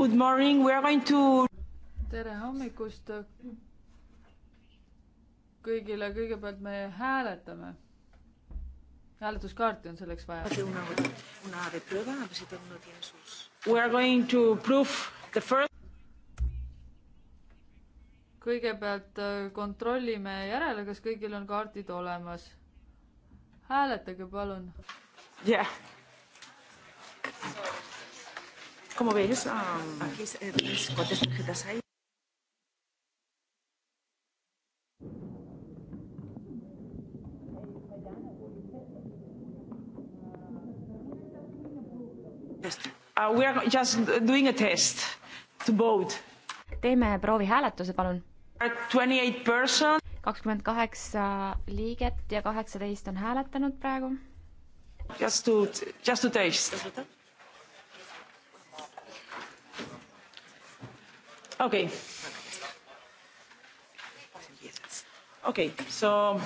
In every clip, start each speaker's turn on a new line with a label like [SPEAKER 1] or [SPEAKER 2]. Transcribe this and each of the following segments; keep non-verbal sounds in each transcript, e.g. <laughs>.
[SPEAKER 1] Good morning, we are going to.
[SPEAKER 2] tere hommikust kõigile, kõigepealt me hääletame. hääletuskaarti on selleks vaja.
[SPEAKER 1] We are going to prove the first.
[SPEAKER 2] kõigepealt äh, kontrollime järele, kas kõigil on kaardid olemas. hääletage palun.
[SPEAKER 1] jah yeah como veis, ah, aquí veis eh, cuántas tarjetas hay.
[SPEAKER 3] Uh, ah, we are just doing a test to vote. teeme proovihääletuse, palun. kakskümmend kaheksa liiget ja kaheksateist on hääletanud praegu.
[SPEAKER 1] Just to, just to taste. Okay. Okay, so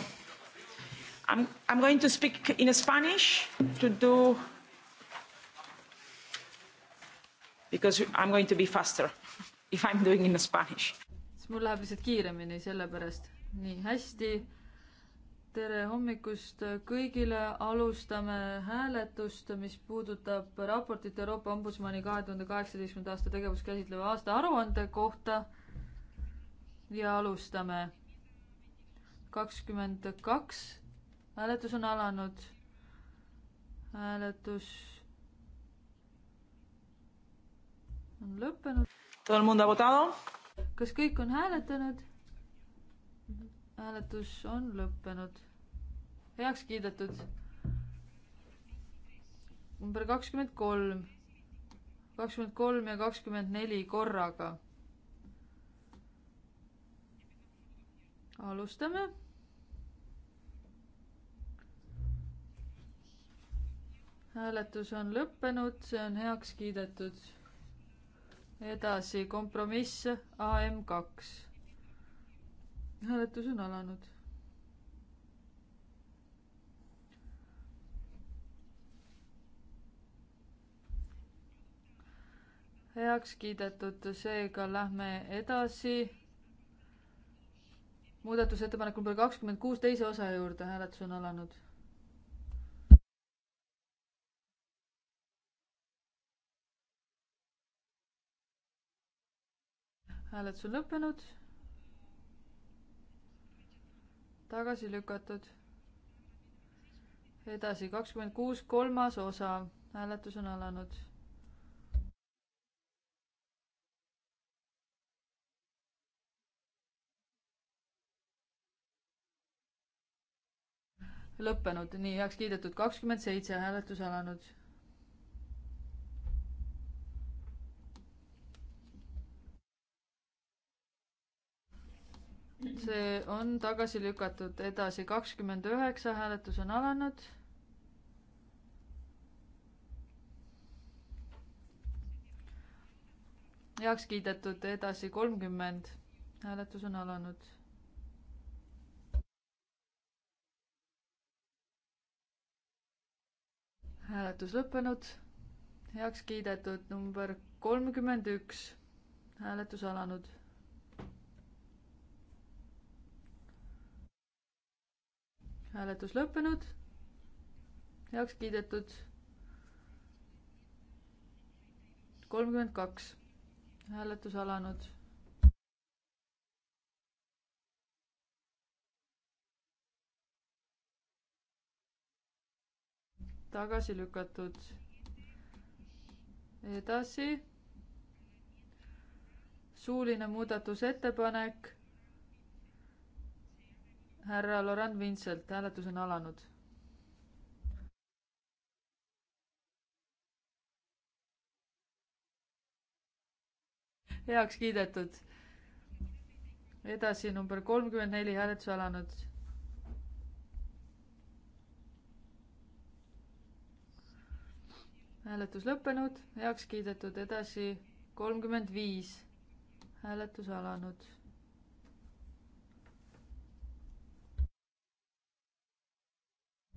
[SPEAKER 1] I'm, I'm going to speak in Spanish to do, because I'm going to be faster <laughs> if I'm doing in Spanish.
[SPEAKER 2] siis mul läheb lihtsalt kiiremini, sellepärast. nii, hästi tere hommikust kõigile, alustame hääletust, mis puudutab raportit Euroopa Ombudsmani kahe tuhande kaheksateistkümnenda aasta tegevust käsitleva aastaaruande kohta. ja alustame. kakskümmend kaks, hääletus on alanud. hääletus
[SPEAKER 1] on lõppenud.
[SPEAKER 2] kas kõik on hääletanud? hääletus on lõppenud, heaks kiidetud. number kakskümmend kolm, kakskümmend kolm ja kakskümmend neli korraga. alustame hääletus on lõppenud, see on heaks kiidetud. edasi kompromiss AM kaks hääletus on alanud. heaks kiidetud, seega lähme edasi. muudatusettepanek number kakskümmend kuus teise osa juurde, hääletus on alanud. hääletus on lõppenud tagasi lükatud. edasi kakskümmend kuus, kolmas osa, hääletus on alanud. lõppenud, nii heaks kiidetud, kakskümmend seitse hääletus alanud et see on tagasi lükatud edasi, kakskümmend üheksa hääletus on alanud. heaks kiidetud edasi kolmkümmend, hääletus on alanud. hääletus lõppenud, heaks kiidetud number kolmkümmend üks, hääletus alanud hääletus lõppenud, heaks kiidetud. kolmkümmend kaks, hääletus alanud tagasi lükatud. edasi. suuline muudatusettepanek härra Laurent Vincent, hääletus on alanud. heaks kiidetud. edasi number kolmkümmend neli, hääletus alanud. hääletus lõppenud, heaks kiidetud, edasi kolmkümmend viis, hääletus alanud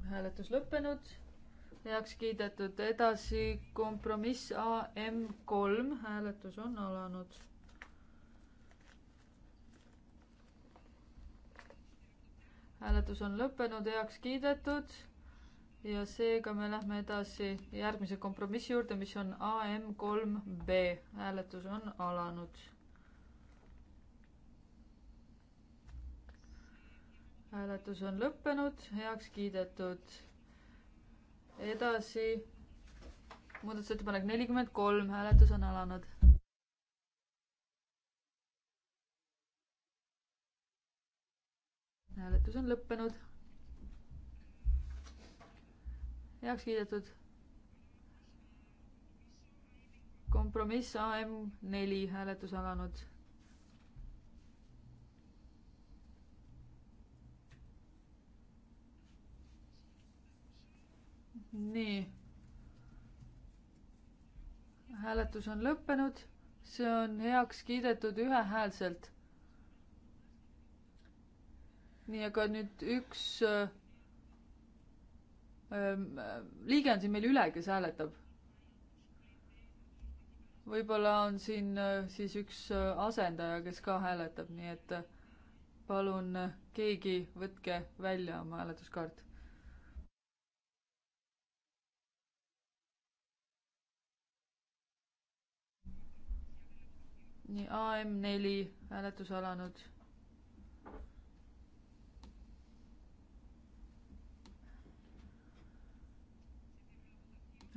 [SPEAKER 2] hääletus lõppenud, heaks kiidetud, edasi kompromiss AM kolm, hääletus on alanud. hääletus on lõppenud, heaks kiidetud ja seega me lähme edasi järgmise kompromissi juurde, mis on AM kolm B, hääletus on alanud hääletus on lõppenud, heaks kiidetud. edasi muudatusettepanek nelikümmend kolm, hääletus on alanud. hääletus on lõppenud. heaks kiidetud. kompromiss AM neli, hääletus alanud nii. hääletus on lõppenud, see on heaks kiidetud ühehäälselt. nii, aga nüüd üks äh, ähm, äh liige on siin meil üle, kes hääletab. võib-olla on siin äh, siis üks äh, asendaja, kes ka hääletab, nii et palun keegi võtke välja oma hääletuskaart. nii, AM4 hääletus alanud.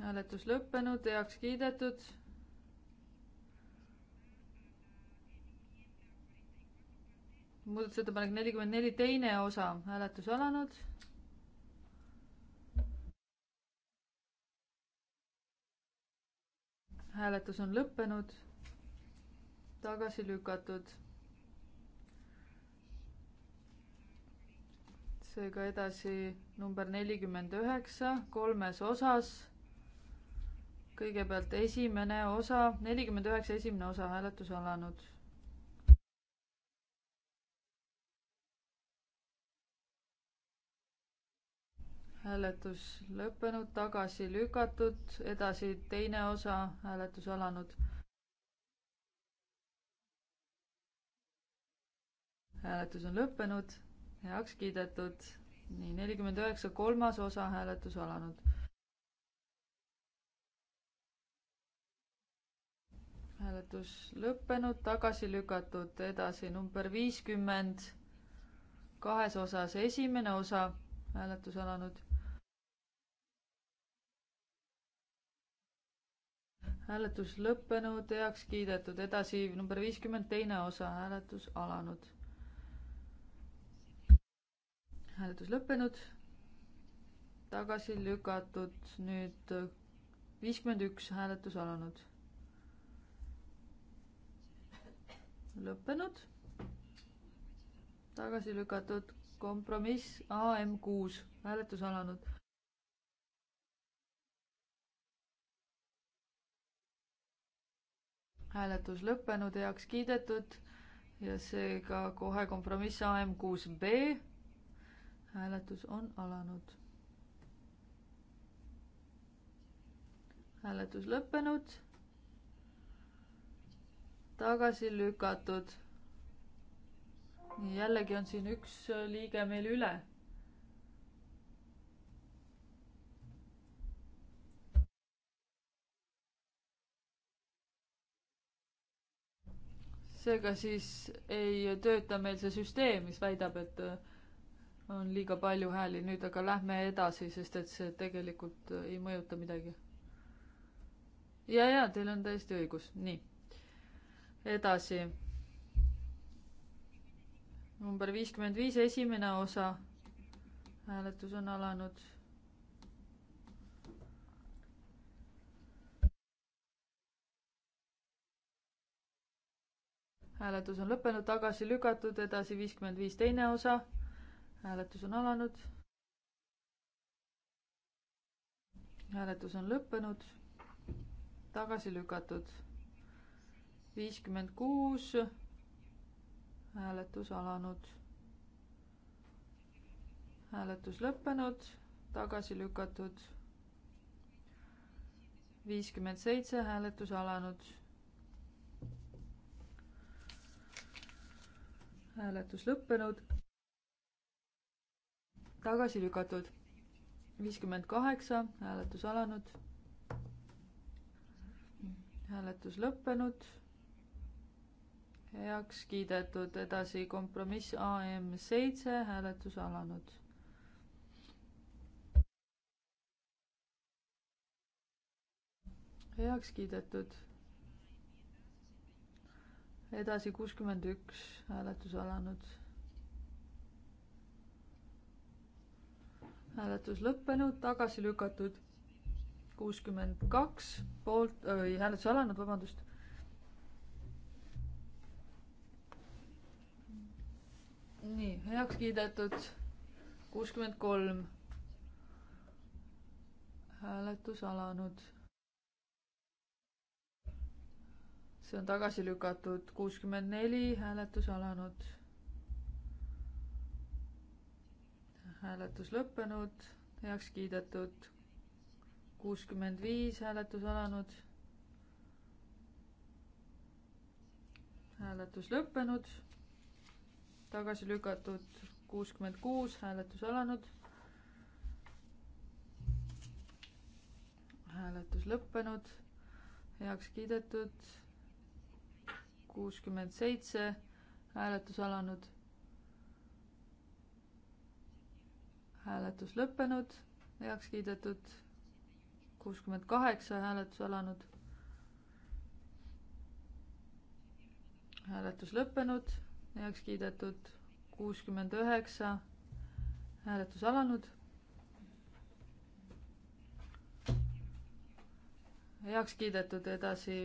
[SPEAKER 2] hääletus lõppenud, heaks kiidetud. muudatusettepanek nelikümmend neli, teine osa, hääletus alanud hääletus on lõppenud tagasi lükatud. seega edasi number nelikümmend üheksa kolmes osas. kõigepealt esimene osa, nelikümmend üheksa esimene osa hääletus alanud hääletus lõppenud, tagasi lükatud, edasi teine osa, hääletus alanud hääletus on lõppenud, heaks kiidetud. nii, nelikümmend üheksa, kolmas osa, hääletus alanud. hääletus lõppenud, tagasi lükatud, edasi number viiskümmend, kahes osas, esimene osa, hääletus alanud. hääletus lõppenud, heaks kiidetud, edasi number viiskümmend, teine osa, hääletus alanud hääletus lõppenud, tagasi lükatud, nüüd viiskümmend üks hääletus alanud. lõppenud, tagasi lükatud, kompromiss AM kuus, hääletus alanud. hääletus lõppenud, heaks kiidetud ja seega kohe kompromiss AM kuus B hääletus on alanud. hääletus lõppenud. tagasi lükatud. jällegi on siin üks liige meil üle seega siis ei tööta meil see süsteem, mis väidab, et on liiga palju hääli, nüüd aga lähme edasi, sest et see tegelikult ei mõjuta midagi. ja, ja teil on täiesti õigus, nii. edasi. number viiskümmend viis, esimene osa. hääletus on alanud. hääletus on lõppenud, tagasi lükatud, edasi viiskümmend viis, teine osa hääletus on alanud. hääletus on lõppenud, tagasi lükatud. viiskümmend kuus, hääletus alanud. hääletus lõppenud, tagasi lükatud. viiskümmend seitse, hääletus alanud hääletus lõppenud tagasi lükatud. viiskümmend kaheksa, hääletus alanud. hääletus lõppenud. heaks kiidetud, edasi kompromiss AM seitse, hääletus alanud. heaks kiidetud. edasi kuuskümmend üks, hääletus alanud hääletus lõppenud, tagasi lükatud kuuskümmend kaks poolt, hääletus alanud, vabandust. nii, heaks kiidetud kuuskümmend kolm. hääletus alanud. see on tagasi lükatud kuuskümmend neli, hääletus alanud hääletus lõppenud, heaks kiidetud. kuuskümmend viis hääletus alanud. hääletus lõppenud, tagasi lükatud kuuskümmend kuus, hääletus alanud. hääletus lõppenud, heaks kiidetud. kuuskümmend seitse, hääletus alanud hääletus lõppenud, heaks kiidetud kuuskümmend kaheksa, hääletus alanud. hääletus lõppenud, heaks kiidetud kuuskümmend üheksa, hääletus alanud. heaks kiidetud edasi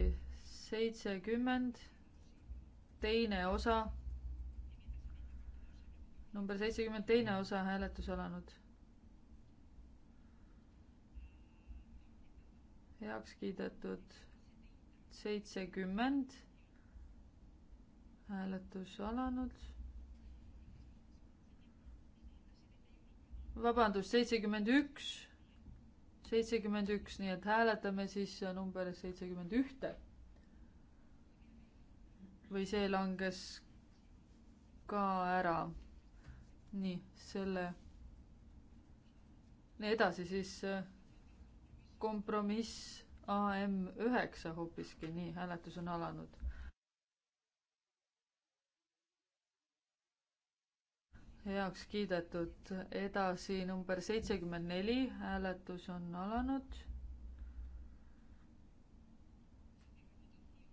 [SPEAKER 2] seitsekümmend, teine osa number seitsekümmend teine osa hääletus alanud. heaks kiidetud seitsekümmend. hääletus alanud. vabandust, seitsekümmend üks, seitsekümmend üks, nii et hääletame siis number seitsekümmend ühte. või see langes ka ära nii, selle, edasi siis äh, kompromiss AM üheksa hoopiski, nii, hääletus on alanud. heaks kiidetud, edasi number seitsekümmend neli, hääletus on alanud.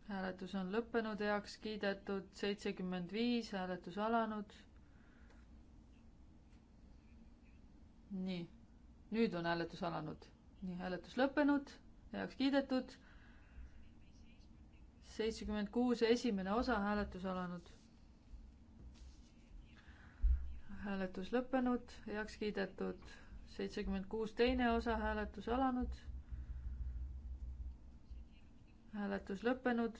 [SPEAKER 2] hääletus on lõppenud, heaks kiidetud, seitsekümmend viis, hääletus alanud nii, nüüd on hääletus alanud, nii hääletus lõppenud, heaks kiidetud. seitsekümmend kuus, esimene osa hääletus alanud. hääletus lõppenud, heaks kiidetud. seitsekümmend kuus, teine osa hääletus alanud. hääletus lõppenud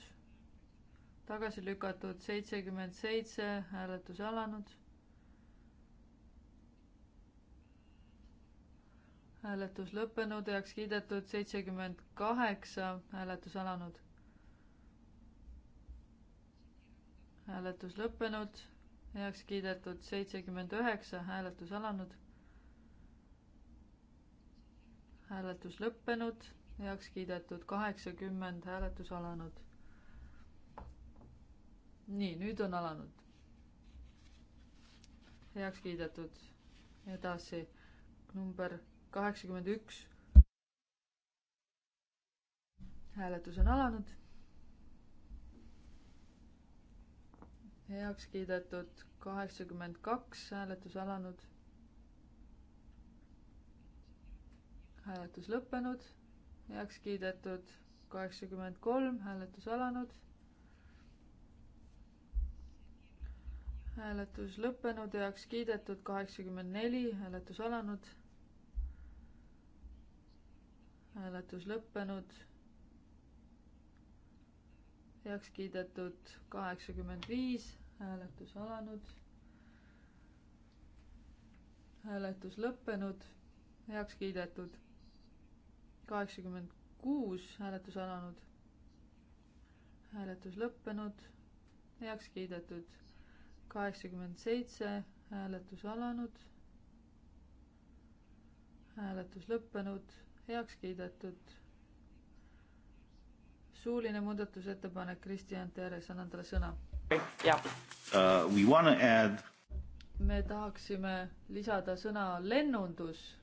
[SPEAKER 2] tagasi lükatud seitsekümmend seitse, hääletus alanud hääletus lõppenud, heaks kiidetud seitsekümmend kaheksa, hääletus alanud. hääletus lõppenud, heaks kiidetud seitsekümmend üheksa, hääletus alanud. hääletus lõppenud, heaks kiidetud kaheksakümmend, hääletus alanud. nii, nüüd on alanud. heaks kiidetud, edasi number kaheksakümmend üks. hääletus on alanud. heaks kiidetud kaheksakümmend kaks, hääletus alanud. hääletus lõppenud, heaks kiidetud kaheksakümmend kolm, hääletus alanud hääletus lõppenud, heaks kiidetud kaheksakümmend neli, hääletus alanud hääletus lõppenud. heaks kiidetud kaheksakümmend viis, hääletus alanud. hääletus lõppenud, heaks kiidetud kaheksakümmend kuus, hääletus alanud. hääletus lõppenud, heaks kiidetud kaheksakümmend seitse, hääletus alanud. hääletus lõppenud heaks kiidetud. suuline muudatusettepanek, Kristjan Teres, annan talle sõna.
[SPEAKER 1] jah uh,. We wanna add.
[SPEAKER 2] me tahaksime lisada sõna lennundus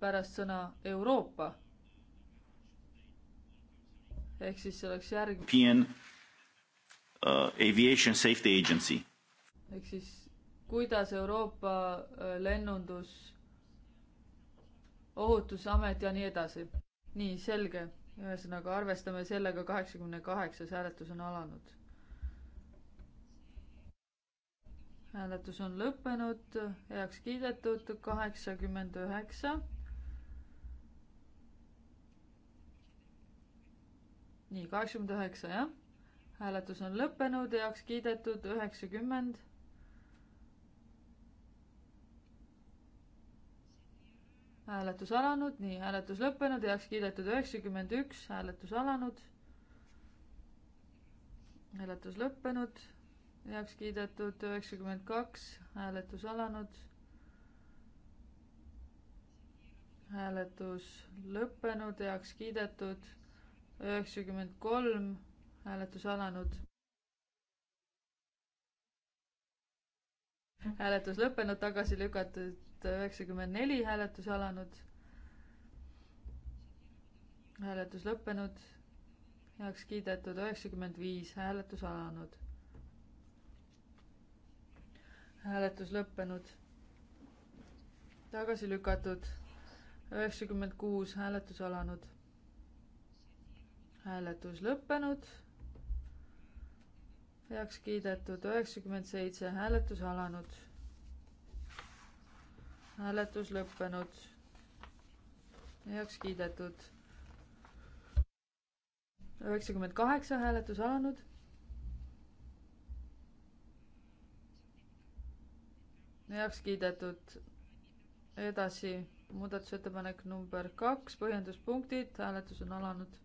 [SPEAKER 2] pärast sõna Euroopa. ehk siis see oleks järg-. European
[SPEAKER 3] uh, Aviation Safety Agency.
[SPEAKER 2] ehk siis kuidas Euroopa uh, lennundus ohutusamet ja nii edasi. nii, selge. ühesõnaga, arvestame sellega, kaheksakümne kaheksas hääletus on alanud. hääletus on lõppenud, heaks kiidetud, kaheksakümmend üheksa. nii, kaheksakümmend üheksa, jah. hääletus on lõppenud, heaks kiidetud, üheksakümmend hääletus alanud, nii, hääletus lõppenud, heaks kiidetud üheksakümmend üks, hääletus alanud. hääletus lõppenud, heaks kiidetud üheksakümmend kaks, hääletus alanud. hääletus lõppenud, heaks kiidetud üheksakümmend kolm, hääletus alanud. hääletus lõppenud, tagasi lükatud tuhat üheksakümmend neli hääletus alanud, hääletus lõppenud, heaks kiidetud üheksakümmend viis, hääletus alanud, hääletus lõppenud, tagasi lükatud, üheksakümmend kuus, hääletus alanud, hääletus lõppenud heaks kiidetud, üheksakümmend seitse hääletus alanud hääletus lõppenud. heaks kiidetud. üheksakümmend kaheksa hääletus alanud. heaks kiidetud. edasi muudatusettepanek number kaks, põhjenduspunktid, hääletus on alanud.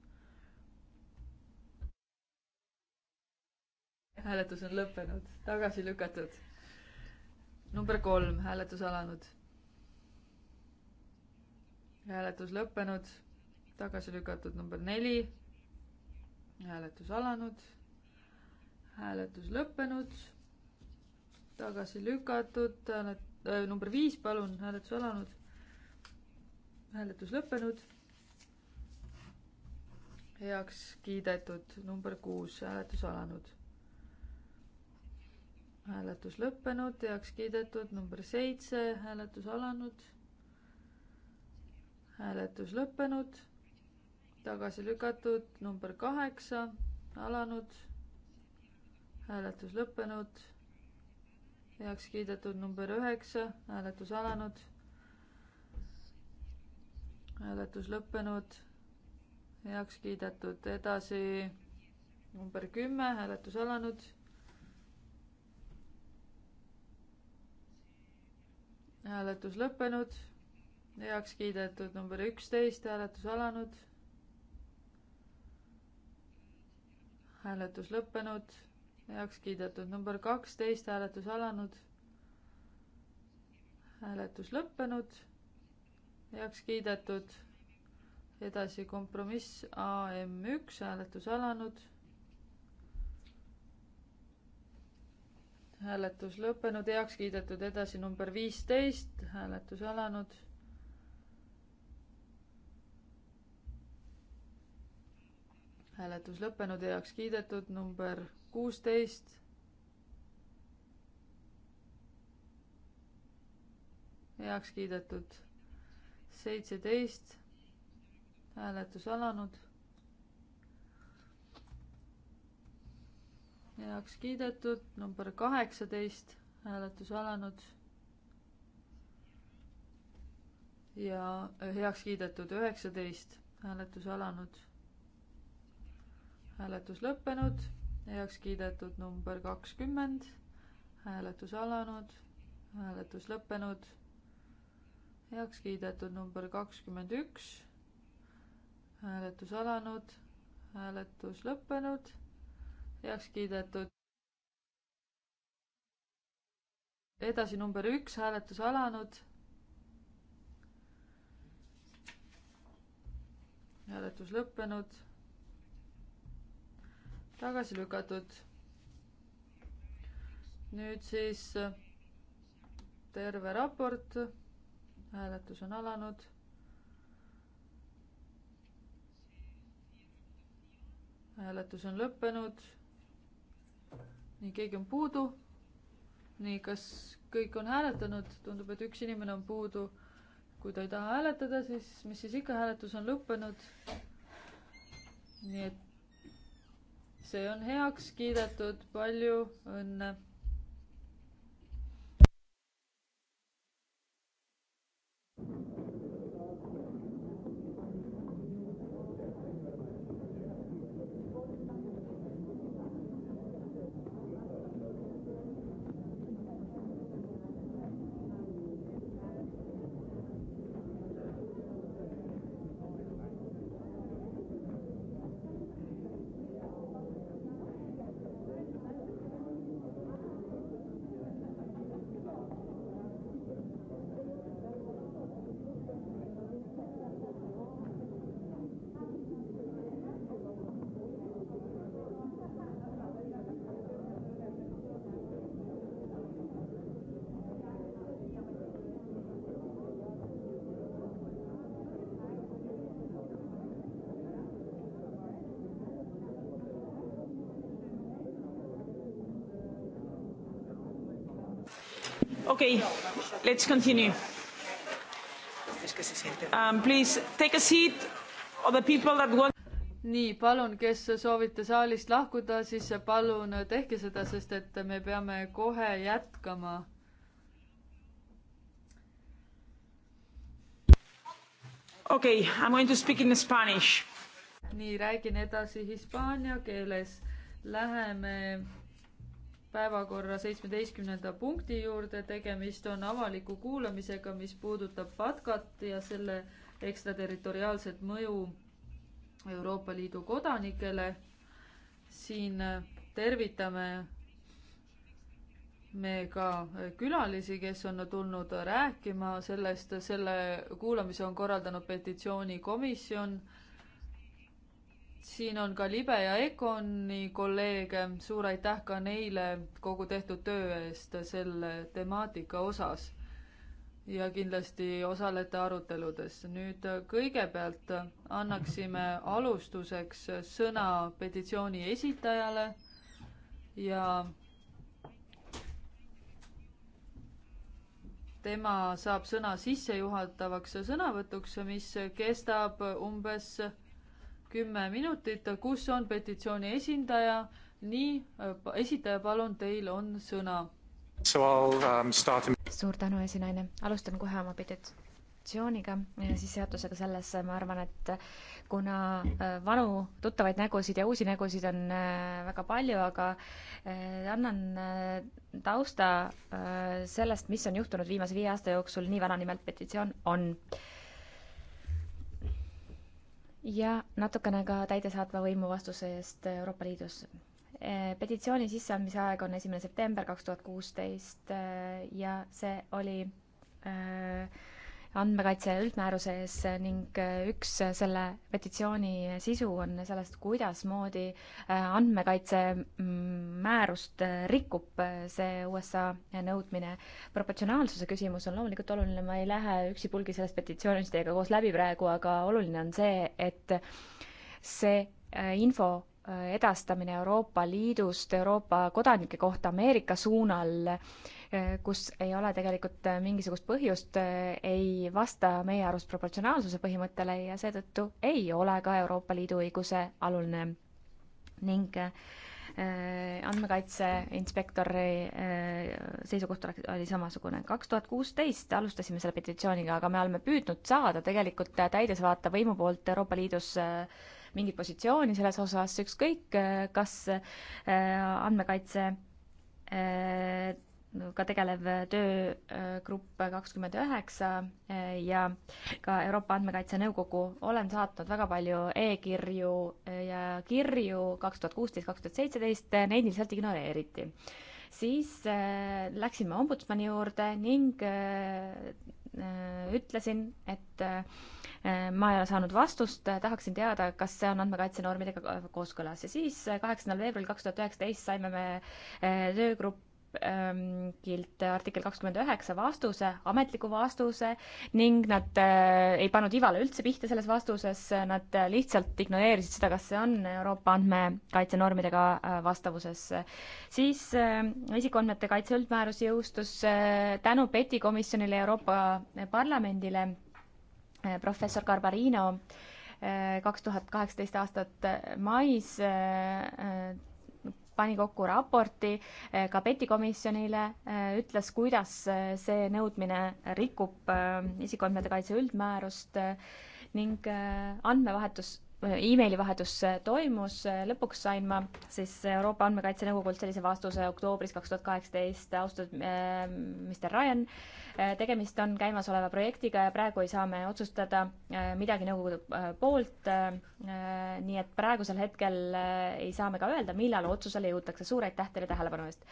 [SPEAKER 2] hääletus on lõppenud, tagasi lükatud. number kolm, hääletus alanud hääletus lõppenud, tagasi lükatud number neli, hääletus alanud, hääletus lõppenud, tagasi lükatud, häälet- äh,, number viis, palun, hääletus alanud, hääletus lõppenud, heaks kiidetud, number kuus, hääletus alanud hääletus lõppenud, heaks kiidetud, number seitse, hääletus alanud hääletus lõppenud, tagasi lükatud, number kaheksa alanud, hääletus lõppenud, heaks kiidetud number üheksa, hääletus alanud, hääletus lõppenud, heaks kiidetud, edasi number kümme, hääletus alanud. hääletus lõppenud heaks kiidetud number üksteist, hääletus alanud. hääletus lõppenud, heaks kiidetud number kaksteist, hääletus alanud. hääletus lõppenud, heaks kiidetud. edasi kompromiss AM üks, hääletus alanud. hääletus lõppenud, heaks kiidetud, edasi number viisteist, hääletus alanud hääletus lõppenud, heaks kiidetud, number kuusteist. heaks kiidetud seitseteist, hääletus alanud. heaks kiidetud, number kaheksateist, hääletus alanud. ja heaks kiidetud üheksateist, hääletus alanud hääletus lõppenud, heaks kiidetud number kakskümmend, hääletus alanud, hääletus lõppenud, heaks kiidetud number kakskümmend üks, hääletus alanud, hääletus lõppenud, heaks kiidetud. edasi number üks, hääletus alanud hääletus lõppenud tagasi lükatud. nüüd siis äh, terve raport. hääletus on alanud. hääletus on lõppenud. nii, keegi on puudu. nii, kas kõik on hääletanud? tundub, et üks inimene on puudu. kui ta ei taha hääletada, siis mis siis ikka, hääletus on lõppenud. nii et see on heaks kiidetud, palju õnne
[SPEAKER 1] Ok, let's continue. Um, please take a seat. Other people that want
[SPEAKER 2] nii, palun, kes soovite saalist lahkuda, siis palun tehke seda, sest et me peame kohe jätkama.
[SPEAKER 1] okei okay,, I am going to speak in spanish.
[SPEAKER 2] nii, räägin edasi hispaania keeles. Läheme päevakorra seitsmeteistkümnenda punkti juurde, tegemist on avaliku kuulamisega, mis puudutab FATCat ja selle ekstraterritoriaalset mõju Euroopa Liidu kodanikele. siin tervitame me ka külalisi, kes on tulnud rääkima sellest, selle kuulamise on korraldanud petitsioonikomisjon siin on ka Libe ja Econi kolleege, suur aitäh ka neile kogu tehtud töö eest selle temaatika osas. ja kindlasti osalete aruteludes. nüüd kõigepealt annaksime alustuseks sõna petitsiooni esitajale ja tema saab sõna sissejuhatavaks sõnavõtuks, mis kestab umbes kümme minutit, kus on petitsiooni esindaja, nii, esitaja, palun, teil on sõna.
[SPEAKER 4] Um, start...
[SPEAKER 3] suur tänu, esinaine, alustan kohe oma petit-, positsiooniga, sissejuhatusega sellesse, ma arvan, et kuna äh, vanu tuttavaid nägusid ja uusi nägusid on äh, väga palju, aga äh, annan tausta sellest, mis on juhtunud viimase viie aasta jooksul, nii vana nimelt petitsioon on ja natukene ka täidesaatva võimu vastuse eest Euroopa Liidus. petitsiooni sisseandmise aeg on esimene september kaks tuhat kuusteist ja see oli äh, andmekaitse üldmääruse ees ning äh, üks selle petitsiooni sisu on sellest, kuidasmoodi äh, andmekaitse mm, määrust äh, rikub see USA nõudmine. proportsionaalsuse küsimus on loomulikult oluline, ma ei lähe üksipulgi sellest petitsioonist teiega koos läbi praegu, aga oluline on see, et see info edastamine Euroopa Liidust Euroopa kodanike kohta Ameerika suunal äh, Äh, kus ei ole tegelikult äh, mingisugust põhjust, äh, ei vasta meie arust proportsionaalsuse põhimõttele ja seetõttu ei ole ka Euroopa Liidu õiguse aluline ning andmekaitse inspektori seisukoht oli samasugune. kaks tuhat kuusteist alustasime selle petitsiooniga, aga me oleme püüdnud saada tegelikult täidesvaata võimu poolt Euroopa Liidus mingit positsiooni selles osas, ükskõik kas andmekaitse ka tegelev töögrupp kakskümmend üheksa eh, ja ka Euroopa Andmekaitse Nõukogu olen saatnud väga palju e-kirju eh, ja kirju kaks tuhat kuusteist, kaks tuhat seitseteist, eh, neid lihtsalt ignoreeriti. siis läksime ombudsmani juurde ning ütlesin, et ma ei ole saanud vastust, tahaksin teada, kas see on andmekaitsenormidega kooskõlas ja siis kaheksandal veebruaril kaks tuhat üheksateist saime me töögrupp kilt artikkel kakskümmend üheksa vastuse, ametliku vastuse ning nad äh, ei pannud Ivale üldse pihta selles vastuses, nad lihtsalt ignoreerisid seda, kas see on Euroopa andmekaitsenormidega äh, vastavuses. siis äh, isikuandmete kaitse üldmäärus jõustus äh, tänu PETi komisjonile Euroopa Parlamendile äh,, professor Garbarino äh, kaks tuhat kaheksateist aastat mais äh, äh pani kokku raporti eh, ka petikomisjonile, eh, ütles, kuidas eh, see nõudmine rikub isikuandmete kaitse üldmäärust ning andmevahetus emailivahetus äh, toimus, äh, lõpuks sain ma siis Euroopa Andmekaitse Nõukogult sellise vastuse oktoobris kaks tuhat kaheksateist, austatud äh, minister Ryan, tegemist on käimasoleva projektiga ja praegu ei saa me otsustada midagi nõukogu poolt, nii et praegusel hetkel ei saa me ka öelda, millal otsusele jõutakse, suur aitäh teile tähelepanu eest!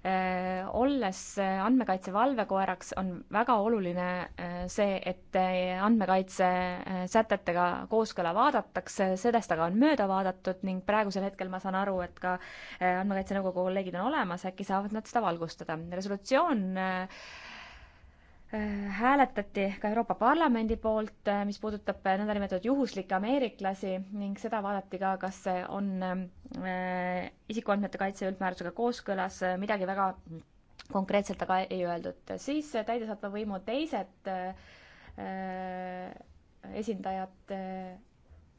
[SPEAKER 3] Äh, olles andmekaitse valvekoeraks, on väga oluline äh, see, et äh, andmekaitsesätetega kooskõla vaadatakse, sellest aga on mööda vaadatud ning praegusel hetkel ma saan aru, et ka Andmekaitse Nõukogu kolleegid on olemas, äkki saavad nad seda valgustada. resolutsioon Äh, hääletati ka Euroopa Parlamendi poolt, äh, mis puudutab äh, nõndanimetatud juhuslikke ameeriklasi ning seda vaadati ka, kas see on isikuandmete kaitse üldmäärusega kooskõlas, midagi väga konkreetselt aga ei öeldud. siis täidesaatva võimu teised esindajad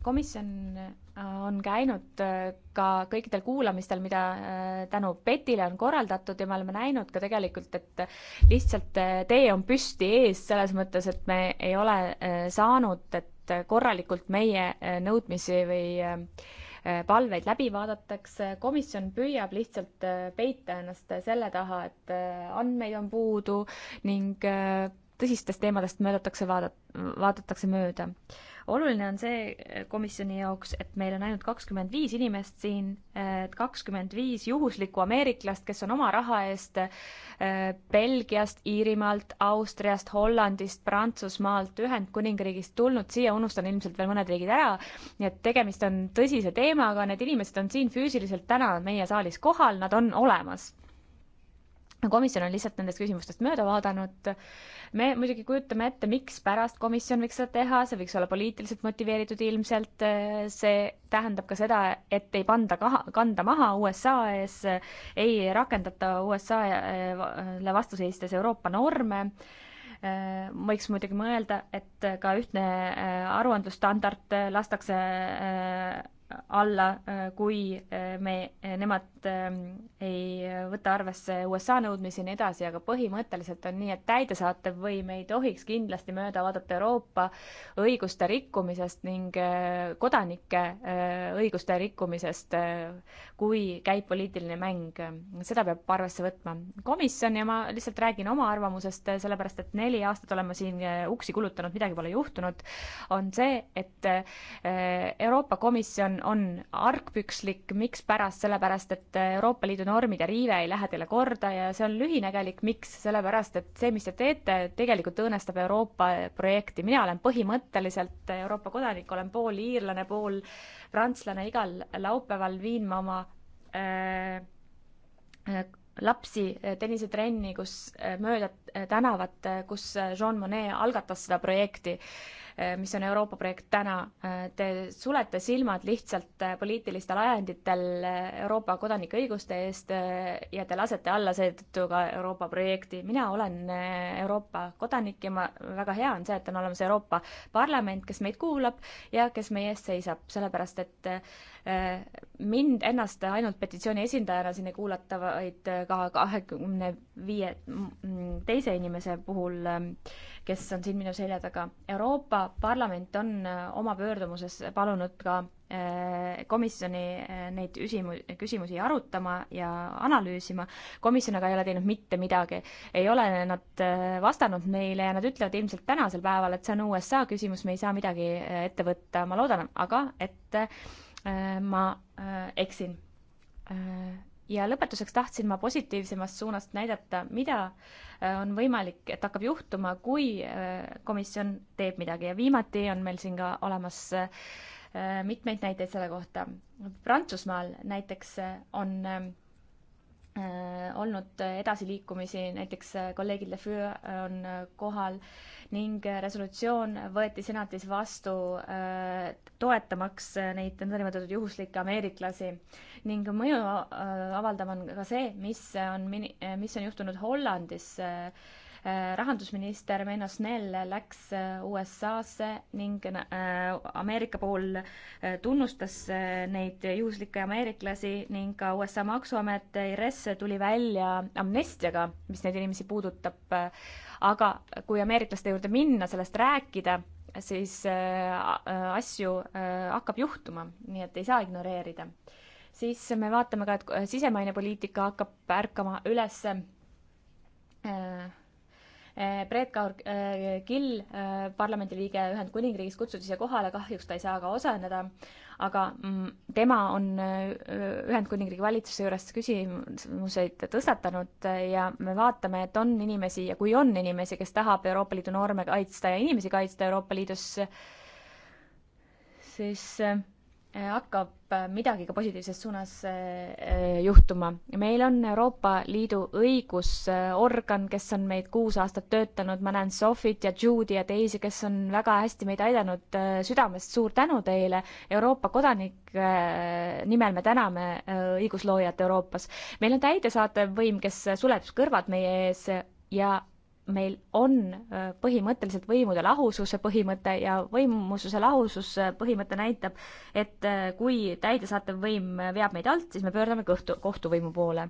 [SPEAKER 3] komisjon äh, on käinud äh, ka kõikidel kuulamistel, mida äh, tänu PET-ile on korraldatud ja me oleme näinud ka tegelikult, et lihtsalt tee on püsti ees, selles mõttes, et me ei ole saanud, et korralikult meie nõudmisi või palveid läbi vaadatakse, komisjon püüab lihtsalt peita ennast selle taha, et andmeid on puudu ning tõsistest teemadest möödatakse vaada, vaadatakse mööda. oluline on see komisjoni jaoks, et meil on ainult kakskümmend viis inimest siin, et kakskümmend viis juhuslikku ameeriklast, kes on oma raha eest äh, Belgiast, Iirimaalt, Austriast, Hollandist, Prantsusmaalt, Ühendkuningriigist tulnud, siia unustan ilmselt veel mõned riigid ära, nii et tegemist on tõsise teemaga, need inimesed on siin füüsiliselt täna meie saalis kohal, nad on olemas komisjon on lihtsalt nendest küsimustest mööda vaadanud. me muidugi kujutame ette, mikspärast komisjon võiks seda teha, see võiks olla poliitiliselt motiveeritud ilmselt, see tähendab ka seda, et ei panda kaha, kanda maha USA ees, ei rakendata USA-le eh, vastu seistes Euroopa norme eh, võiks muidugi mõelda, et ka ühtne eh, aruandlusstandard lastakse alla, kui me, nemad et ehm, ei võta arvesse USA nõudmisi ja nii edasi, aga põhimõtteliselt on nii, et täidesaatev võim ei tohiks kindlasti mööda vaadata Euroopa õiguste rikkumisest ning eh, kodanike eh, õiguste rikkumisest, eh, kui käib poliitiline mäng. seda peab arvesse võtma. komisjon ja ma lihtsalt räägin oma arvamusest, sellepärast et neli aastat olen ma siin uksi kulutanud, midagi pole juhtunud, on see, et Euroopa Komisjon on argpükslik, mikspärast, sellepärast et et Euroopa Liidu normide riive ei lähe teile korda ja see on lühinägelik, miks, sellepärast et see, mis te teete, tegelikult õõnestab Euroopa projekti. mina olen põhimõtteliselt Euroopa kodanik, olen pool iirlane, pool prantslane, igal laupäeval viin ma oma äh, äh lapsi tennisetrenni, kus äh, mööda tänavat, äh, kus Jean Monnet algatas seda projekti. Äh, mis on Euroopa projekt täna. Äh, te sulete silmad lihtsalt äh, poliitilistel ajenditel Euroopa kodanike õiguste eest ja te lasete alla seetõttu ka Euroopa projekti. mina olen Euroopa kodanik ja ma, väga hea on see, et on olemas Euroopa Parlament, kes meid kuulab ja kes meie eest seisab, sellepärast et mind ennast ainult petitsiooni esindajana siin ei kuulata, vaid ka kahekümne viie mm, teise inimese puhul ähm, kes on siin minu selja taga. Euroopa Parlament on äh, oma pöördumises palunud ka äh, komisjoni äh, neid üsimu-, küsimusi arutama ja analüüsima, komisjon aga ei ole teinud mitte midagi. ei ole nad vastanud meile ja nad ütlevad ilmselt tänasel päeval, et see on USA küsimus, me ei saa midagi ette võtta, ma loodan aga, et ma eksin ja lõpetuseks tahtsin ma positiivsemast suunast näidata, mida äh, on võimalik, et hakkab juhtuma, kui äh, komisjon teeb midagi ja viimati on meil siin ka olemas äh, mitmeid näiteid selle kohta. Prantsusmaal näiteks on Äh, olnud edasiliikumisi, näiteks äh, kolleegid Lefeu äh, on kohal ning resolutsioon võeti senatis vastu toetamaks neid nõndanimetatud juhuslikke ameeriklasi. ning mõju avaldav on ka see, mis on, mis on juhtunud Hollandis äh, Äh, rahandusminister Meino Snell läks äh, USA-sse ning äh, Ameerika pool tunnustas neid juhuslikke ameeriklasi ning ka USA maksuamet IRS tuli välja amnestiaga, mis neid inimesi puudutab. aga kui ameeriklaste juurde minna, sellest rääkida, siis asju hakkab juhtuma, nii et ei saa ignoreerida siis me vaatame ka, et sisemaine poliitika hakkab ärkama ülesse. Eh, Bredkaur Gill, eh, eh, parlamendiliige Ühendkuningriigis, kutsuti siia kohale, kahjuks ta ei saa ka osaleda, aga mm, tema on Ühendkuningriigi valitsuse juures küsimuseid tõstatanud ja me vaatame, et on inimesi ja kui on inimesi, kes tahab Euroopa Liidu norme kaitsta ja inimesi kaitsta Euroopa Liidus, siis Äh, hakkab äh, midagi ka positiivses suunas äh, juhtuma. meil on Euroopa Liidu õigusorgan, kes on meid kuus aastat töötanud, ma näen Sofit ja Judy ja teisi, kes on väga hästi meid aidanud, südamest suur tänu teile, Euroopa kodanike nimel me täname õigusloojat Euroopas. meil on täidesaatev võim, kes suletab kõrvad meie ees ja meil on äh, põhimõtteliselt võimude lahususe põhimõte ja võimususe lahususe põhimõte näitab, et äh, kui täidesaatev võim veab meid alt, siis me pöördume kõhtu, kohtuvõimu poole.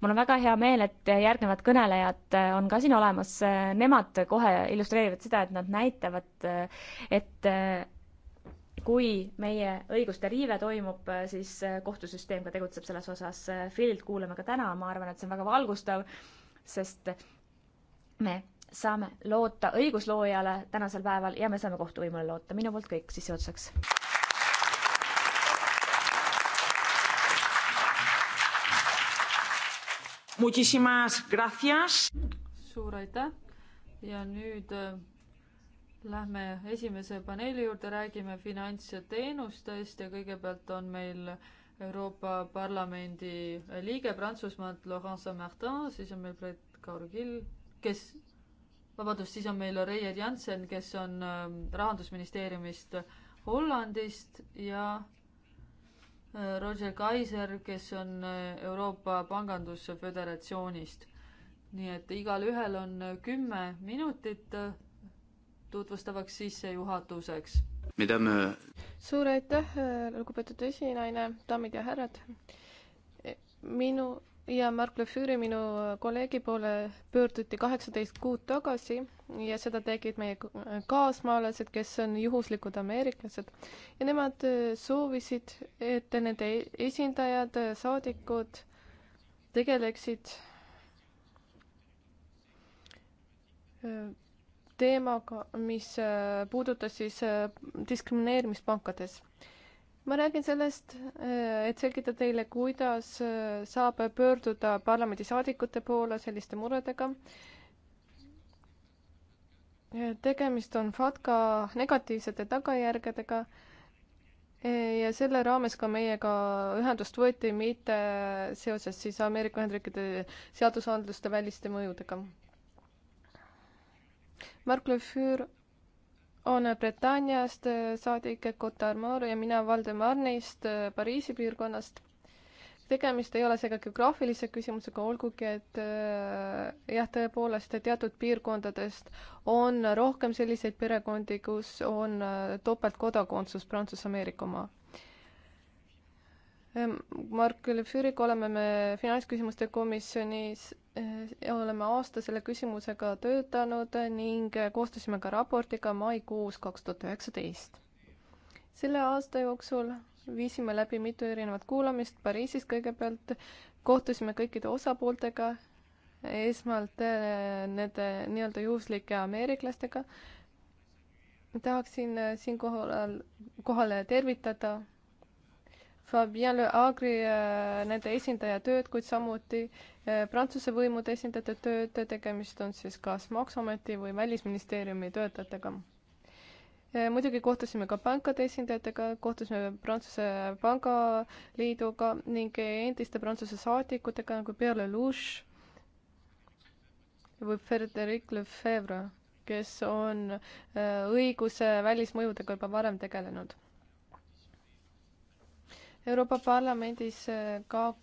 [SPEAKER 3] mul on väga hea meel, et järgnevad kõnelejad äh, on ka siin olemas, nemad kohe illustreerivad seda, et nad näitavad, et kui meie õiguste riive toimub, siis kohtusüsteem ka tegutseb selles osas. Phililt kuuleme ka täna, ma arvan, et see on väga valgustav, sest me saame loota õigusloojale tänasel päeval ja me saame kohtuvõimule loota. minu poolt kõik sissejuhatuseks. Muchísimas gracias.
[SPEAKER 2] suur aitäh ja nüüd
[SPEAKER 1] äh, lähme
[SPEAKER 2] esimese paneeli juurde, räägime finantsteenustest ja kõigepealt on meil Euroopa Parlamendi liige Prantsusmaalt Laurent Saint-Martin, siis on meil Brett Kaur-Kill kes, vabandust, siis on meil Reier Jansen, kes on ähm, rahandusministeeriumist Hollandist ja äh, Roger Kaiser, kes on äh, Euroopa Pangandusföderatsioonist. nii et igalühel on äh, kümme minutit tutvustavaks
[SPEAKER 4] sissejuhatuseks. suur aitäh, lugupeetud esinaine, daamid ja härrad. minu ja Mark Le Fury minu äh, kolleegi poole pöörduti kaheksateist kuud tagasi ja seda tegid meie kaasmaalased, kes on juhuslikud ameeriklased. ja nemad äh, soovisid, et nende e-, esindajad, äh, saadikud tegeleksid teemaga, mis puudutas siis diskrimineerimist pankades ma räägin sellest, äh, et selgitada teile, kuidas äh, saab pöörduda parlamendisaadikute poole selliste muredega. Äh, tegemist on FATKA negatiivsete tagajärgedega ja selle raames ka meiega ühendust võeti, mitte seoses siis Ameerika Ühendriikide seadusandluste väliste mõjudega. Mark Le Fur on Bretaaniast äh, saadik Cotar Maru ja mina Valdemarnist, äh, Pariisi piirkonnast. tegemist ei ole seega geograafilise küsimusega, olgugi et äh, jah, tõepoolest teatud piirkondadest on rohkem selliseid perekondi, kus on topeltkodakondsus Prantsuse-Ameerika oma Ehm, Mark Lefüüriga oleme me finantsküsimuste komisjonis, eh, oleme aasta selle küsimusega töötanud ning eh, koostasime ka raportiga maikuus kaks tuhat üheksateist. selle aasta jooksul viisime läbi mitu erinevat kuulamist Pariisis kõigepealt, kohtusime kõikide osapooltega, esmalt eh, nende nii-öelda juhuslike ameeriklastega. tahaksin siinkohal, kohale tervitada Fabien Le Agri, äh, nende esindaja tööd, kuid samuti äh, Prantsuse võimude esindajate tööd, tegemist on siis kas Maksuameti või Välisministeeriumi töötajatega. Äh, muidugi kohtusime ka pankade esindajatega, kohtusime Prantsuse Pangaliiduga ning endiste Prantsuse saadikutega nagu Pierre Lelouch või Frederic Lefebvre, kes on õiguse välismõjudega juba varem tegelenud Euroopa Parlamendis äh, ka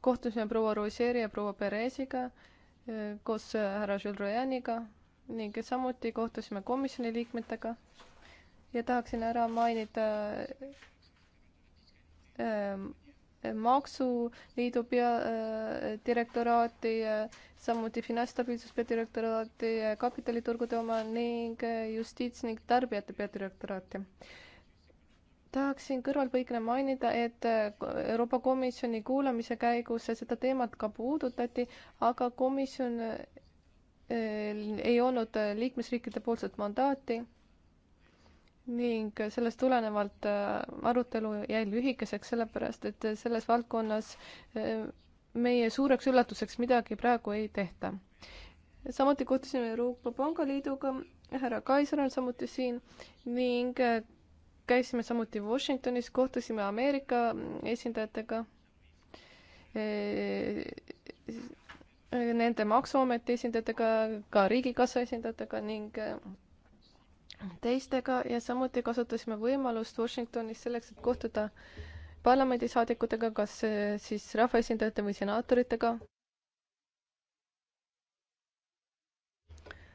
[SPEAKER 4] kohtusime proua Roosieri ja proua Peresiga äh, koos äh, härra Jules Royaniga ning samuti kohtusime komisjoni liikmetega ja tahaksin ära mainida maksuliidu peadirektoraati, samuti finantsstabiilsuse peadirektoraati, kapitaliturgude oma ning justiits- ning tarbijate peadirektoraati tahaksin kõrvalpõikena mainida, et äh, Euroopa Komisjoni kuulamise käigus seda teemat ka puudutati, aga komisjon äh, ei olnud äh, liikmesriikide poolset mandaati ning sellest tulenevalt arutelu jäi lühikeseks, sellepärast et selles valdkonnas meie suureks üllatuseks midagi praegu ei tehta. samuti kohtusime Euroopa Pangaliiduga, härra Kaisar on samuti siin ning käisime samuti Washingtonis, kohtusime Ameerika esindajatega nende Maksuameti esindajatega, ka Riigikassa esindajatega ning äh, teistega ja samuti kasutasime võimalust Washingtonis selleks, et kohtuda parlamendisaadikutega, kas äh, siis rahvaesindajate või senaatoritega.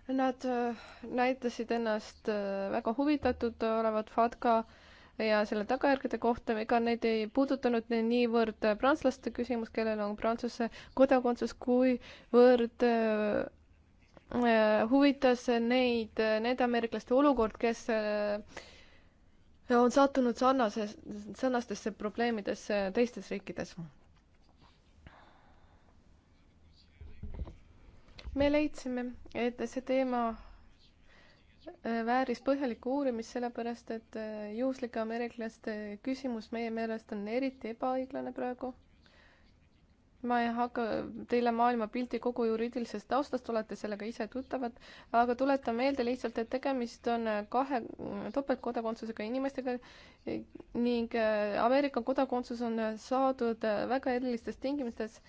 [SPEAKER 4] Nad äh, näitasid ennast äh, väga huvitatud olevat FATKA ja selle tagajärgede kohta, ega neid ei puudutanud niivõrd äh, prantslaste küsimus, kellel on Prantsuse kodakondsus, kuivõrd huvitas neid, need ameeriklaste olukord, kes on sattunud sarnases, sarnastesse probleemidesse teistes riikides me leidsime, et see teema äh, vääris põhjalikku uurimist, sellepärast et äh, juhuslike ameeriklaste küsimus meie meelest on eriti ebaõiglane praegu. ma ei hakka teile maailmapilti kogu juriidilisest taustast, olete sellega ise tuttavad, aga tuletan meelde lihtsalt, et tegemist on äh, kahe topeltkodakondsusega inimestega ning Ameerika kodakondsus on saadud väga erilistes tingimustes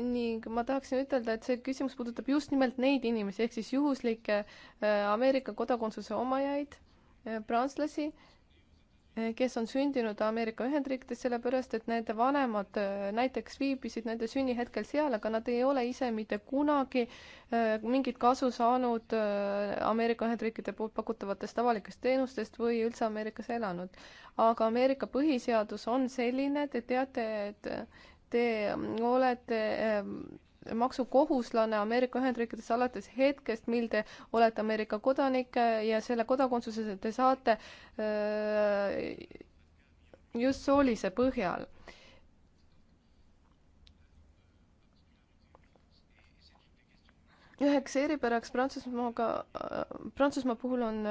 [SPEAKER 4] ning ma tahaksin ütelda, et see küsimus puudutab just nimelt neid inimesi, ehk siis juhuslikke äh, Ameerika kodakondsuse omajaid, äh, prantslasi, äh, kes on sündinud Ameerika Ühendriikides, sellepärast et nende vanemad näiteks viibisid nende sünnihetkel seal, aga nad ei ole ise mitte kunagi mingit kasu saanud Ameerika Ühendriikide poolt pakutavatest avalikest teenustest või üldse Ameerikas elanud. aga Ameerika põhiseadus on selline, te teate, et te olete ähm, maksukohuslane Ameerika Ühendriikides alates hetkest, mil te olete Ameerika kodanik äh, ja selle kodakondsuse te saate äh, just soolise põhjal. üheks eripäraks Prantsusmaaga, äh, Prantsusmaa puhul on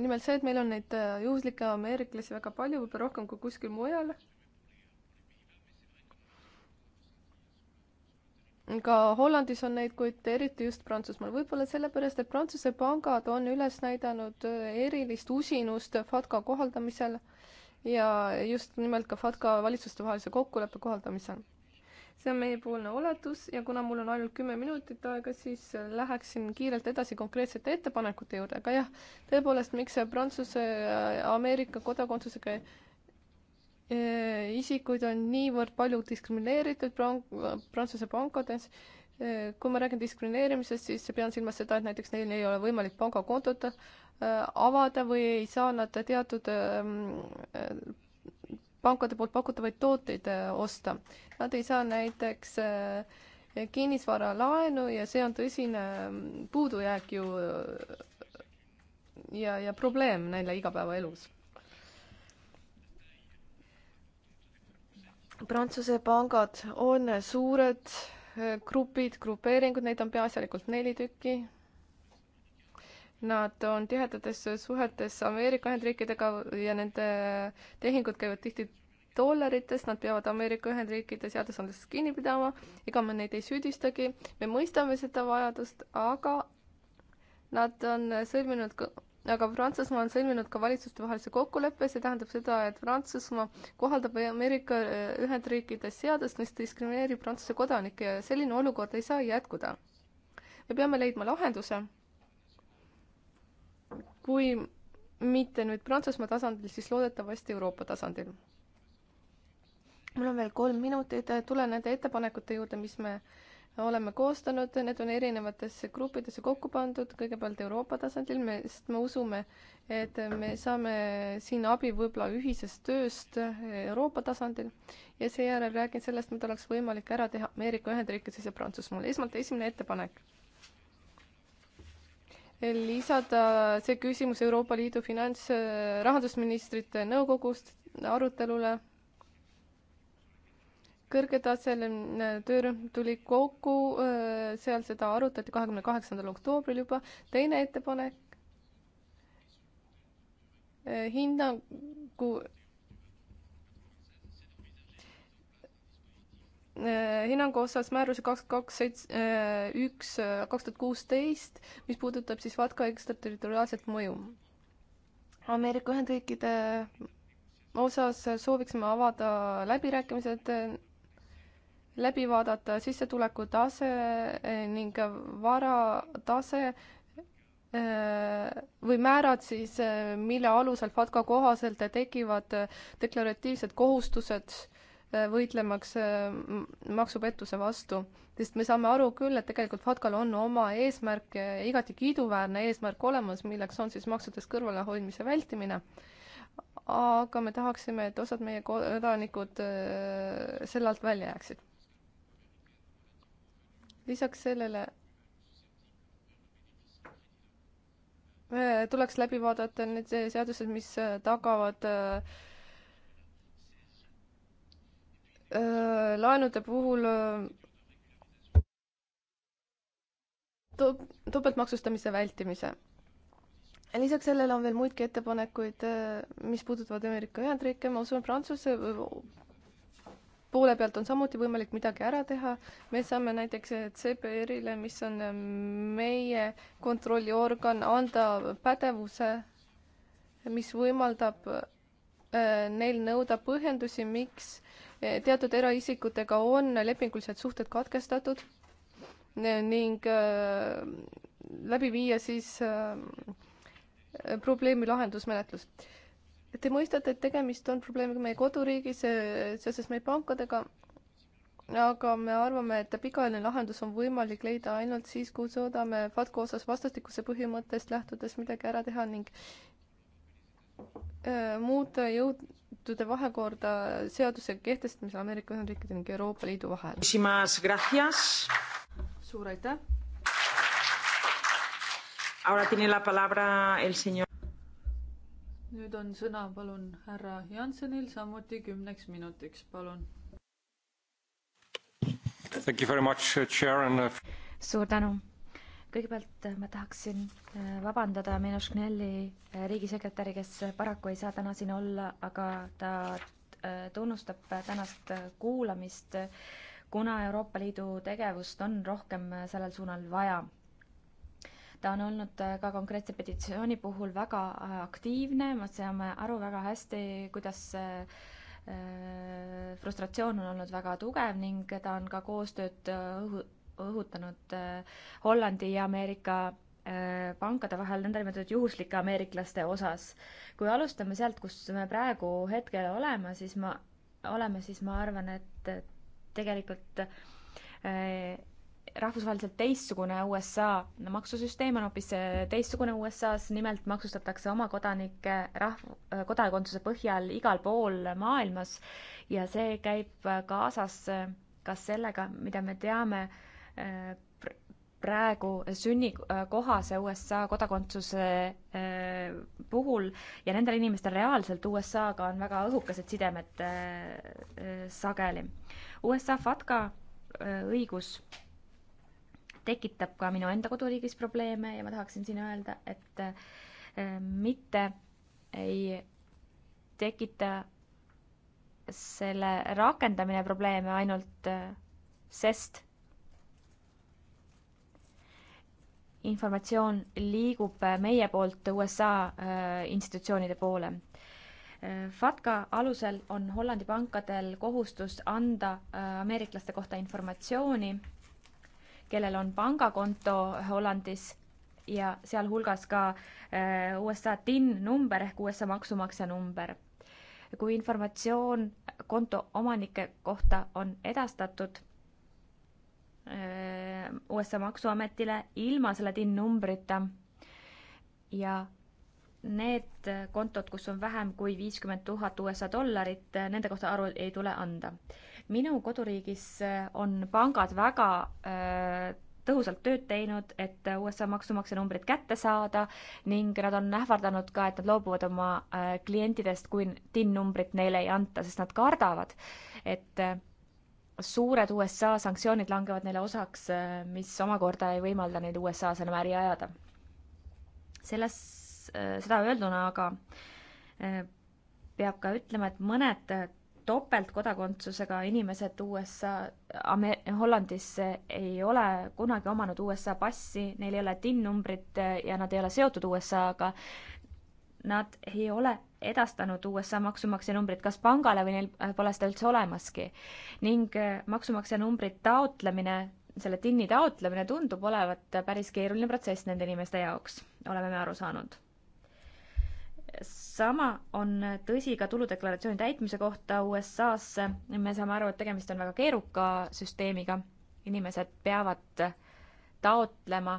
[SPEAKER 4] nimelt see, et meil on neid juhuslikke ameeriklasi väga palju, võib-olla rohkem kui kuskil mujal ka Hollandis on neid, kuid eriti just Prantsusmaal. võib-olla sellepärast, et Prantsuse pangad on üles näidanud äh, erilist usinust FATCA kohaldamisel ja just nimelt ka FATCA valitsustevahelise kokkuleppe kohaldamisel. see on meiepoolne oletus ja kuna mul on ainult kümme minutit aega, siis äh, läheksin kiirelt edasi konkreetsete ettepanekute juurde, aga jah, tõepoolest, miks see Prantsuse ja äh, Ameerika kodakondsusega Äh, isikuid on niivõrd palju diskrimineeritud Prantsuse pankades. Äh, kui ma räägin diskrimineerimisest, siis pean silmas seda, et näiteks neil ei ole võimalik pangakontot äh, avada või ei saa nad teatud ähm, pankade poolt pakutavaid tooteid osta. Nad ei saa näiteks kinnisvaralaenu ja see on tõsine ähm, puudujääk ju ja, ja probleem neile igapäevaelus Prantsuse pangad on suured eh, grupid, grupeeringud, neid on peaasjalikult neli tükki. Nad on tihedates suhetes Ameerika Ühendriikidega ja nende tehingud käivad tihti dollarites, nad peavad Ameerika Ühendriikide seadusandlusest kinni pidama, ega me neid ei süüdistagi, me mõistame seda vajadust, aga nad on sõlminud aga Prantsusmaa on sõlminud ka valitsustevahelise kokkuleppe, see tähendab seda, et Prantsusmaa kohaldab Ameerika äh, Ühendriikides seadust, mis diskrimineerib Prantsuse kodanikke ja selline olukord ei saa jätkuda. me peame leidma lahenduse. kui mitte nüüd Prantsusmaa tasandil, siis loodetavasti Euroopa tasandil. mul on veel kolm minutit, tulen nende ettepanekute juurde, mis me äh, oleme koostanud, need on erinevatesse gruppidesse kokku pandud, kõigepealt Euroopa tasandil, me, sest me usume, et me saame siin abi võib-olla ühisest tööst Euroopa tasandil ja seejärel räägin sellest, mida oleks võimalik ära teha Ameerika Ühendriikides ja Prantsusmaal. esmalt esimene ettepanek. lisada see küsimus Euroopa Liidu finants, rahandusministrite nõukogust arutelule kõrgetasemeline äh, töörühm tuli kokku, äh, seal seda arutati kahekümne kaheksandal oktoobril juba. teine ettepanek, äh, hinnangu, hinnangu osas määruse kaks, kaks, seitse, üks, kaks tuhat kuusteist, mis puudutab siis VATKA ekstraterritoriaalset mõju. Ameerika Ühendriikide osas sooviksime avada läbirääkimised läbi vaadata sissetulekutase eh, ning varatase eh, või määrad siis, eh, mille alusel FATCA kohaselt tekivad deklaratiivsed kohustused võitlemaks maksupettuse vastu. sest me saame aru küll, et tegelikult FATCA-l on oma eesmärk, igati kiiduväärne eesmärk olemas, milleks on siis maksudest kõrvalehoidmise vältimine. aga me tahaksime, et osad meie kodanikud selle alt välja jääksid lisaks sellele äh, tuleks läbi vaadata need seadused, mis äh, tagavad äh, laenude puhul topeltmaksustamise vältimise. lisaks sellele on veel muidki ettepanekuid, mis puudutavad Ameerika Ühendriike, ma usun, Prantsuse poole pealt on samuti võimalik midagi ära teha, me saame näiteks CPR-ile, mis on meie kontrolliorgan, anda pädevuse, mis võimaldab äh, neil nõuda põhjendusi, miks äh, teatud eraisikutega on lepingulised suhted katkestatud ning äh, läbi viia siis probleemi lahendusmenetlust Te mõistate, et tegemist on probleemiga meie koduriigis eh, seoses meie pankadega, aga me arvame, et pikaajaline lahendus on võimalik leida ainult siis, kui suudame FATCO osas vastastikuse põhimõttest lähtudes midagi ära teha ning eh, muuta jõudude vahekorda seaduse kehtestamisel Ameerika Ühendriikide ning Euroopa Liidu vahel.
[SPEAKER 1] suur aitäh!
[SPEAKER 2] nüüd on sõna, palun, härra Jansonil samuti kümneks minutiks, palun.
[SPEAKER 4] Uh, uh,
[SPEAKER 3] suur tänu. kõigepealt äh, ma tahaksin äh, vabandada Minos Gnelli äh, riigisekretäri, kes paraku ei saa täna siin olla, aga ta tunnustab tänast kuulamist, kuna Euroopa Liidu tegevust on rohkem sellel suunal vaja ta on olnud äh, ka konkreetse petitsiooni puhul väga äh, aktiivne, me saame aru väga hästi, kuidas äh, frustratsioon on olnud väga tugev ning ta on ka koostööd õhu, õhutanud Hollandi ja Ameerika pankade vahel nõndanimetatud juhuslike ameeriklaste osas. kui alustame sealt, kus me praegu hetkel oleme, siis ma, oleme, siis ma arvan, et tegelikult rahvusvaheliselt teistsugune USA maksusüsteem on hoopis äh, teistsugune USA-s, nimelt maksustatakse oma kodanikke rahv-, äh, kodakondsuse põhjal igal pool maailmas ja see käib äh, kaasas ka sellega, mida me teame praegu sünnikohase USA kodakondsuse puhul ja nendel inimestel reaalselt USA-ga on väga õhukesed sidemed sageli. USA FATCA õigus tekitab ka minu enda koduriigis probleeme ja ma tahaksin siin öelda, et äh, mitte ei tekita selle rakendamine probleeme ainult, äh, sest informatsioon liigub äh, meie poolt USA institutsioonide poole. FATCA alusel on Hollandi pankadel kohustus anda ameeriklaste kohta informatsiooni kellel on pangakonto Hollandis ja sealhulgas ka äh, USA TIN number ehk USA maksumaksja number. kui informatsioon konto omanike kohta on edastatud äh, USA maksuametile ilma selle TIN numbrita ja need kontod, kus on vähem kui viiskümmend tuhat USA dollarit, äh, nende kohta aru ei tule anda minu koduriigis äh, on pangad väga äh, tõhusalt tööd teinud, et äh, USA maksumaksja numbrid kätte saada ning nad on ähvardanud ka, et nad loobuvad oma klientidest, kui TIN-numbrit neile ei anta, sest nad kardavad, et suured USA sanktsioonid langevad neile osaks, mis omakorda ei võimalda neil USA-s enam äri ajada. selles, seda öelduna aga peab ka ütlema, et mõned topeltkodakondsusega inimesed USA, Hollandis ei ole kunagi omanud USA passi, neil ei ole TIN-numbrit ja nad ei ole seotud USA-ga. Nad ei ole edastanud USA maksumaksja numbrit kas pangale või neil pole seda üldse olemaski. ning äh, maksumaksja numbri taotlemine, selle TIN-i taotlemine tundub olevat päris keeruline protsess nende inimeste jaoks, oleme me aru saanud sama on tõsi ka tuludeklaratsiooni täitmise kohta USA-sse. me saame aru, et tegemist on väga keeruka süsteemiga. inimesed peavad taotlema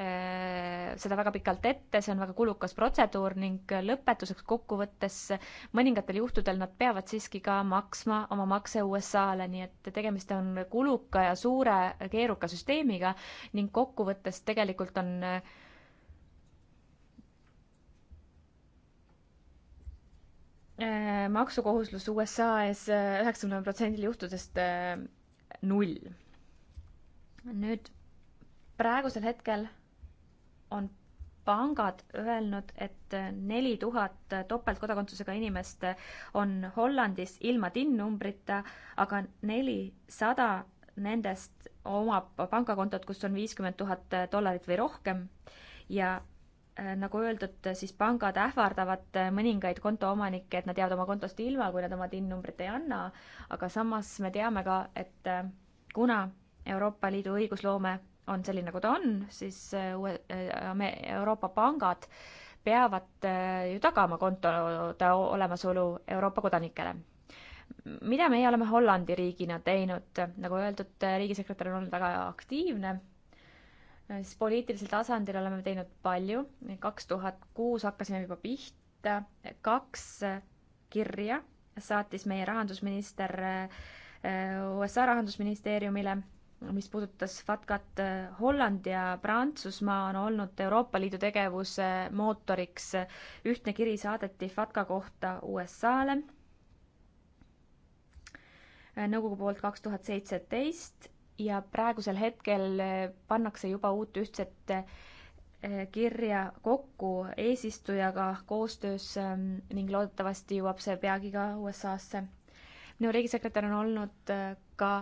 [SPEAKER 3] äh, seda väga pikalt ette, see on väga kulukas protseduur ning lõpetuseks kokkuvõttes mõningatel juhtudel nad peavad siiski ka maksma oma makse USA-le, nii et tegemist on kuluka ja suure keeruka süsteemiga ning kokkuvõttes tegelikult on äh, Äh, maksukohuslus USA ees äh, üheksakümnel protsendil juhtudest äh, null. nüüd praegusel hetkel on pangad öelnud, et neli tuhat topeltkodakondsusega inimest on Hollandis ilma TIN-numbrita, aga nelisada nendest omab pangakontot, kus on viiskümmend tuhat dollarit või rohkem ja Äh, nagu öeldud, äh, siis pangad ähvardavad äh, mõningaid kontoomanikke, et nad jäävad oma kontost ilma, kui nad oma TIN-numbrit ei anna, aga samas me teame ka, et kuna Euroopa Liidu õigusloome on selline, nagu ta on, siis uue, Euroopa pangad peavad ju tagama kontode olemasolu Euroopa kodanikele. mida meie oleme Hollandi riigina teinud, nagu öeldud, riigisekretär on olnud väga aktiivne Äh, siis poliitilisel tasandil oleme teinud palju, kaks tuhat kuus hakkasime juba pihta, kaks äh, kirja saatis meie rahandusminister äh, USA rahandusministeeriumile, mis puudutas FATCat. Holland ja Prantsusmaa on olnud Euroopa Liidu tegevuse mootoriks. ühtne kiri saadeti FATCa kohta USA-le nõukogu poolt kaks tuhat seitseteist ja praegusel hetkel eh, pannakse juba uut ühtset eh, kirja kokku eesistujaga koostöös ehm, ning loodetavasti jõuab see peagi ka USA-sse. minu riigisekretär on olnud eh, ka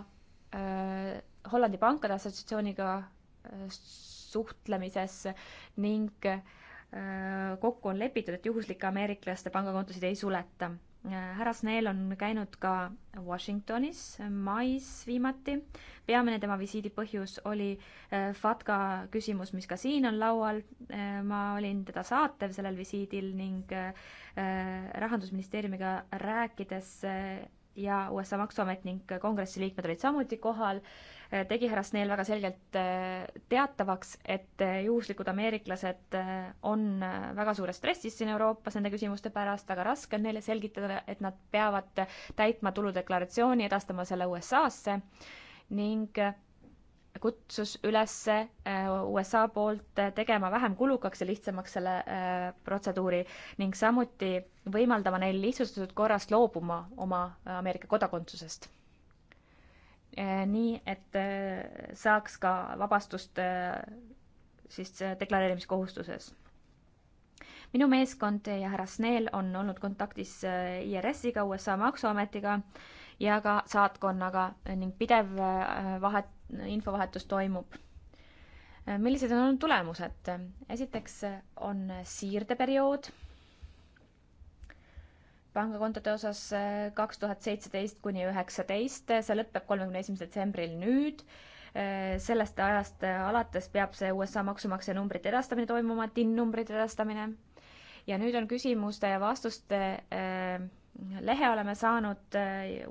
[SPEAKER 3] Hollandi Pankade Assotsiatsiooniga suhtlemises ning kokku on lepitud, et juhuslikke ameeriklaste pangakontosid ei suleta härra Snell on käinud ka Washingtonis mais viimati. peamine tema visiidi põhjus oli äh, FATCA küsimus, mis ka siin on laual. Äh, ma olin teda saatev sellel visiidil ning äh, rahandusministeeriumiga rääkides ja USA maksuamet ning kongressi liikmed olid samuti kohal tegi härra Snell väga selgelt äh, teatavaks, et äh, juhuslikud ameeriklased äh, on väga suures stressis siin Euroopas nende küsimuste pärast, väga raske on neile selgitada, et nad peavad täitma tuludeklaratsiooni, edastama selle USA-sse ning kutsus üles USA poolt tegema vähem kulukaks ja lihtsamaks selle protseduuri ning samuti võimaldama neil lihtsustatud korras loobuma oma Ameerika kodakondsusest Eh, nii, et eh, saaks ka vabastust eh, siis deklareerimiskohustuses. minu meeskond ja härra Snell on olnud kontaktis IRS-iga, USA Maksuametiga ja ka saatkonnaga ning pidev vahet, infovahetus toimub. millised on olnud tulemused? esiteks on siirdeperiood pangakontode osas eh, kaks tuhat seitseteist kuni üheksateist, eh, see lõpeb kolmekümne esimesel detsembril nüüd. Eh, sellest ajast alates peab see USA maksumaksja numbrite edastamine toimuma, TIN-numbrite edastamine. ja nüüd on küsimuste ja vastuste lehe oleme saanud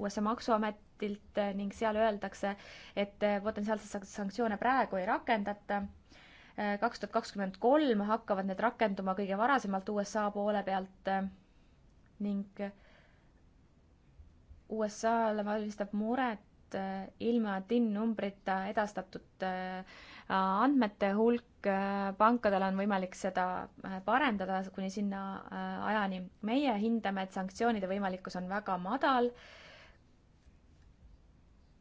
[SPEAKER 3] USA Maksuametilt ning seal öeldakse, et potentsiaalseid sanktsioone praegu ei rakendata kaks tuhat kakskümmend kolm hakkavad need rakenduma kõige varasemalt USA poole pealt ning USA-le valmistab muret eh, ilma TIN-numbrita edastatud eh, andmete hulk, eh, pankadel on võimalik seda parendada kuni sinna ajani. meie hindame, et sanktsioonide võimalikkus on väga madal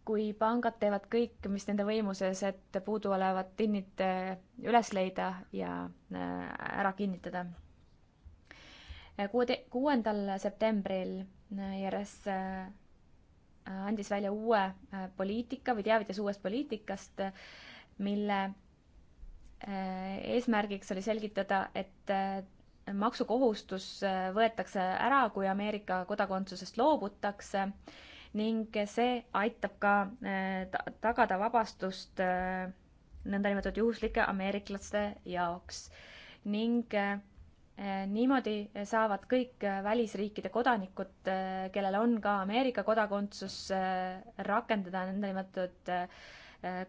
[SPEAKER 3] kui pangad teevad kõik, mis nende võimuses, et puuduolevad tinnid üles leida ja ära kinnitada. Äh, kuude-, kuuendal septembril IRS äh, äh, andis välja uue poliitika või teavitas uuest poliitikast, mille eesmärgiks oli selgitada, et maksukohustus võetakse ära, kui Ameerika kodakondsusest loobutakse ning see aitab ka tagada vabastust nõndanimetatud juhuslike ameeriklaste jaoks ning Eh, niimoodi saavad kõik eh, välisriikide kodanikud, eh, kellel on ka Ameerika kodakondsus, rakendada nõndanimetatud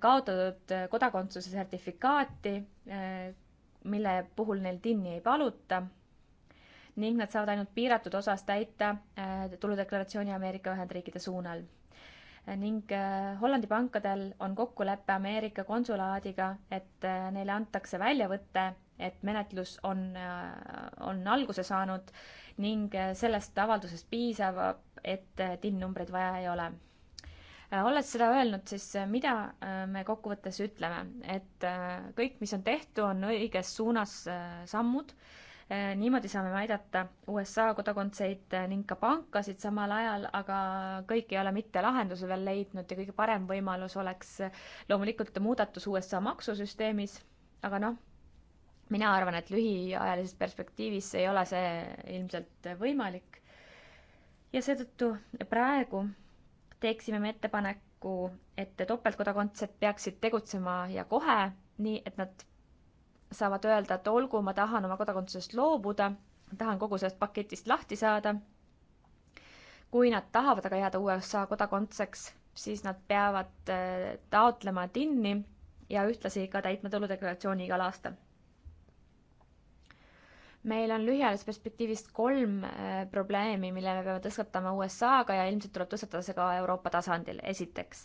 [SPEAKER 3] kaotatud kodakondsuse sertifikaati, mille puhul neil tinni ei paluta ning nad saavad ainult piiratud osas täita tuludeklaratsiooni Ameerika Ühendriikide suunal ning Hollandi pankadel on kokkulepe Ameerika konsulaadiga, et neile antakse väljavõte et menetlus on, äh, on alguse saanud ning äh, sellest avaldusest piisab, et äh, TIN-numbreid vaja ei ole. olles seda öelnud, siis mida me kokkuvõttes ütleme, et kõik, mis on tehtud, on õiges suunas sammud niimoodi saame me aidata USA kodakondseid ning ka pankasid samal ajal, aga kõik ei ole mitte lahenduse veel leidnud ja kõige parem võimalus oleks loomulikult muudatus USA maksusüsteemis, aga noh, mina arvan, et lühiajalises perspektiivis ei ole see ilmselt võimalik. ja seetõttu praegu teeksime me ettepaneku, et topeltkodakondsed peaksid tegutsema ja kohe, nii et nad saavad öelda, et olgu, ma tahan oma kodakondsusest loobuda, tahan kogu sellest paketist lahti saada. kui nad tahavad aga jääda USA kodakondseks, siis nad peavad eh, taotlema TIN-i ja ühtlasi ka täitma tuludeklaratsiooni igal aastal meil on lühiajalises perspektiivis kolm äh, probleemi, mille me peame tõstatama USA-ga ja ilmselt tuleb tõstatada see ka Euroopa tasandil. esiteks,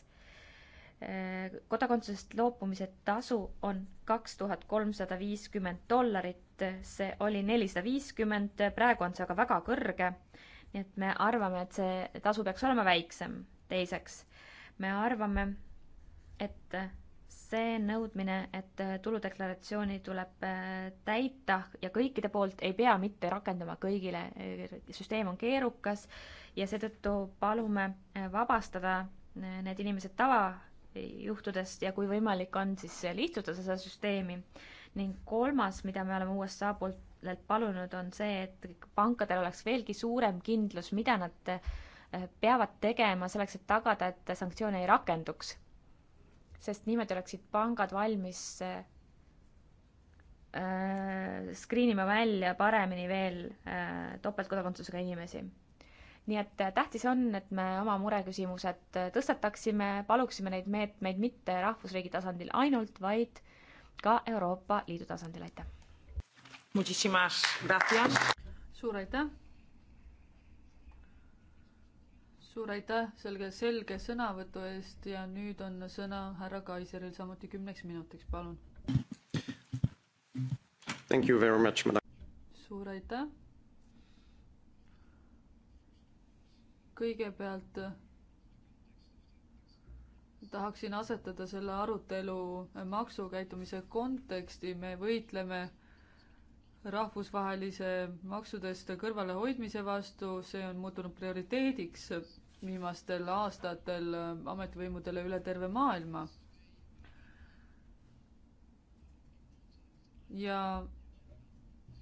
[SPEAKER 3] äh, kodakondsusest loobumise tasu on kaks tuhat kolmsada viiskümmend dollarit, see oli nelisada viiskümmend, praegu on see aga väga kõrge, nii et me arvame, et see tasu peaks olema väiksem. teiseks, me arvame, et see nõudmine, et äh, tuludeklaratsiooni tuleb äh, täita ja kõikide poolt ei pea mitte rakendama kõigile, äh, süsteem on keerukas ja seetõttu palume vabastada need inimesed tavajuhtudest ja kui võimalik on, siis lihtsustada seda süsteemi. ning kolmas, mida me oleme USA poolelt palunud, on see, et pankadel oleks veelgi suurem kindlus, mida nad peavad tegema selleks, et tagada, et sanktsioone ei rakenduks sest niimoodi oleksid pangad valmis äh, screen ima välja paremini veel äh, topeltkodakondsusega inimesi. nii et äh, tähtis on, et me oma mureküsimused äh, tõstataksime, paluksime neid meetmeid mitte rahvusriigi tasandil ainult, vaid ka Euroopa Liidu tasandil, aitäh! suur aitäh!
[SPEAKER 2] suur aitäh selle selge sõnavõtu eest ja nüüd on sõna härra Kaiseril samuti kümneks minutiks, palun.
[SPEAKER 1] Thank you very much, madam.
[SPEAKER 2] suur aitäh. kõigepealt eh, tahaksin asetada selle arutelu eh, maksukäitumise konteksti, me võitleme rahvusvahelise maksudest kõrvalehoidmise vastu, see on muutunud prioriteediks viimastel aastatel äh, ametivõimudele üle terve maailma. ja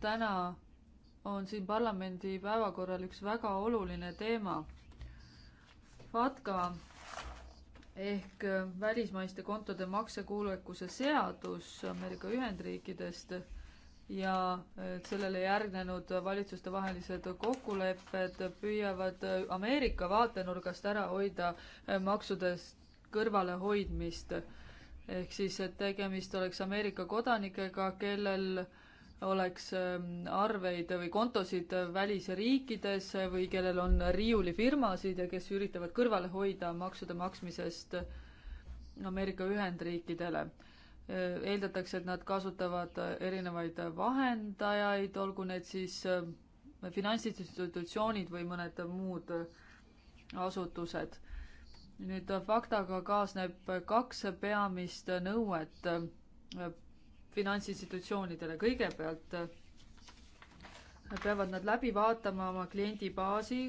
[SPEAKER 2] täna on siin parlamendi päevakorral üks väga oluline teema. FATKA ehk äh, välismaiste kontode maksekuulekuse seadus Ameerika Ühendriikidest ja äh, sellele järgnenud valitsustevahelised kokkulepped püüavad äh, Ameerika vaatenurgast ära hoida äh, maksudest kõrvalehoidmist. ehk siis, et tegemist oleks Ameerika kodanikega, kellel oleks ähm, arveid või kontosid välisriikides või kellel on riiulifirmasid ja kes üritavad kõrvale hoida maksude maksmisest Ameerika Ühendriikidele Äh, eeldatakse, et nad kasutavad äh, erinevaid äh, vahendajaid, olgu need siis finantsinstitutsioonid või mõned muud asutused. nüüd faktaga kaasneb kaks peamist nõuet finantsinstitutsioonidele. kõigepealt peavad nad läbi vaatama oma kliendibaasi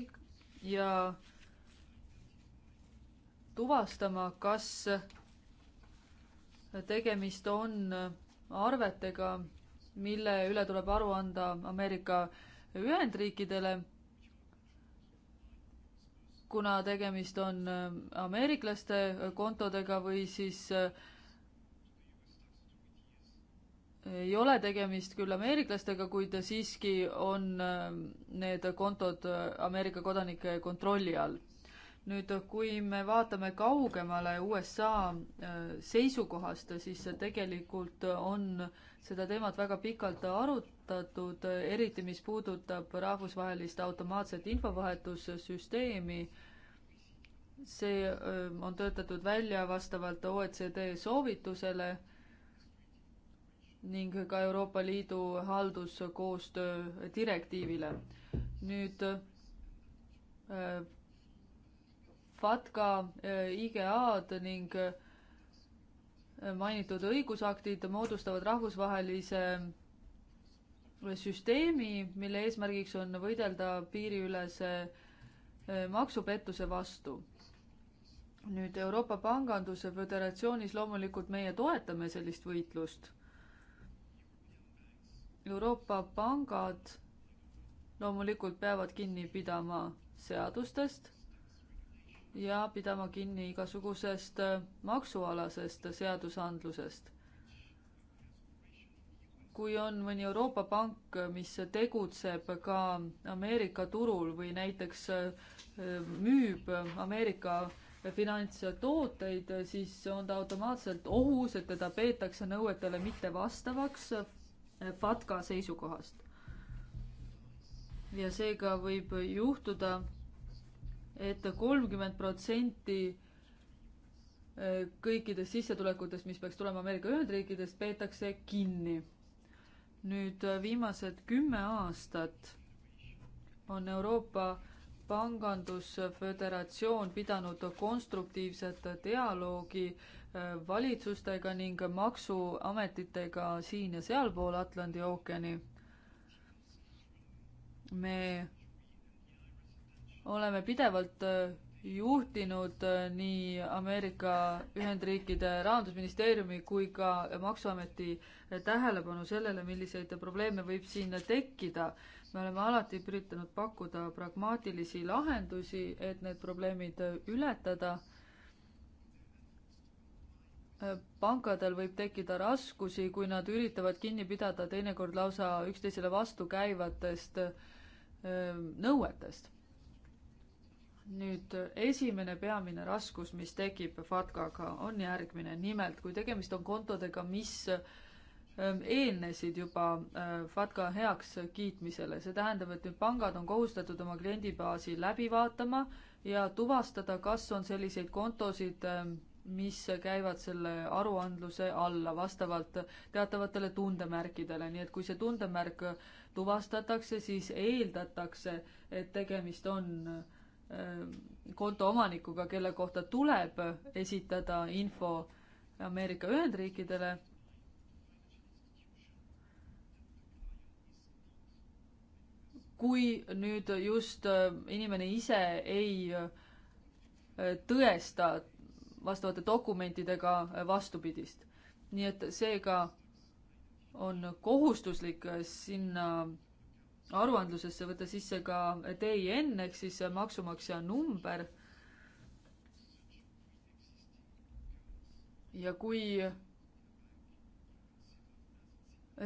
[SPEAKER 2] ja tuvastama, kas tegemist on arvetega, mille üle tuleb aru anda Ameerika Ühendriikidele, kuna tegemist on ameeriklaste kontodega või siis äh, ei ole tegemist küll ameeriklastega, kuid siiski on äh, need kontod Ameerika kodanike kontrolli all nüüd, kui me vaatame kaugemale USA äh, seisukohast, siis tegelikult on seda teemat väga pikalt arutatud, eriti mis puudutab rahvusvahelist automaatset infovahetussüsteemi. see äh, on töötatud välja vastavalt OECD soovitusele ning ka Euroopa Liidu halduskoostöö direktiivile. nüüd äh, FATKA, äh, IGA-d ning äh, mainitud õigusaktid moodustavad rahvusvahelise äh, süsteemi, mille eesmärgiks on võidelda piiriülese maksupettuse vastu. nüüd Euroopa Panganduse Föderatsioonis loomulikult meie toetame sellist võitlust. Euroopa pangad loomulikult peavad kinni pidama seadustest ja pidama kinni igasugusest äh, maksualasest seadusandlusest. kui on mõni Euroopa pank, mis tegutseb ka Ameerika turul või näiteks äh, müüb Ameerika finantstooteid, siis on ta automaatselt ohus, et teda peetakse nõuetele mittevastavaks äh, FATKA seisukohast. ja seega võib juhtuda, et kolmkümmend protsenti eh, kõikidest sissetulekutest, mis peaks tulema Ameerika Ühendriikidest, peetakse kinni. nüüd eh, viimased kümme aastat on Euroopa Pangandusföderatsioon pidanud konstruktiivset dialoogi eh, valitsustega ning maksuametitega siin ja sealpool Atlandi ookeani. me oleme pidevalt äh, juhtinud äh, nii Ameerika Ühendriikide rahandusministeeriumi kui ka Maksuameti äh, tähelepanu sellele, milliseid probleeme võib siin tekkida. me oleme alati üritanud pakkuda pragmaatilisi lahendusi, et need probleemid ületada. pankadel võib tekkida raskusi, kui nad üritavad kinni pidada teinekord lausa üksteisele vastu käivatest nõuetest nüüd esimene peamine raskus, mis tekib FATCAga, on järgmine. nimelt, kui tegemist on kontodega, mis ähm, eelnesid juba äh, FATCA heakskiitmisele, see tähendab, et nüüd pangad on kohustatud oma kliendibaasi läbi vaatama ja tuvastada, kas on selliseid kontosid, ähm, mis käivad selle aruandluse alla vastavalt teatavatele tundemärkidele, nii et kui see tundemärk tuvastatakse, siis eeldatakse, et tegemist on äh, Äh, konto omanikuga, kelle kohta tuleb esitada info Ameerika Ühendriikidele. kui nüüd just äh, inimene ise ei äh, tõesta vastavate dokumentidega vastupidist. nii et seega on kohustuslik sinna aruandlusesse võtta sisse ka TIN ehk siis maksumaksja number. ja kui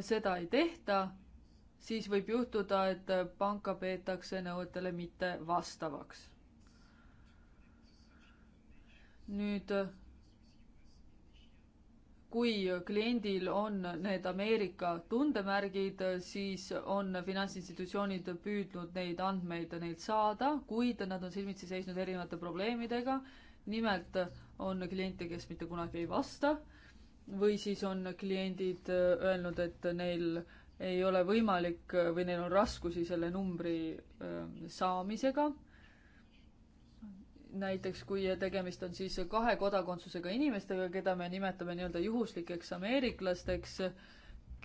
[SPEAKER 2] seda ei tehta, siis võib juhtuda, et panka peetakse nõuetele mitte vastavaks. nüüd kui kliendil on need Ameerika tundemärgid, siis on finantsinstitutsioonid püüdnud neid andmeid neilt saada, kuid nad on silmitsi seisnud erinevate probleemidega. nimelt on kliente, kes mitte kunagi ei vasta või siis on kliendid öelnud, et neil ei ole võimalik või neil on raskusi selle numbri äh, saamisega näiteks kui tegemist on siis kahe kodakondsusega inimestega, keda me nimetame nii-öelda juhuslikeks ameeriklasteks,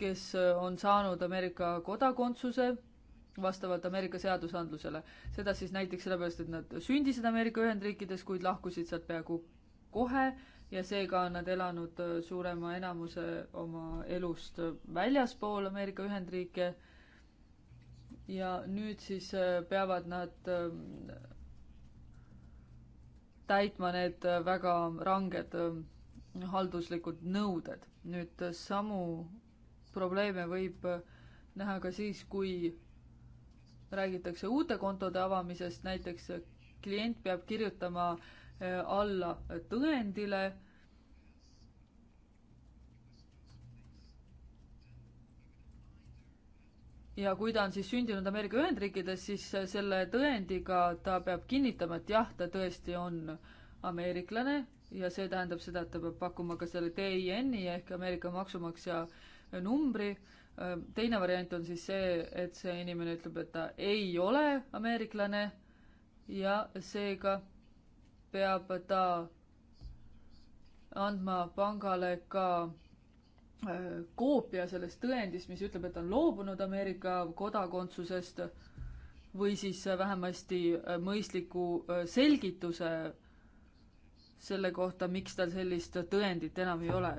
[SPEAKER 2] kes on saanud Ameerika kodakondsuse vastavalt Ameerika seadusandlusele. seda siis näiteks sellepärast, et nad sündisid Ameerika Ühendriikides, kuid lahkusid sealt peaaegu kohe ja seega on nad elanud suurema enamuse oma elust väljaspool Ameerika Ühendriike. ja nüüd siis peavad nad täitma need äh, väga ranged äh, halduslikud nõuded. nüüd äh, samu probleeme võib näha ka siis, kui räägitakse uute kontode avamisest, näiteks klient peab kirjutama alla tõendile ja kui ta on siis sündinud Ameerika Ühendriikides, siis selle tõendiga ta peab kinnitama, et jah, ta tõesti on ameeriklane ja see tähendab seda, et ta peab pakkuma ka selle DIN-i ehk Ameerika maksumaksja numbri. teine variant on siis see, et see inimene ütleb, et ta ei ole ameeriklane ja seega peab ta andma pangale ka koopia sellest tõendist, mis ütleb, et on loobunud Ameerika kodakondsusest või siis vähemasti äh, mõistliku äh, selgituse selle kohta, miks tal sellist tõendit enam ei ole.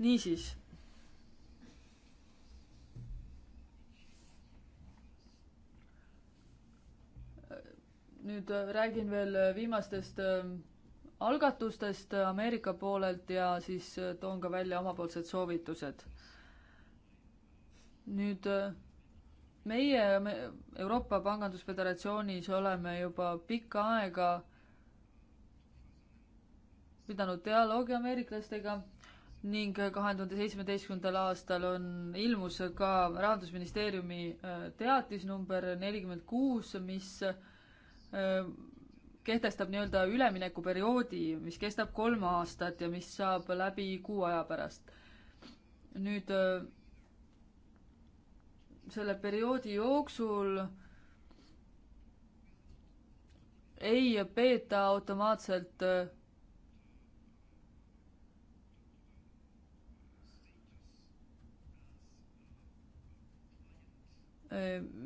[SPEAKER 2] niisiis nüüd äh, räägin veel äh, viimastest äh, algatustest Ameerika poolelt ja siis toon ka välja omapoolsed soovitused. nüüd meie me, Euroopa Pangandusföderatsioonis oleme juba pikka aega pidanud dialoogi ameeriklastega ning kahe tuhande seitsmeteistkümnendal aastal on, ilmus ka Rahandusministeeriumi teatis number nelikümmend kuus, mis äh, kehtestab nii-öelda üleminekuperioodi, mis kestab kolm aastat ja mis saab läbi kuu aja pärast. nüüd selle perioodi jooksul ei peeta automaatselt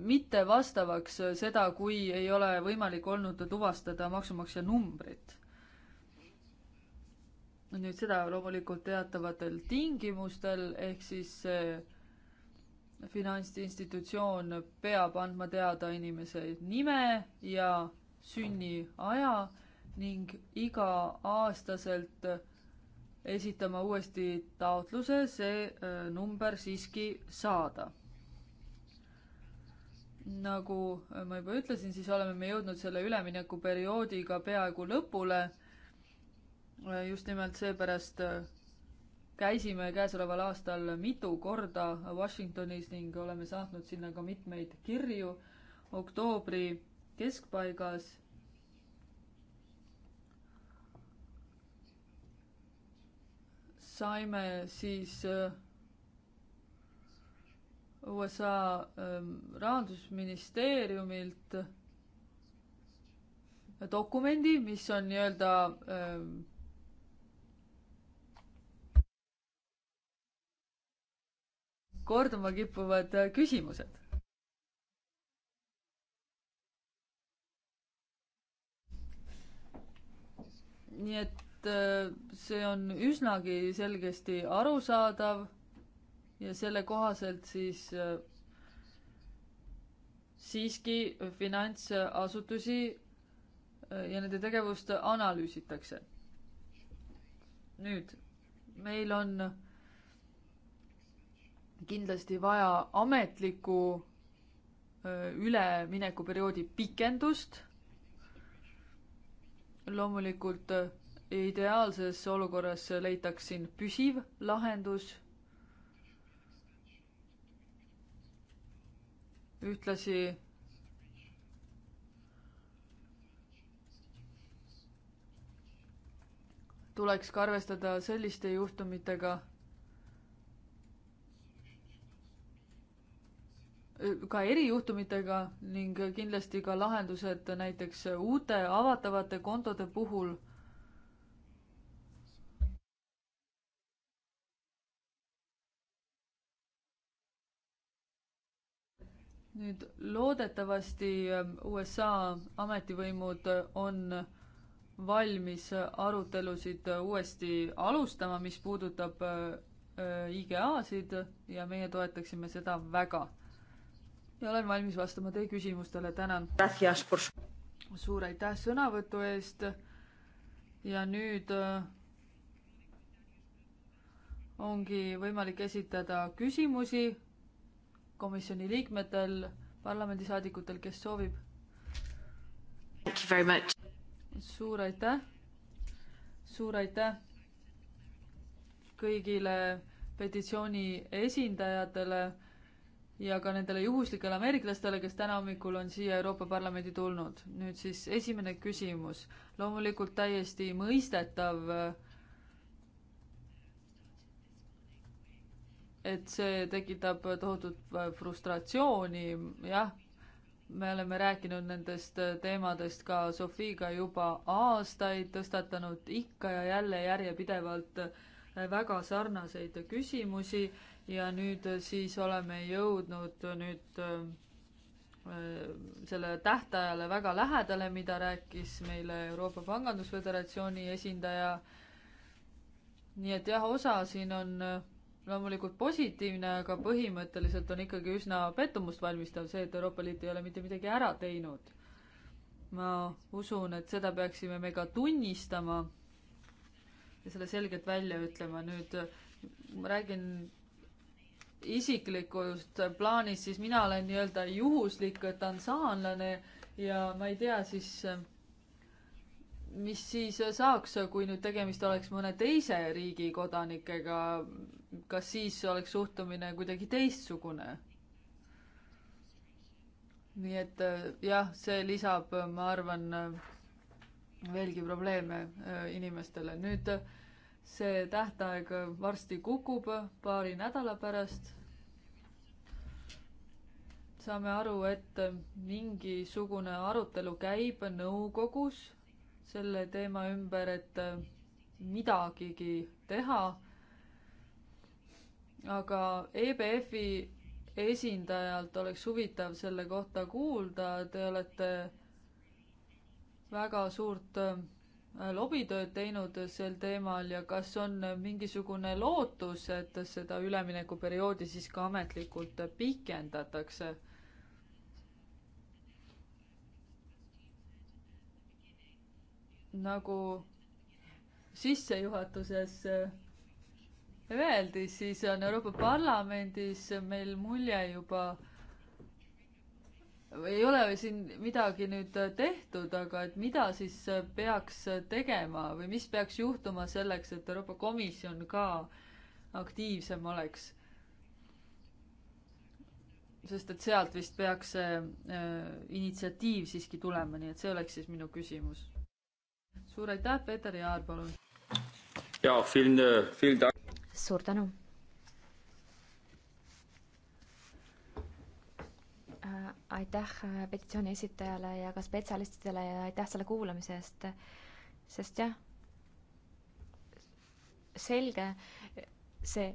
[SPEAKER 2] mitte vastavaks seda, kui ei ole võimalik olnud tuvastada maksumaksja numbrit. nüüd seda loomulikult teatavatel tingimustel, ehk siis finantsinstitutsioon peab andma teada inimese nime ja sünniaja ning iga-aastaselt esitama uuesti taotluse see äh, number siiski saada nagu ma juba ütlesin, siis oleme me jõudnud selle üleminekuperioodiga peaaegu lõpule. just nimelt seepärast äh, käisime käesoleval aastal mitu korda Washingtonis ning oleme saatnud sinna ka mitmeid kirju. oktoobri keskpaigas saime siis äh, USA ähm, rahandusministeeriumilt äh, dokumendi, mis on nii-öelda ähm, korduma kippuvad äh, küsimused. nii et äh, see on üsnagi selgesti arusaadav ja selle kohaselt siis äh, siiski finantsasutusi äh, ja nende tegevust analüüsitakse. nüüd, meil on kindlasti vaja ametlikku äh, üleminekuperioodi pikendust. loomulikult ideaalses olukorras leitaks siin püsiv lahendus ühtlasi tuleks ka arvestada selliste juhtumitega, ka erijuhtumitega ning kindlasti ka lahendused näiteks uute avatavate kontode puhul nüüd loodetavasti ähm, USA ametivõimud äh, on valmis arutelusid äh, uuesti alustama, mis puudutab äh, IGA-sid ja meie toetaksime seda väga. ja olen valmis vastama teie küsimustele, tänan. suur aitäh sõnavõtu eest. ja nüüd ongi võimalik esitada küsimusi komisjoni liikmetel, parlamendisaadikutel, kes soovib. suur aitäh, suur aitäh kõigile petitsiooni esindajatele ja ka nendele juhuslikele ameeriklastele, kes täna hommikul on siia Euroopa Parlamendi tulnud. nüüd siis esimene küsimus. loomulikult täiesti mõistetav äh, et see tekitab tohutut äh, frustratsiooni, jah, me oleme rääkinud nendest äh, teemadest ka Sofiga juba aastaid, tõstatanud ikka ja jälle järjepidevalt äh, väga sarnaseid küsimusi ja nüüd siis oleme jõudnud nüüd selle tähtajale väga lähedale, mida rääkis meile Euroopa Pangandusföderatsiooni esindaja. nii et jah, osa siin on loomulikult positiivne, aga põhimõtteliselt on ikkagi üsna pettumust valmistav see, et Euroopa Liit ei ole mitte midagi ära teinud. ma usun, et seda peaksime me ka tunnistama ja selle selgelt välja ütlema. nüüd ma räägin isiklikust plaanist, siis mina olen nii-öelda juhuslik tansaanlane ja ma ei tea siis, mis siis saaks, kui nüüd tegemist oleks mõne teise riigi kodanikega, kas siis oleks suhtumine kuidagi teistsugune? nii et äh, jah, see lisab, äh, ma arvan, äh, veelgi probleeme inimestele. nüüd see tähtaeg varsti kukub paari nädala pärast. saame aru, et mingisugune arutelu käib nõukogus selle teema ümber, et midagigi teha aga EBF-i esindajalt oleks huvitav selle kohta kuulda, te olete väga suurt äh, lobitööd teinud sel teemal ja kas on mingisugune lootus, et seda üleminekuperioodi siis ka ametlikult pikendatakse? nagu sissejuhatuses äh, öeldi, siis on Euroopa Parlamendis meil mulje juba ei ole ju siin midagi nüüd tehtud, aga et mida siis peaks tegema või mis peaks juhtuma selleks, et Euroopa Komisjon ka aktiivsem oleks? sest et sealt vist peaks see äh, initsiatiiv siiski tulema, nii et see oleks siis minu küsimus. suur aitäh, Peeter
[SPEAKER 3] Jaar, palun! jaa, film, film ta- suur tänu. Äh, aitäh äh, petitsiooni esitajale ja ka spetsialistidele ja aitäh selle kuulamise eest, sest jah, selge, see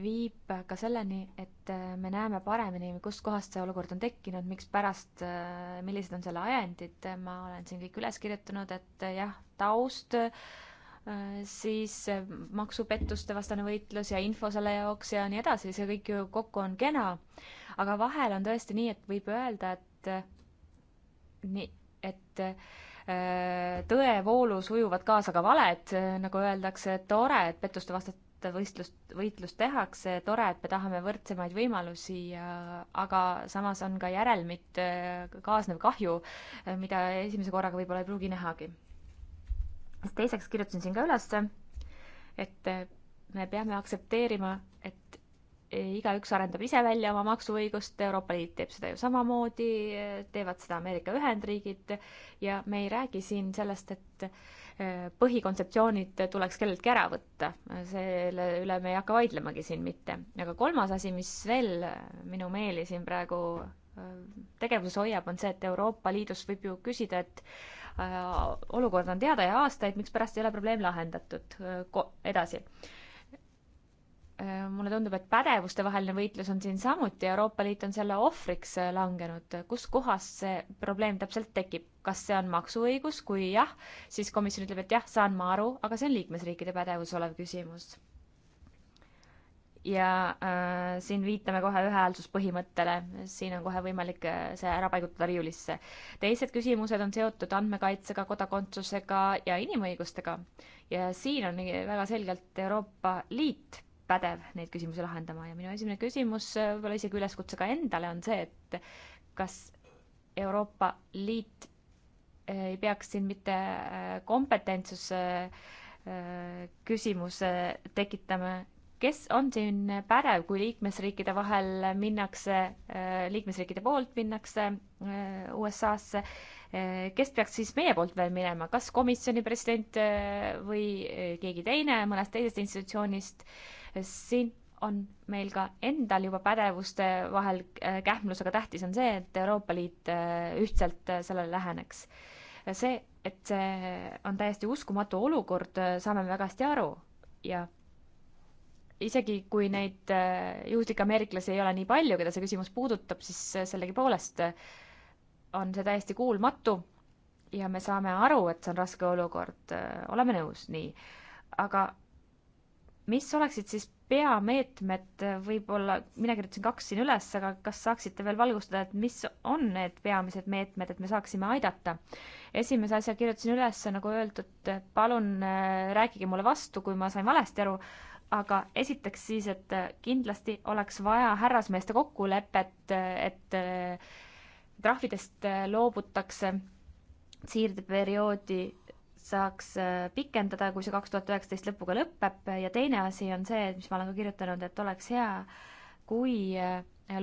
[SPEAKER 3] viib ka selleni, et äh, me näeme paremini, kustkohast see olukord on tekkinud, mikspärast, millised on selle ajendid, ma olen siin kõik üles kirjutanud, et jah, taust äh, Äh, siis äh, maksupettuste vastane võitlus ja info selle jaoks ja nii edasi, see kõik ju kokku on kena. aga vahel on tõesti nii, et võib öelda, et äh, nii, et tõevoolus ujuvad kaasa ka valed, nagu öeldakse, tore, et pettuste vastast võistlust, võitlust tehakse, tore, et me tahame võrdsemaid võimalusi, aga samas on ka järelmid, kaasnev kahju, mida esimese korraga võib-olla ei pruugi nähagi teiseks kirjutasin siin ka ülesse, et äh, me peame aktsepteerima, et äh, igaüks arendab ise välja oma maksuõigust, Euroopa Liit teeb seda ju samamoodi, äh, teevad seda Ameerika Ühendriigid ja me ei räägi siin sellest, et põhikontseptsioonid tuleks kelleltki ära võtta, selle üle me ei hakka vaidlemagi siin mitte. aga kolmas asi, mis veel minu meeli siin praegu tegevuses hoiab, on see, et Euroopa Liidus võib ju küsida, et Äh, olukord on teada ja aastaid, mikspärast ei ole probleem lahendatud. Äh, edasi äh, mulle tundub, et pädevustevaheline võitlus on siin samuti, Euroopa Liit on selle ohvriks langenud, kus kohas see probleem täpselt tekib, kas see on maksuõigus, kui jah, siis komisjon ütleb, et jah, saan ma aru, aga see on liikmesriikide pädevus olev küsimus ja äh, siin viitame kohe ühehäälsuspõhimõttele, siin on kohe võimalik äh, see ära paigutada riiulisse. teised küsimused on seotud andmekaitsega, kodakondsusega ja inimõigustega. ja siin on väga selgelt Euroopa Liit pädev neid küsimusi lahendama ja minu esimene küsimus äh, võib-olla isegi üleskutse ka endale on see, et kas Euroopa Liit äh, ei peaks siin mitte kompetentsuse küsimuse tekitama, kes on siin pädev, kui liikmesriikide vahel minnakse, äh, liikmesriikide poolt minnakse äh, USA-sse, äh, kes peaks siis meie poolt veel minema, kas komisjoni president või keegi teine mõnest teisest institutsioonist, siin on meil ka endal juba pädevuste vahel kähmlus, aga tähtis on see, et Euroopa Liit ühtselt sellele läheneks. see, et see on täiesti uskumatu olukord, saame me väga hästi aru ja isegi kui neid äh, juhuslikke-ameeriklasi ei ole nii palju, keda see küsimus puudutab, siis äh, sellegipoolest äh, on see täiesti kuulmatu ja me saame aru, et see on raske olukord, oleme nõus, nii. aga mis oleksid siis peameetmed, võib-olla, mina kirjutasin kaks siin üles, aga kas saaksite veel valgustada, et mis on need peamised meetmed, et me saaksime aidata? esimese asja kirjutasin üles, nagu öeldud, palun rääkige mulle vastu, kui ma sain valesti aru aga esiteks siis, et äh, kindlasti oleks vaja härrasmeeste kokkulepet, äh, et äh, trahvidest loobutakse, siirdeperioodi saaks pikendada, kui see kaks tuhat üheksateist lõpuga lõpeb ja teine asi on see, mis ma olen ka kirjutanud, et oleks hea, kui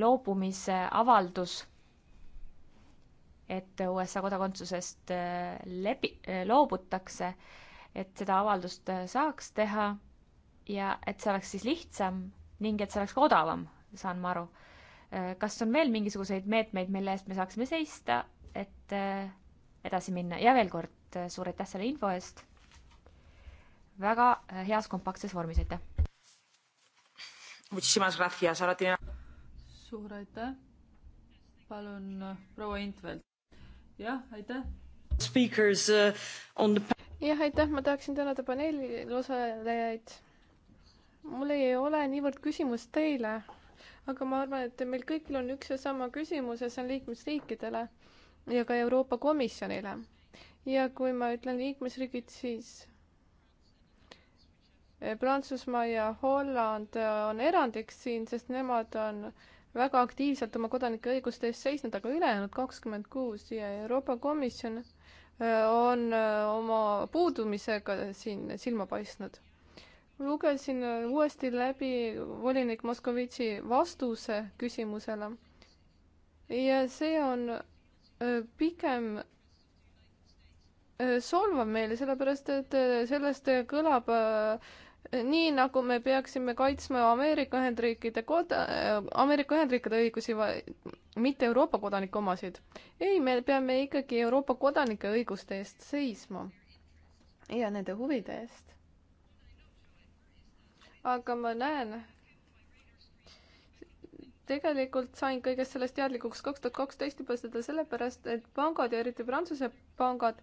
[SPEAKER 3] loobumise avaldus, et USA kodakondsusest lepi-, loobutakse, et seda avaldust saaks teha ja et see oleks siis lihtsam ning et see oleks ka odavam, saan ma aru. Äh, kas on veel mingisuguseid meetmeid, mille eest me saaksime seista, et äh, edasi minna ja veel kord äh, suur aitäh selle info eest. väga heas kompaktses vormis, aitäh.
[SPEAKER 2] suur aitäh. palun proua Intvelt.
[SPEAKER 4] jah, aitäh.
[SPEAKER 1] Speakers uh, on the
[SPEAKER 4] jah, aitäh, ma tahaksin tänada paneeli osalejaid mul ei ole niivõrd küsimus teile, aga ma arvan, et meil kõigil on üks ja sama küsimus ja see on liikmesriikidele ja ka Euroopa Komisjonile. ja kui ma ütlen liikmesriigid, siis eh, Prantsusmaa ja Holland eh, on erandiks siin, sest nemad on väga aktiivselt oma kodanike õiguste eest seisnud, aga ülejäänud kakskümmend kuus ja Euroopa Komisjon eh, on oma puudumisega siin silma paistnud lugesin äh, uuesti läbi volinik Moskovitši vastuse küsimusele ja see on äh, pigem äh, solvav meile, sellepärast et sellest kõlab nii, nagu me peaksime kaitsma Ameerika Ühendriikide koda-, Ameerika Ühendriikide õigusi, mitte Euroopa kodanike omasid. ei, me peame ikkagi Euroopa kodanike õiguste eest seisma ja nende huvide eest aga ma näen, tegelikult sain kõigest sellest teadlikuks kaks tuhat kaksteist juba seda sellepärast, et pangad ja eriti Prantsuse pangad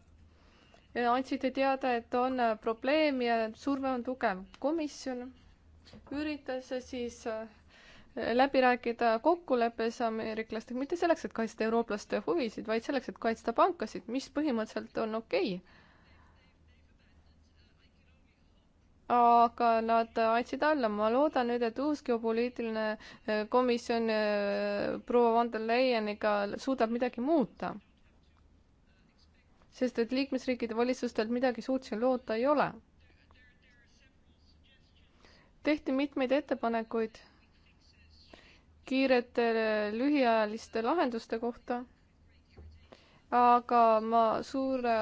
[SPEAKER 4] andsid teada, et on äh, probleem ja surve on tugev. komisjon üritas siis äh, läbi rääkida kokkuleppes ameeriklastega, mitte selleks, et kaitsta eurooplaste huvisid, vaid selleks, et kaitsta pankasid, mis põhimõtteliselt on okei okay aga nad andsid alla, ma loodan nüüd, et uus geopoliitiline eh, komisjon eh, proua von der Leyeniga suudab midagi muuta. sest et liikmesriikide valitsustelt midagi suurt siin loota ei ole. tehti mitmeid ettepanekuid kiirete eh, lühiajaliste lahenduste kohta aga ma suure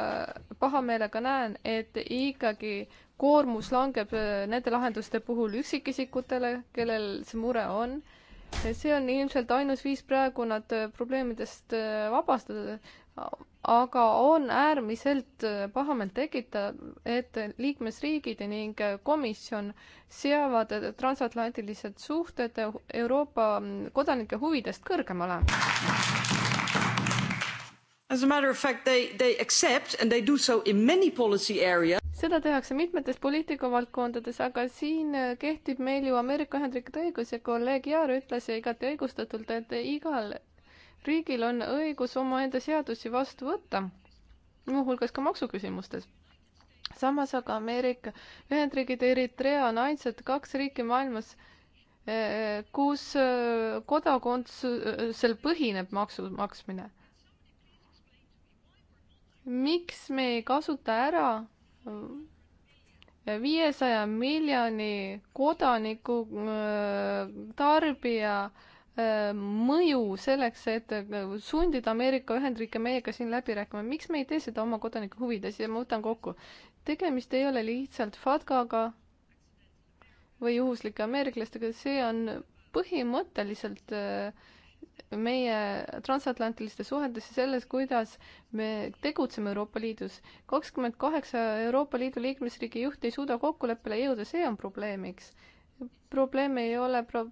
[SPEAKER 4] pahameelega näen, et ikkagi koormus langeb äh, nende lahenduste puhul üksikisikutele, kellel see mure on. see on ilmselt ainus viis praegu nad äh, probleemidest äh, vabastada, aga on äärmiselt pahameelt tekitav, et liikmesriigid ning komisjon seavad transatlantilised suhted Euroopa mm, kodanike huvidest kõrgemale. As a matter of fact, they, they accept and they do so in many policy areas. seda tehakse mitmetes poliitikavaldkondades, aga siin äh, kehtib meil ju Ameerika Ühendriikide õigus ja kolleeg Jaar ütles ja igati õigustatult, et igal riigil on õigus omaenda seadusi vastu võtta, muuhulgas ka maksuküsimustes. samas aga Ameerika Ühendriigid ja Eritrea on ainsad kaks riiki maailmas, äh, kus äh, kodakondsusel põhineb maksu maksmine miks me ei kasuta ära viiesaja miljoni kodaniku äh, tarbija äh, mõju selleks, et äh, sundida Ameerika Ühendriike meiega siin läbi rääkima, miks me ei tee seda oma kodanike huvides ja ma võtan kokku. tegemist ei ole lihtsalt FATCAga või juhuslike ameeriklastega, see on põhimõtteliselt äh, meie transatlantiliste suhetes ja selles, kuidas me tegutseme Euroopa Liidus. kakskümmend kaheksa Euroopa Liidu liikmesriigi juhti ei suuda kokkuleppele jõuda, see on probleemiks. probleem ei ole pro-,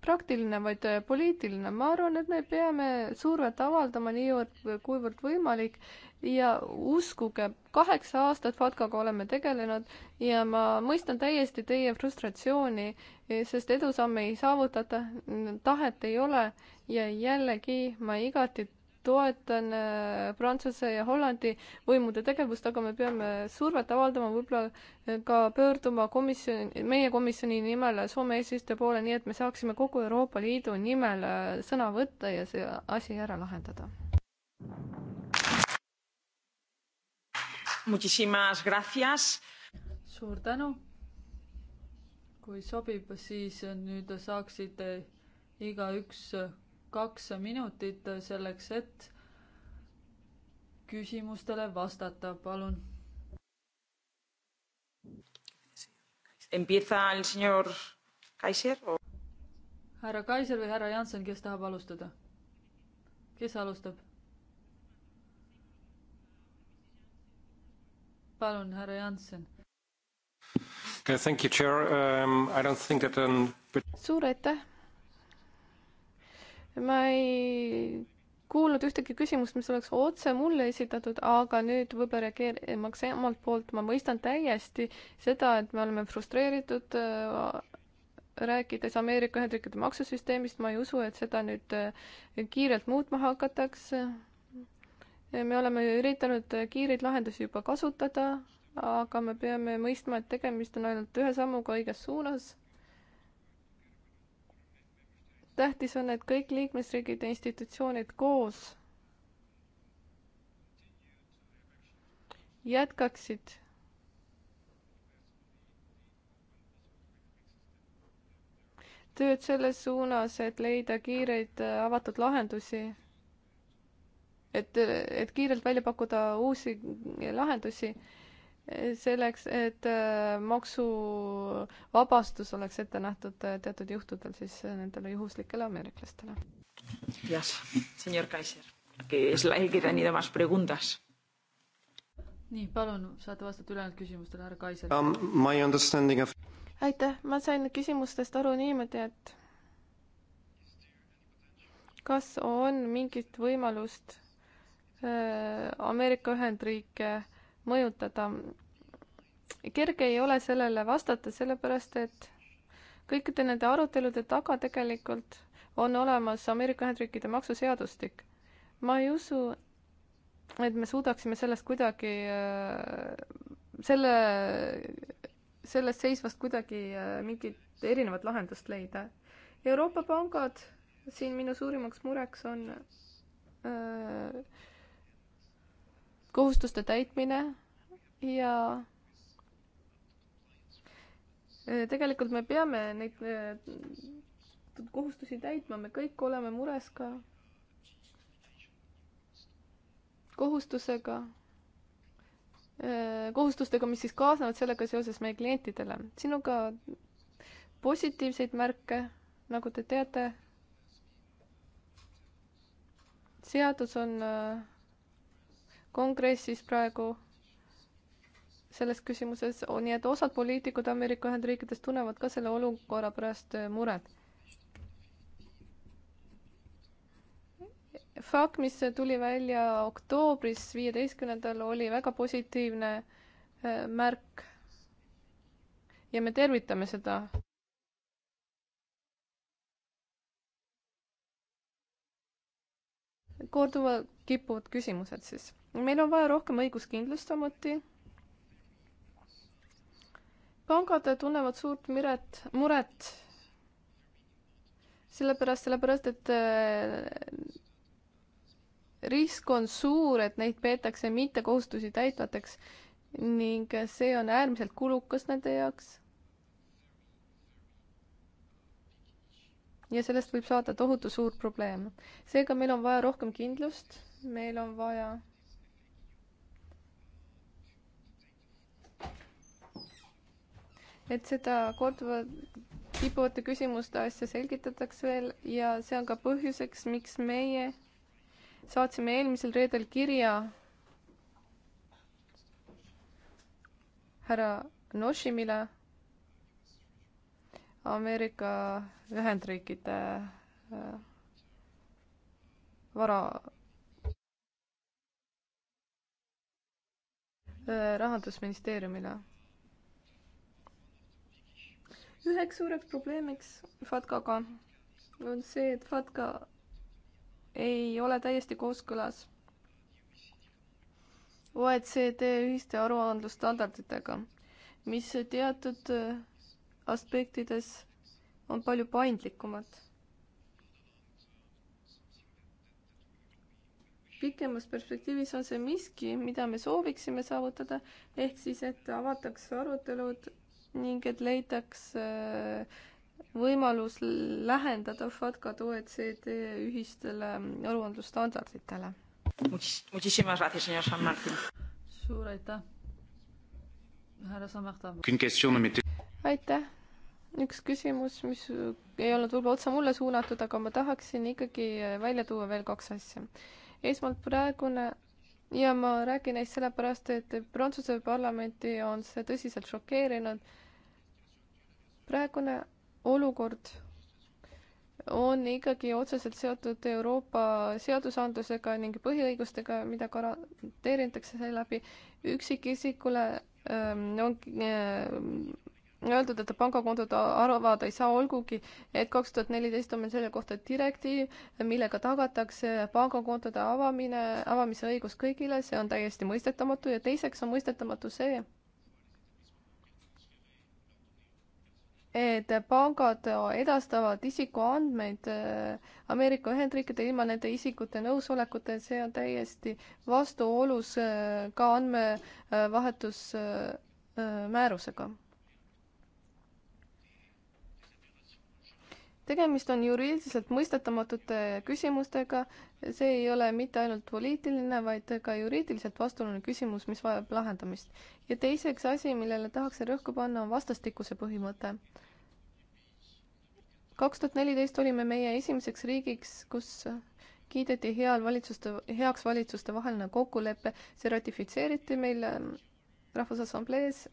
[SPEAKER 4] praktiline, vaid äh, poliitiline. ma arvan, et me peame survet avaldama niivõrd, kuivõrd võimalik ja uskuge, kaheksa aastat FATKaga oleme tegelenud ja ma mõistan täiesti teie frustratsiooni, sest edusamme ei saavutata, tahet ei ole ja jällegi ma igati toetan äh, Prantsuse ja Hollandi võimude tegevust, aga me peame survet avaldama, võib-olla äh, ka pöörduma komisjoni, meie komisjoni nimel Soome eesistuja poole, nii et me saaksime kogu Euroopa Liidu nimel äh, sõna võtta ja see asi ära lahendada.
[SPEAKER 2] suur tänu. kui sobib, siis nüüd saaksite igaüks kaks minutit selleks, et küsimustele vastata, palun. härra Kaiser või härra Janson, kes tahab alustada? kes alustab? palun, härra Janson.
[SPEAKER 4] Okay, thank you, chair um,. I don't think that on. Um, suur aitäh ma ei kuulnud ühtegi küsimust, mis oleks otse mulle esitatud, aga nüüd võib-olla reageerimaks emalt poolt, ma mõistan täiesti seda, et me oleme frustreeritud äh, rääkides Ameerika Ühendriikide maksusüsteemist, ma ei usu, et seda nüüd äh, kiirelt muutma hakatakse. me oleme üritanud äh, kiireid lahendusi juba kasutada, aga me peame mõistma, et tegemist on ainult ühe sammuga õiges suunas tähtis on, et kõik liikmesriigid ja institutsioonid koos jätkaksid tööd selles suunas, et leida kiireid äh, avatud lahendusi. et, äh, et kiirelt välja pakkuda uusi äh, lahendusi selleks, et äh, maksuvabastus oleks ette nähtud äh, teatud juhtudel siis äh, nendele juhuslikele ameeriklastele.
[SPEAKER 1] jah, senior Kaiser, kes lähikirja nii temas preguntas.
[SPEAKER 4] nii, palun, saate vastata ülejäänud küsimustele, härra Kaiser um,.
[SPEAKER 1] My understanding of
[SPEAKER 4] aitäh, ma sain küsimustest aru niimoodi, et kas on mingit võimalust äh, Ameerika Ühendriike äh, mõjutada. kerge ei ole sellele vastata, sellepärast et kõikide nende arutelude taga tegelikult on olemas Ameerika Ühendriikide maksuseadustik. ma ei usu, et me suudaksime sellest kuidagi, äh, selle, sellest seisvast kuidagi äh, mingit erinevat lahendust leida. Euroopa pangad, siin minu suurimaks mureks on öö, äh, kohustuste täitmine ja e, tegelikult me peame neid e, kohustusi täitma, me kõik oleme mures ka kohustusega, e, kohustustega, mis siis kaasnevad sellega seoses meie klientidele. siin on ka positiivseid märke, nagu te teate. seadus on äh, kongressis praegu selles küsimuses, nii et osad poliitikud Ameerika Ühendriikides tunnevad ka selle olukorra pärast äh, muret. FAQ, mis tuli välja oktoobris viieteistkümnendal, oli väga positiivne äh, märk. ja me tervitame seda korduva, kipuvad küsimused siis. meil on vaja rohkem õiguskindlust samuti. pangad tunnevad suurt miret, muret sellepärast, sellepärast et äh, risk on suur, et neid peetakse mittekohustusi täitvateks ning see on äärmiselt kulukas nende jaoks ja sellest võib saada tohutu suur probleem. seega meil on vaja rohkem kindlust, meil on vaja et seda korduvat kipuvate küsimuste asja selgitatakse veel ja see on ka põhjuseks, miks meie saatsime eelmisel reedel kirja härra Noshimile Ameerika Ühendriikide äh, vara äh, rahandusministeeriumile. üheks suureks probleemiks FATKaga on see, et FATKa ei ole täiesti kooskõlas OECD ühiste aruandlusstandarditega, mis teatud äh, aspektides on palju paindlikumad pikemas perspektiivis on see miski, mida me sooviksime saavutada, ehk siis, et avataks arutelud ning et leitaks äh, võimalus lähendada FATCA-d OECD ühistele aruandlusstandarditele. suur aitäh,
[SPEAKER 2] härra Samarta.
[SPEAKER 4] aitäh üks küsimus, mis ei olnud võib-olla otse mulle suunatud, aga ma tahaksin ikkagi välja tuua veel kaks asja. esmalt praegune ja ma räägin neist sellepärast, et Prantsuse parlamenti on see tõsiselt šokeerinud. praegune olukord on ikkagi otseselt seotud Euroopa seadusandlusega ning põhiõigustega, mida garanteeritakse seeläbi üksikisikule ähm, on äh, öeldud, et pangakontot avada ei saa, olgugi et kaks tuhat neliteist on meil selle kohta direktiiv, millega tagatakse pangakontode avamine, avamise õigus kõigile, see on täiesti mõistetamatu ja teiseks on mõistetamatu see, et pangad edastavad isikuandmeid äh, Ameerika Ühendriikide ilma nende isikute nõusolekuta, et see on täiesti vastuolus äh, ka andmevahetusmäärusega äh, tegemist on juriidiliselt mõistetamatute küsimustega, see ei ole mitte ainult poliitiline, vaid ka juriidiliselt vastuoluline küsimus, mis vajab lahendamist. ja teiseks asi, millele tahaksin rõhku panna, on vastastikuse põhimõte kaks tuhat neliteist olime meie esimeseks riigiks, kus kiideti heal valitsuste, heaks valitsuste vaheline kokkulepe, see ratifitseeriti meil ähm, Rahvusassamblees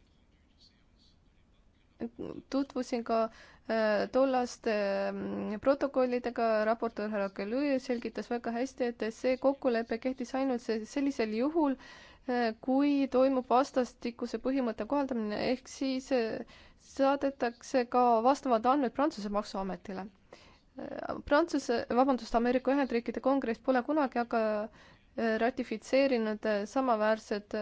[SPEAKER 4] tutvusin ka äh, tollaste äh, protokollidega, raportöör härra Kelly selgitas väga hästi, et see kokkulepe kehtis ainult sellisel juhul, äh, kui toimub vastastikuse põhimõtte kohaldamine, ehk siis saadetakse ka vastavad andmed Prantsuse maksuametile. Prantsuse, vabandust, Ameerika Ühendriikide Kongress pole kunagi aga ratifitseerinud samaväärset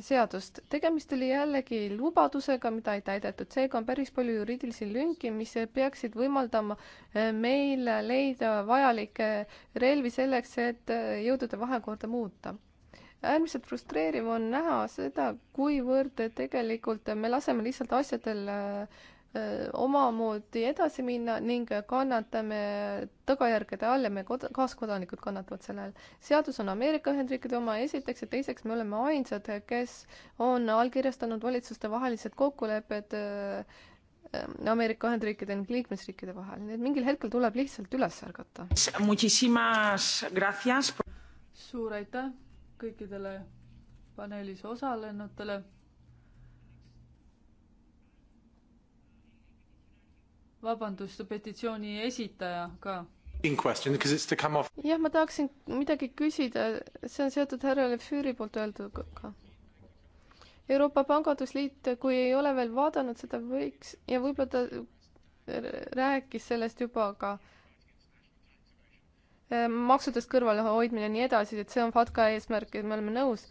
[SPEAKER 4] seadust. tegemist oli jällegi lubadusega, mida ei täidetud, seega on päris palju juriidilisi lünki, mis peaksid võimaldama eh, meil leida vajalikke relvi selleks, et eh, jõudude vahekorda muuta. äärmiselt frustreeriv on näha seda, kuivõrd tegelikult me laseme lihtsalt asjadel eh, omamoodi edasi minna ning kannatame tagajärgede all ja meie kod-, kaaskodanikud kannatavad selle all. seadus on Ameerika Ühendriikide oma esiteks ja teiseks me oleme ainsad, kes on allkirjastanud valitsustevahelised kokkulepped Ameerika Ühendriikide ning liikmesriikide vahel, nii et mingil hetkel tuleb lihtsalt üles ärgata.
[SPEAKER 2] suur aitäh kõikidele paneelis osalenutele vabandust, petitsiooni esitaja ka.
[SPEAKER 4] jah, ma tahaksin midagi küsida, see on seotud härra Lefüüri poolt öelduga. Euroopa Pangandusliit, kui ei ole veel vaadanud seda, võiks ja võib-olla ta rääkis sellest juba, aga eh, maksudest kõrvalehoidmine ja nii edasi, et see on FATKA eesmärk ja me oleme nõus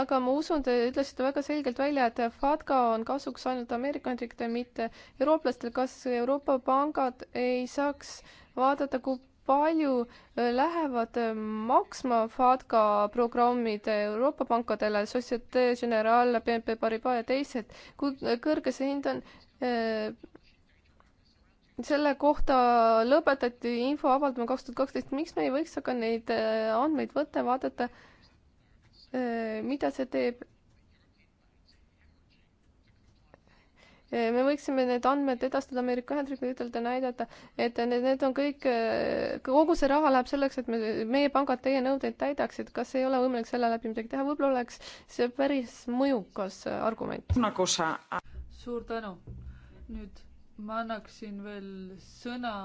[SPEAKER 4] aga ma usun, te ütlesite väga selgelt välja, et FATCA on kasuks ainult Ameerika Ühendriikidel, mitte eurooplastel. kas Euroopa pangad ei saaks vaadata, kui palju äh, lähevad äh, maksma FATCA programmid Euroopa pankadele, Societe Generale, BNP Paribas ja teised, kui äh, kõrge see hind on? selle kohta lõpetati info avaldama kaks tuhat kaksteist, miks me ei võiks aga neid andmeid võtta ja vaadata äh, Äh, mida see teeb? Äh, me võiksime need andmed edastada Ameerika Ühendriikidele, ütelda, näidata, et need, need on kõik, äh, kogu see raha läheb selleks, et me, meie pangad teie nõudeid täidaksid, kas ei ole võimalik selle läbi midagi teha, võib-olla oleks see päris mõjukas argument. nagu sa.
[SPEAKER 2] suur tänu. nüüd ma annaksin veel sõna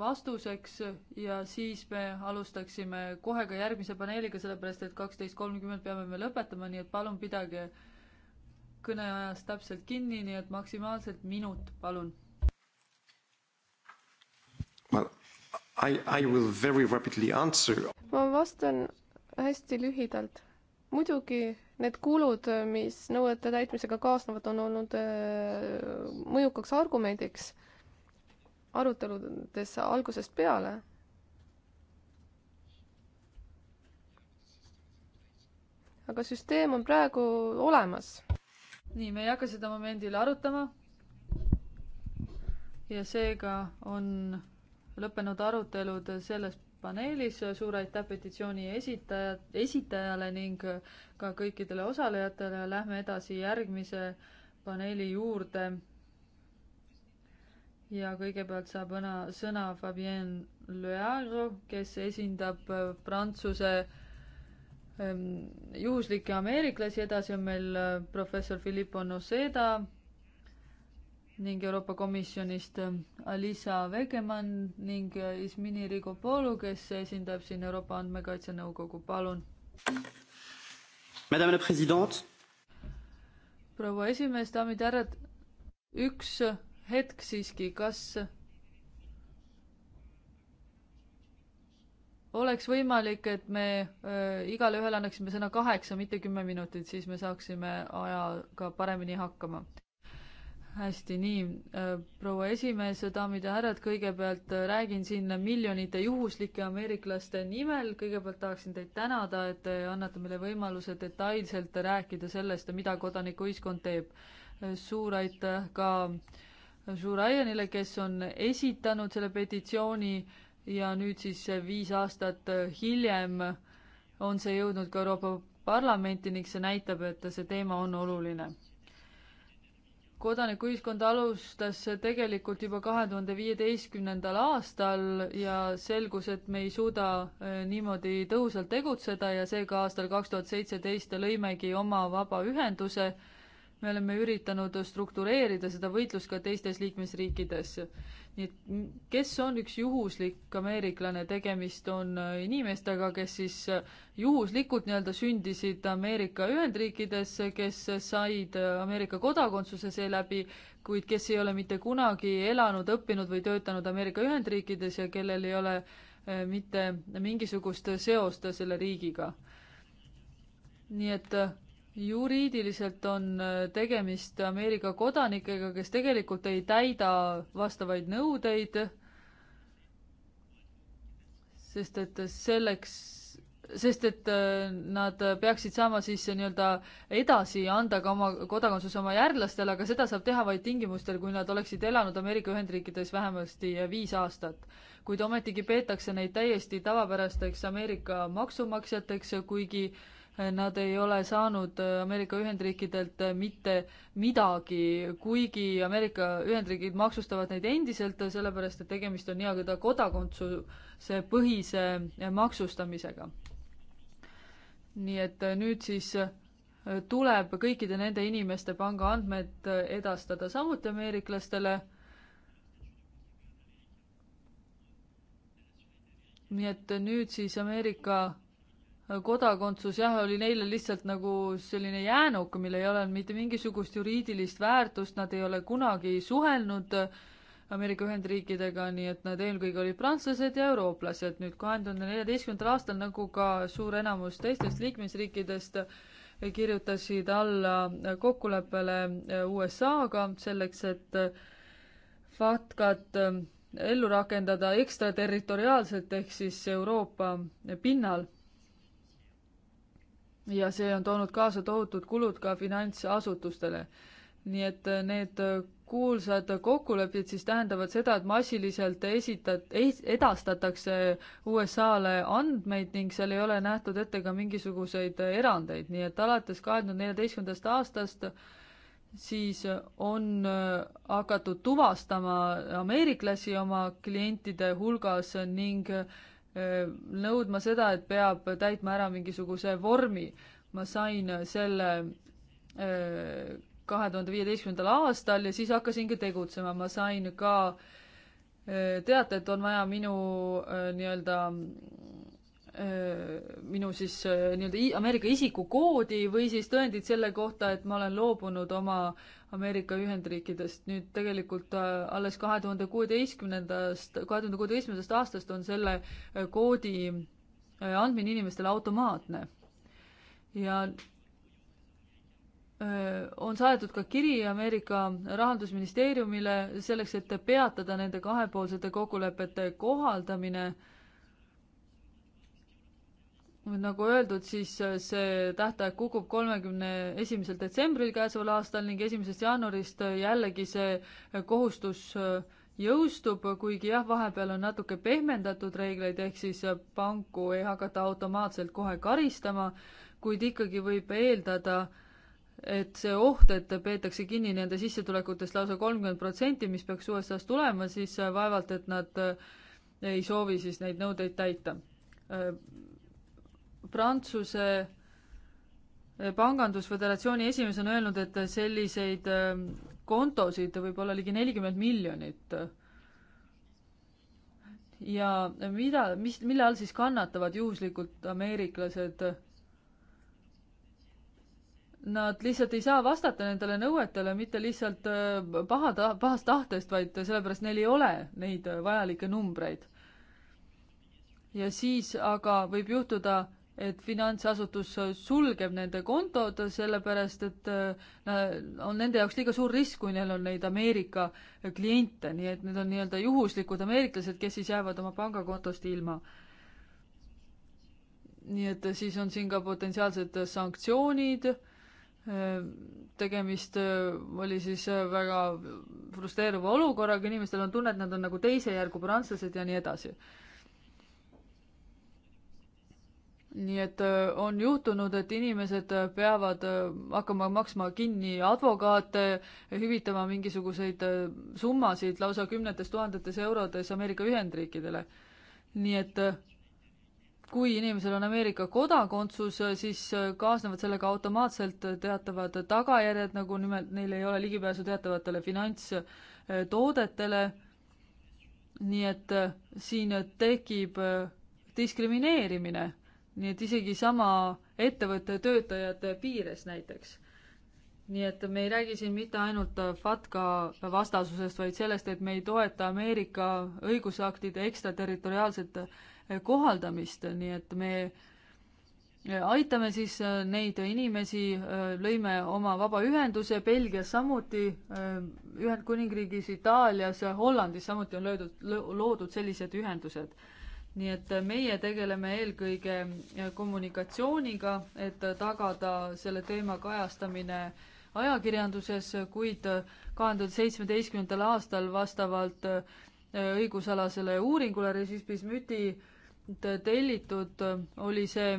[SPEAKER 2] vastuseks ja siis me alustaksime kohe ka järgmise paneeliga, sellepärast et kaksteist kolmkümmend peame me lõpetama, nii et palun pidage kõneajast täpselt kinni, nii et maksimaalselt minut, palun.
[SPEAKER 1] Well, I, I will very rapidly answer.
[SPEAKER 4] ma vastan hästi lühidalt. muidugi need kulud, mis nõuete täitmisega kaasnevad, on olnud äh, mõjukaks argumendiks aruteludes algusest peale. aga süsteem on praegu olemas.
[SPEAKER 2] nii, me ei hakka seda momendil arutama.
[SPEAKER 4] ja seega
[SPEAKER 2] on lõppenud arutelud selles paneelis, suur aitäh petitsiooni esitaja, esitajale ning ka kõikidele osalejatele, lähme edasi järgmise paneeli juurde ja kõigepealt saab õna, sõna Fabienne Leagro, kes esindab äh, Prantsuse ähm, juhuslikke ameeriklasi, edasi on meil äh, professor Filippo Noceda ning Euroopa Komisjonist äh, Alisa Vegemann ning Ismini Rigopolu, kes esindab siin Euroopa Andmekaitse Nõukogu, palun. proua esimees, daamid ja härrad, üks hetk siiski, kas oleks võimalik, et me äh, igale ühele annaksime sõna kaheksa, mitte kümme minutit, siis me saaksime ajaga paremini hakkama. hästi, nii äh,, proua esimees, daamid ja härrad, kõigepealt äh, räägin siin miljonite juhuslike ameeriklaste nimel, kõigepealt tahaksin teid tänada, et te annate meile võimaluse detailselt rääkida sellest, mida kodanikuühiskond teeb. Äh, suur aitäh ka äh, Žurajanile, kes on esitanud selle petitsiooni ja nüüd siis viis aastat hiljem on see jõudnud ka Euroopa Parlamenti ning see näitab, et see teema on oluline. kodanikuühiskond alustas tegelikult juba kahe tuhande viieteistkümnendal aastal ja selgus, et me ei suuda eh, niimoodi tõhusalt tegutseda ja seega aastal kaks tuhat seitseteist lõimegi oma vabaühenduse, me oleme üritanud struktureerida seda võitlust ka teistes liikmesriikides. nii et kes on üks juhuslik ameeriklane, tegemist on äh, inimestega, kes siis äh, juhuslikult nii-öelda sündisid Ameerika Ühendriikides, kes said äh, Ameerika kodakondsuse seeläbi, kuid kes ei ole mitte kunagi elanud, õppinud või töötanud Ameerika Ühendriikides ja kellel ei ole mitte mingisugust seost selle riigiga. nii et juriidiliselt on äh, tegemist Ameerika kodanikega, kes tegelikult ei täida vastavaid nõudeid, sest et selleks, sest et äh, nad peaksid saama siis nii-öelda edasi anda ka oma kodakondsuse oma järglastele, aga seda saab teha vaid tingimustel, kui nad oleksid elanud Ameerika Ühendriikides vähemasti äh, viis aastat. kuid ometigi peetakse neid täiesti tavapärasteks Ameerika maksumaksjateks, kuigi äh, nad ei ole saanud äh, Ameerika Ühendriikidelt äh, mitte midagi, kuigi Ameerika Ühendriigid maksustavad neid endiselt, äh, sellepärast et tegemist on nii-öelda kodakondsuse põhise maksustamisega. nii et nüüd siis tuleb kõikide nende inimeste pangaandmed edastada samuti ameeriklastele. nii et nüüd siis Ameerika kodakondsus jah, oli neile lihtsalt nagu selline jäänuk, millel ei ole mitte mingisugust juriidilist väärtust, nad ei ole kunagi suhelnud Ameerika Ühendriikidega, nii et nad eelkõige olid prantslased ja eurooplased. nüüd kahe tuhande neljateistkümnendal aastal, nagu ka suur enamus teistest liikmesriikidest, kirjutasid alla kokkuleppele USA-ga selleks, et FATCat ellu rakendada ekstraterritoriaalselt ehk siis Euroopa pinnal ja see on toonud kaasa tohutud kulud ka finantsasutustele. nii et äh, need äh, kuulsad kokkulepped siis tähendavad seda, et massiliselt esitat-, edastatakse USA-le andmeid ning seal ei ole nähtud ette ka mingisuguseid erandeid, nii et alates kahe tuhande neljateistkümnendast aastast siis on äh, hakatud tuvastama ameeriklasi oma klientide hulgas ning äh, nõudma seda, et peab täitma ära mingisuguse vormi. ma sain selle kahe tuhande viieteistkümnendal aastal ja siis hakkasingi tegutsema, ma sain ka teate, et on vaja minu nii-öelda minu siis nii-öelda Ameerika isikukoodi või siis tõendid selle kohta, et ma olen loobunud oma Ameerika Ühendriikidest. nüüd tegelikult äh, alles kahe tuhande kuueteistkümnendast, kahe tuhande kuueteistkümnendast aastast on selle äh, koodi äh, andmine inimestele automaatne. ja on saadetud ka kiri Ameerika rahandusministeeriumile selleks, et peatada nende kahepoolsete kokkulepete kohaldamine äh, nagu öeldud, siis äh, see tähtaeg kukub kolmekümne esimesel detsembril käesoleval aastal ning esimesest jaanuarist äh, jällegi see äh, kohustus jõustub, kuigi jah, vahepeal on natuke pehmendatud reegleid, ehk siis panku ei hakata automaatselt kohe karistama, kuid ikkagi võib eeldada, et see oht, et peetakse kinni nende sissetulekutest lausa kolmkümmend protsenti, mis peaks USA-st tulema, siis vaevalt, et nad ei soovi siis neid nõudeid täita Prantsuse eh, pangandusföderatsiooni esimees on öelnud, et selliseid eh, kontosid võib olla ligi nelikümmend miljonit. ja mida, mis, mille all siis kannatavad juhuslikult ameeriklased? Nad lihtsalt ei saa vastata nendele nõuetele mitte lihtsalt eh, paha ta-, pahast tahtest, vaid sellepärast neil ei ole neid vajalikke numbreid. ja siis aga võib juhtuda et finantsasutus sulgeb nende kontod, sellepärast et äh, on nende jaoks liiga suur risk, kui neil on neid Ameerika kliente, nii et need on nii-öelda juhuslikud ameeriklased, kes siis jäävad oma pangakontost ilma. nii et siis on siin ka potentsiaalsed sanktsioonid, äh, tegemist äh, oli siis väga frustreeruva olukorraga, inimestel on tunne, et nad on nagu teise järgu prantslased ja nii edasi nii et äh, on juhtunud, et inimesed äh, peavad äh, hakkama maksma kinni advokaate, hüvitama mingisuguseid summasid lausa kümnetes tuhandetes eurodes Ameerika Ühendriikidele. nii et kui inimesel on Ameerika kodakondsus, siis kaasnevad sellega automaatselt teatavad tagajärjed, nagu nimelt neil ei ole ligipääsu teatavatele finantstoodetele. nii et siin tekib diskrimineerimine nii et isegi sama ettevõtte töötajate piires näiteks. nii et me ei räägi siin mitte ainult FATCA vastasusest, vaid sellest, et me ei toeta Ameerika õigusaktide ekstraterritoriaalset kohaldamist, nii et me aitame siis neid inimesi, lõime oma vabaühenduse Belgias samuti, Ühendkuningriigis, Itaalias, Hollandis samuti on löödud, loodud sellised ühendused nii et meie tegeleme eelkõige kommunikatsiooniga, et tagada selle teema kajastamine ajakirjanduses, kuid kahe tuhande seitsmeteistkümnendal aastal vastavalt äh, õigusalasele uuringule Resisbis Müti tellitud oli see,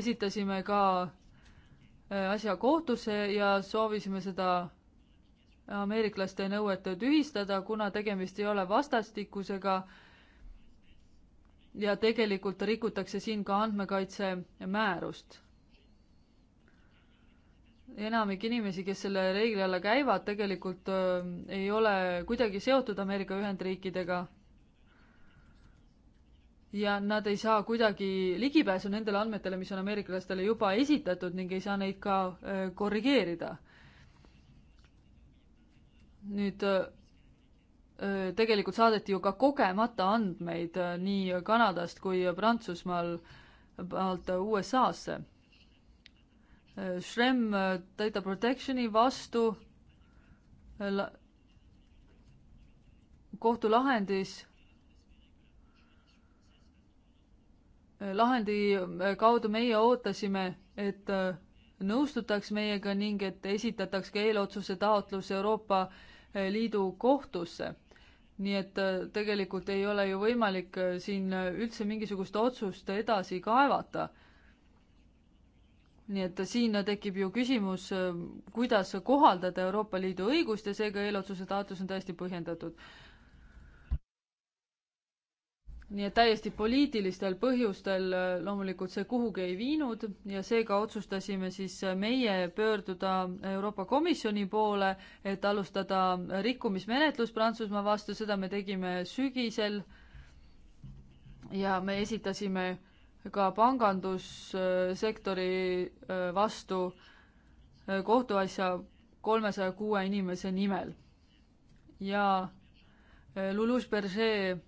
[SPEAKER 2] esitasime ka äh, asja kohtusse ja soovisime seda ameeriklaste nõuet tühistada, kuna tegemist ei ole vastastikusega äh, ja tegelikult rikutakse siin ka andmekaitsemäärust. enamik inimesi, kes selle reegli alla käivad, tegelikult öö, äh, ei ole kuidagi seotud Ameerika Ühendriikidega. ja nad ei saa kuidagi ligipääsu nendele andmetele, mis on ameeriklastele juba esitatud ning ei saa neid ka öö, äh, korrigeerida. nüüd öö, äh, tegelikult saadeti ju ka kogemata andmeid äh, nii Kanadast kui Prantsusmaal poolt äh, USA-sse. Shrem äh, Data Protectioni vastu kohtulahendis lahendi kaudu meie ootasime, et nõustutaks meiega ning et esitataks ka eelotsuse taotlus Euroopa Liidu kohtusse nii et äh, tegelikult ei ole ju võimalik äh, siin äh, üldse mingisugust otsust edasi kaevata. nii et siin tekib ju küsimus, kuidas kohaldada Euroopa Liidu õigust ja seega eelotsuse taotlus on täiesti põhjendatud nii et täiesti poliitilistel põhjustel äh, loomulikult see kuhugi ei viinud ja seega otsustasime siis äh, meie pöörduda Euroopa Komisjoni poole, et alustada äh, rikkumismenetlus Prantsusmaa vastu, seda me tegime sügisel. ja me esitasime ka pangandussektori vastu kohtuasja kolmesaja kuue inimese nimel. ja Luluche Berger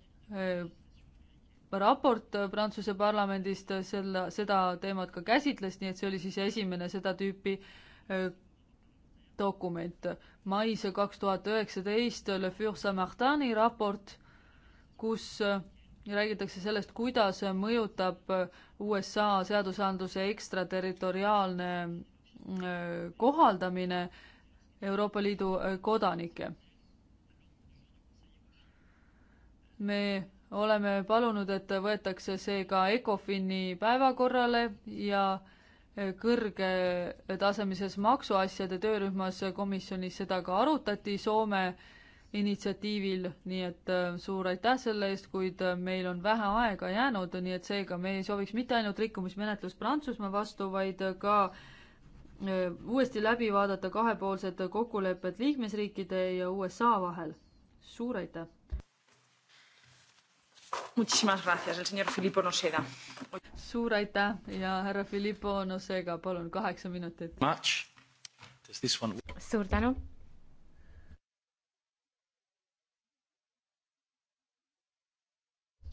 [SPEAKER 2] raport Prantsuse parlamendist selle, seda teemat ka käsitles, nii et see oli siis esimene seda tüüpi äh, dokument. mais kaks tuhat üheksateist Le Fur Saint-Martini raport, kus äh, räägitakse sellest, kuidas mõjutab äh, USA seadusandluse ekstraterritoriaalne kohaldamine Euroopa Liidu kodanikke. me oleme palunud, et võetakse see ka ECOFIN-i päevakorrale ja eh, kõrgetasemises maksuasjade töörühmas komisjonis seda ka arutati Soome initsiatiivil, nii et eh, suur aitäh selle eest, kuid eh, meil on vähe aega jäänud, nii et seega me ei sooviks mitte ainult rikkumismenetlust Prantsusmaa vastu, vaid ka uuesti läbi vaadata kahepoolsed kokkulepped liikmesriikide ja USA vahel. suur aitäh! suur aitäh ja härra Filippo Nosega, palun kaheksa minutit.
[SPEAKER 1] One...
[SPEAKER 3] suur tänu.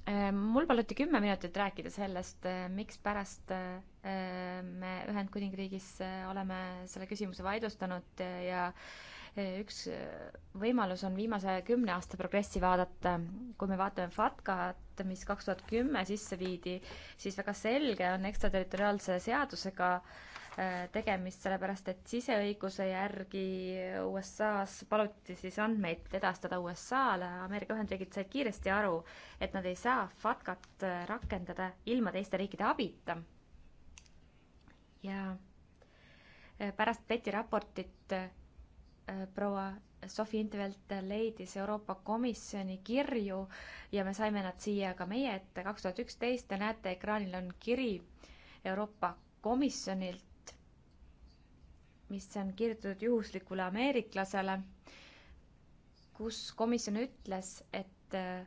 [SPEAKER 3] Äh, mul paluti kümme minutit rääkida sellest, äh, mikspärast äh, me Ühendkuningriigis oleme selle küsimuse vaidlustanud ja äh, üks äh, võimalus on viimase kümne aasta progressi vaadata. kui me vaatame FATCA-t, mis kaks tuhat kümme sisse viidi, siis väga selge on ekstraterritoriaalse seadusega äh, tegemist, sellepärast et siseõiguse järgi USA-s paluti siis andmeid edastada USA-le, Ameerika Ühendriigid said kiiresti aru, et nad ei saa FATCA-t äh, rakendada ilma teiste riikide abita. ja pärast Peti raportit Äh, proua Sofi Intvelt leidis Euroopa Komisjoni kirju ja me saime nad siia ka meie ette kaks tuhat üksteist. Te näete, ekraanil on kiri Euroopa Komisjonilt, mis on kirjutatud juhuslikule ameeriklasele, kus komisjon ütles, et äh,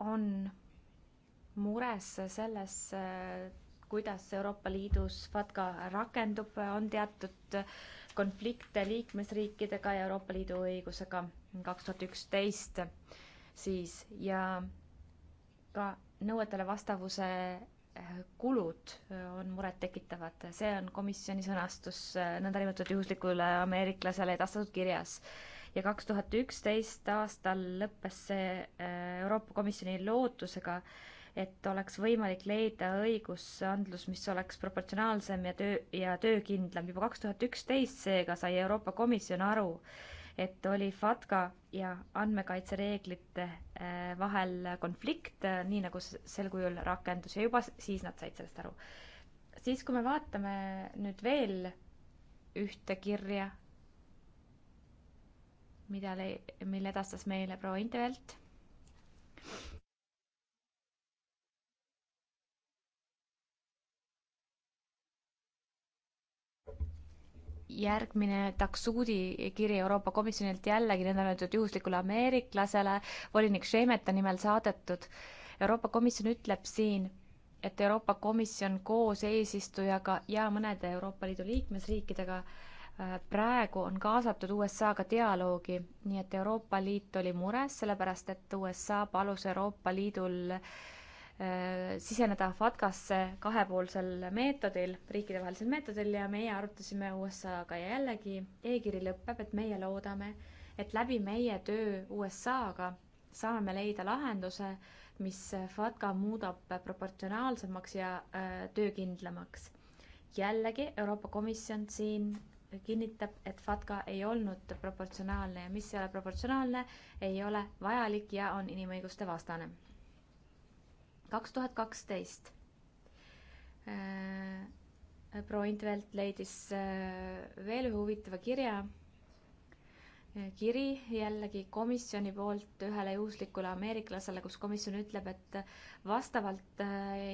[SPEAKER 3] on mures selles, äh, kuidas Euroopa Liidus FATKA rakendub, on teatud konflikte liikmesriikidega ja Euroopa Liidu õigusega kaks tuhat üksteist siis ja ka nõuetele vastavuse eh, kulud eh, on murettekitavad, see on komisjoni sõnastus eh, nõndanimetatud juhuslikule ameeriklasele edastatud kirjas. ja kaks tuhat üksteist aastal lõppes see Euroopa Komisjoni lootusega äh, et oleks võimalik leida õigusandlus, mis oleks proportsionaalsem ja töö, ja töökindlam. juba kaks tuhat üksteist seega sai Euroopa Komisjon aru, et oli FATCA ja andmekaitsereeglite äh, vahel konflikt, äh, nii nagu sel kujul rakendus ja juba siis nad said sellest aru. siis, kui me vaatame nüüd veel ühte kirja, mida, mille edastas meile proua Intervelt, järgmine taksuudi kiri Euroopa Komisjonilt jällegi nõndanimetatud juhuslikule ameeriklasele, volinik Šemeta nimel saadetud. Euroopa Komisjon ütleb siin, et Euroopa Komisjon koos eesistujaga ja mõnede Euroopa Liidu liikmesriikidega äh, praegu on kaasatud USA-ga dialoogi, nii et Euroopa Liit oli mures, sellepärast et USA palus Euroopa Liidul äh, Äh, siseneda FATCasse kahepoolsel meetodil, riikidevahelisel meetodil ja meie arutasime USA-ga ja jällegi e-kiri lõpeb, et meie loodame, et läbi meie töö USA-ga saame leida lahenduse, mis FATCA muudab proportsionaalsemaks ja äh, töökindlamaks. jällegi Euroopa Komisjon siin kinnitab, et FATCA ei olnud proportsionaalne ja mis ei ole proportsionaalne, ei ole vajalik ja on inimõiguste vastane kaks tuhat kaksteist äh, proua Intvelt leidis äh, veel ühe huvitava kirja. Äh, kiri jällegi komisjoni poolt ühele juhuslikule ameeriklasele, kus komisjon ütleb, et vastavalt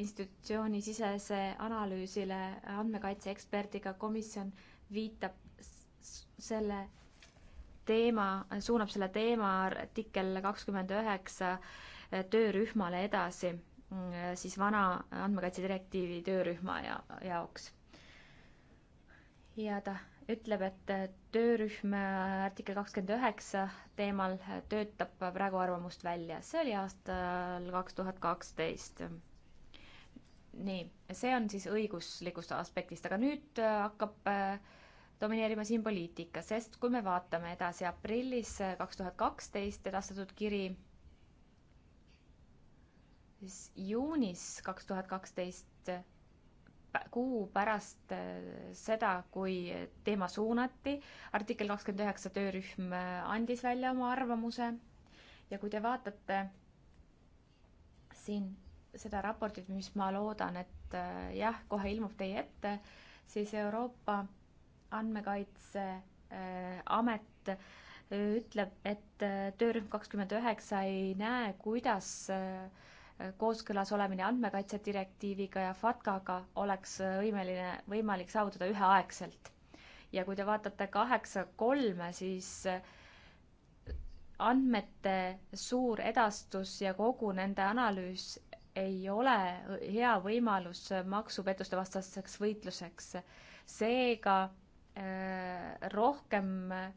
[SPEAKER 3] institutsiooni sisese analüüsile andmekaitse eksperdiga komisjon viitab selle teema, suunab selle teema artikkel kakskümmend üheksa töörühmale edasi Äh, siis vana andmekaitse direktiivi töörühma ja, jaoks. ja ta ütleb, et äh, töörühm äh, artikkel kakskümmend üheksa teemal töötab praegu arvamust välja, see oli aastal kaks tuhat kaksteist. nii, see on siis õiguslikust aspektist, aga nüüd hakkab domineerima siin poliitika, sest kui me vaatame edasi aprillis kaks tuhat kaksteist edastatud kiri siis juunis kaks tuhat kaksteist, kuu pärast äh, seda, kui teema suunati, artikkel kakskümmend üheksa töörühm äh, andis välja oma arvamuse ja kui te vaatate siin seda raportit, mis ma loodan, et äh, jah, kohe ilmub teie ette, siis Euroopa Andmekaitseamet äh, ütleb, et töörühm kakskümmend üheksa ei näe, kuidas äh, Äh, kooskõlas olemine andmekaitse direktiiviga ja FATCAga oleks äh, võimeline, võimalik saavutada üheaegselt. ja kui te vaatate kaheksa kolme, siis äh, andmete suur edastus ja kogu nende analüüs ei ole hea võimalus maksupettuste vastaseks võitluseks. seega rohkem äh,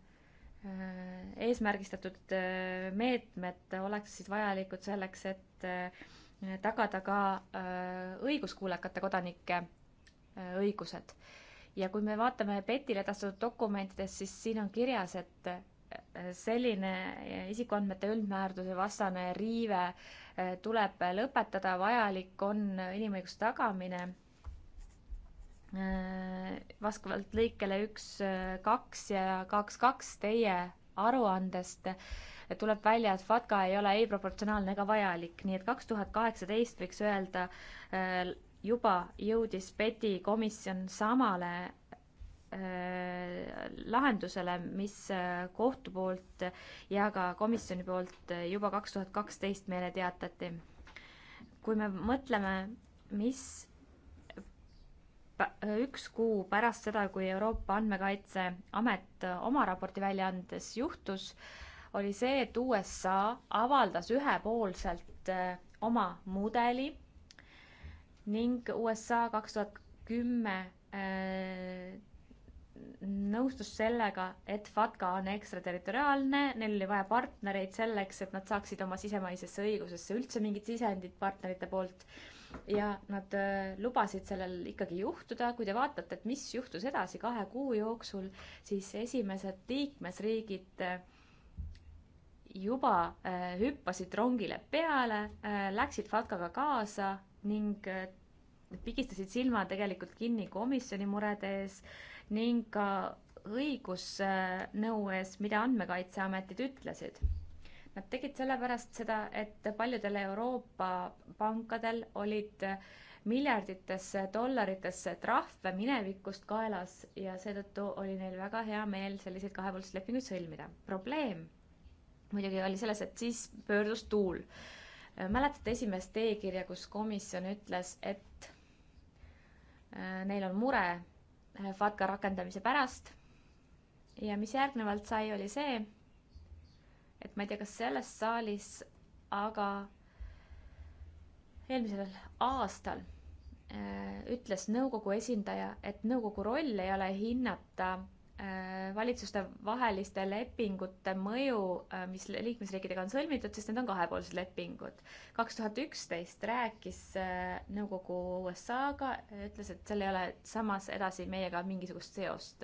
[SPEAKER 3] Äh, eesmärgistatud äh, meetmed oleksid vajalikud selleks, et äh, tagada ka õiguskuulekate kodanike õigused. ja kui me vaatame PET-ile edastatud dokumentidest, siis siin on kirjas, et selline isikuandmete üldmäärduse vastane riive tuleb lõpetada, vajalik on inimõiguste tagamine Äh, vastavalt lõikele üks, äh, kaks ja kaks, kaks teie aruandest äh, tuleb välja, et FATCA ei ole ei proportsionaalne ega vajalik, nii et kaks tuhat kaheksateist võiks öelda, juba jõudis PETi komisjon samale lahendusele, mis kohtu poolt ja ka komisjoni poolt juba kaks tuhat kaksteist meile teatati. kui me mõtleme, mis üks kuu pärast seda, kui Euroopa Andmekaitseamet oma raporti välja andes juhtus, oli see, et USA avaldas ühepoolselt eh, oma mudeli ning USA kaks tuhat kümme eh, nõustus sellega, et FATCA on ekstraterritoriaalne, neil oli vaja partnereid selleks, et nad saaksid oma sisemaisesse õigusesse üldse mingit sisendit partnerite poolt ja nad äh, lubasid sellel ikkagi juhtuda. kui te vaatate, et mis juhtus edasi kahe kuu jooksul, siis esimesed liikmesriigid äh, juba äh, hüppasid rongile peale, läksid Fatkaga kaasa ning pigistasid silma tegelikult kinni komisjoni murede ees ning ka õigusnõu ees, mida andmekaitseametid ütlesid Nad tegid sellepärast seda, et paljudel Euroopa pankadel olid miljarditesse dollaritesse trahve minevikust kaelas ja seetõttu oli neil väga hea meel selliseid kahepoolseid lepinguid sõlmida. probleem muidugi oli selles, et siis pöördus tuul. mäletate esimest e-kirja, kus komisjon ütles, et äh, neil on mure äh, FATKA rakendamise pärast ja mis järgnevalt sai, oli see, et ma ei tea, kas selles saalis, aga eelmisel aastal äh, ütles nõukogu esindaja, et nõukogu roll ei ole hinnata äh, valitsuste vaheliste lepingute mõju, äh, mis liikmesriikidega on sõlmitud, sest need on kahepoolsed lepingud. kaks tuhat üksteist rääkis nõukogu USA-ga, ütles, et seal ei ole samas edasi meiega mingisugust seost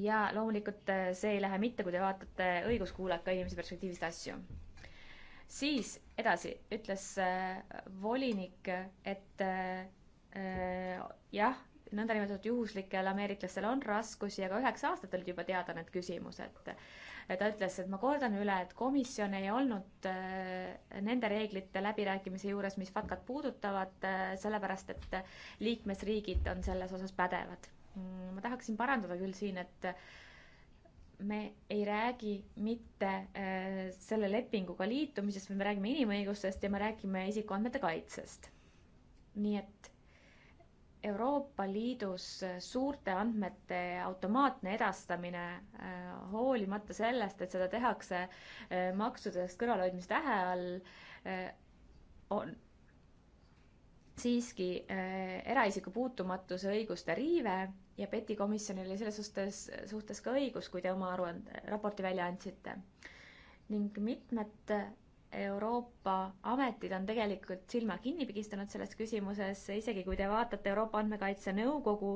[SPEAKER 3] ja loomulikult äh, see ei lähe mitte, kui te vaatate õiguskuuleka inimese perspektiivist asju. siis edasi ütles äh, volinik, et äh, jah, nõndanimetatud juhuslikel ameeriklastel on raskusi, aga üheksa aastat olid juba teada need küsimused. ta ütles, et ma kordan üle, et komisjon ei olnud nende reeglite läbirääkimise juures, mis FATCat puudutavad, sellepärast et liikmesriigid on selles osas pädevad Mm, ma tahaksin parandada küll siin, et me ei räägi mitte äh, selle lepinguga liitumisest, vaid me räägime inimõigustest ja me räägime isikuandmete kaitsest. nii et Euroopa Liidus äh, suurte andmete automaatne edastamine, äh, hoolimata sellest, et seda tehakse maksudest kõrvalhoidmise tähe all, on, siiski äh, eraisiku puutumatuse õiguste riive ja PETi komisjonil oli selles suhtes, suhtes ka õigus, kui te oma aruande, raporti välja andsite. ning mitmed Euroopa ametid on tegelikult silma kinni pigistanud selles küsimuses, isegi kui te vaatate Euroopa Andmekaitse Nõukogu,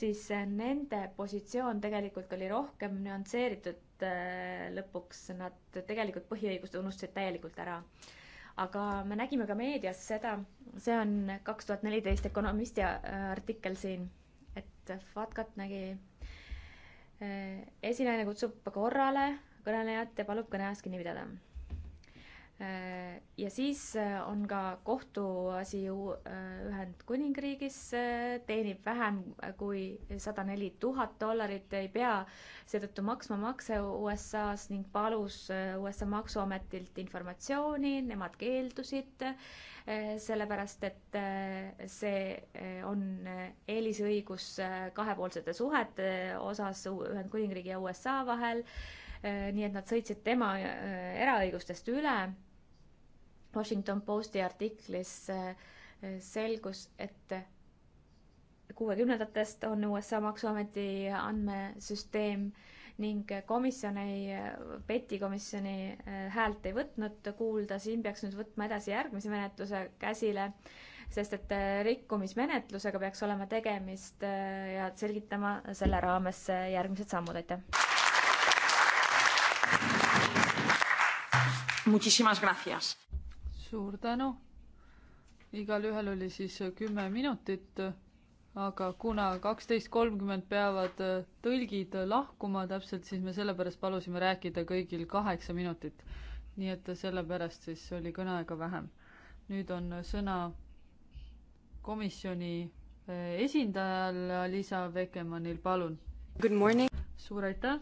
[SPEAKER 3] siis nende positsioon tegelikult oli rohkem nüansseeritud äh, lõpuks, nad tegelikult põhiõigust unustasid täielikult ära aga me nägime ka meedias seda, see on kaks tuhat neliteist Ökonomisti äh, artikkel siin, et FATCAT nägi, äh, esinaine kutsub korrale kõnelejat ja palub kõne ajast kinni pidada Äh, ja siis äh, on ka kohtuasi ju äh, Ühendkuningriigis, teenib vähem kui sada neli tuhat dollarit, ei pea seetõttu maksma makse USA-s ning palus USA maksuametilt informatsiooni, nemad keeldusid, sellepärast et see on eelisõigus kahepoolsete suhete osas Ühendkuningriigi ja USA vahel, nii et nad sõitsid tema eraõigustest üle Washington Posti artiklis eh, selgus, et kuuekümnendatest on USA Maksuameti andmesüsteem ning komisjon ei, PETi komisjoni eh, häält ei võtnud kuulda, siin peaks nüüd võtma edasi järgmise menetluse käsile, sest et eh, rikkumismenetlusega peaks olema tegemist ja selgitama selle raames järgmised sammud, aitäh. Muchísimas gracias suur tänu.
[SPEAKER 2] igalühel oli siis äh, kümme minutit, aga kuna kaksteist kolmkümmend peavad äh, tõlgid äh, lahkuma täpselt, siis me sellepärast palusime rääkida kõigil kaheksa minutit. nii et sellepärast siis oli kõneaega vähem. nüüd on sõna komisjoni esindajal Liisa
[SPEAKER 4] Vekemannil, palun. suur aitäh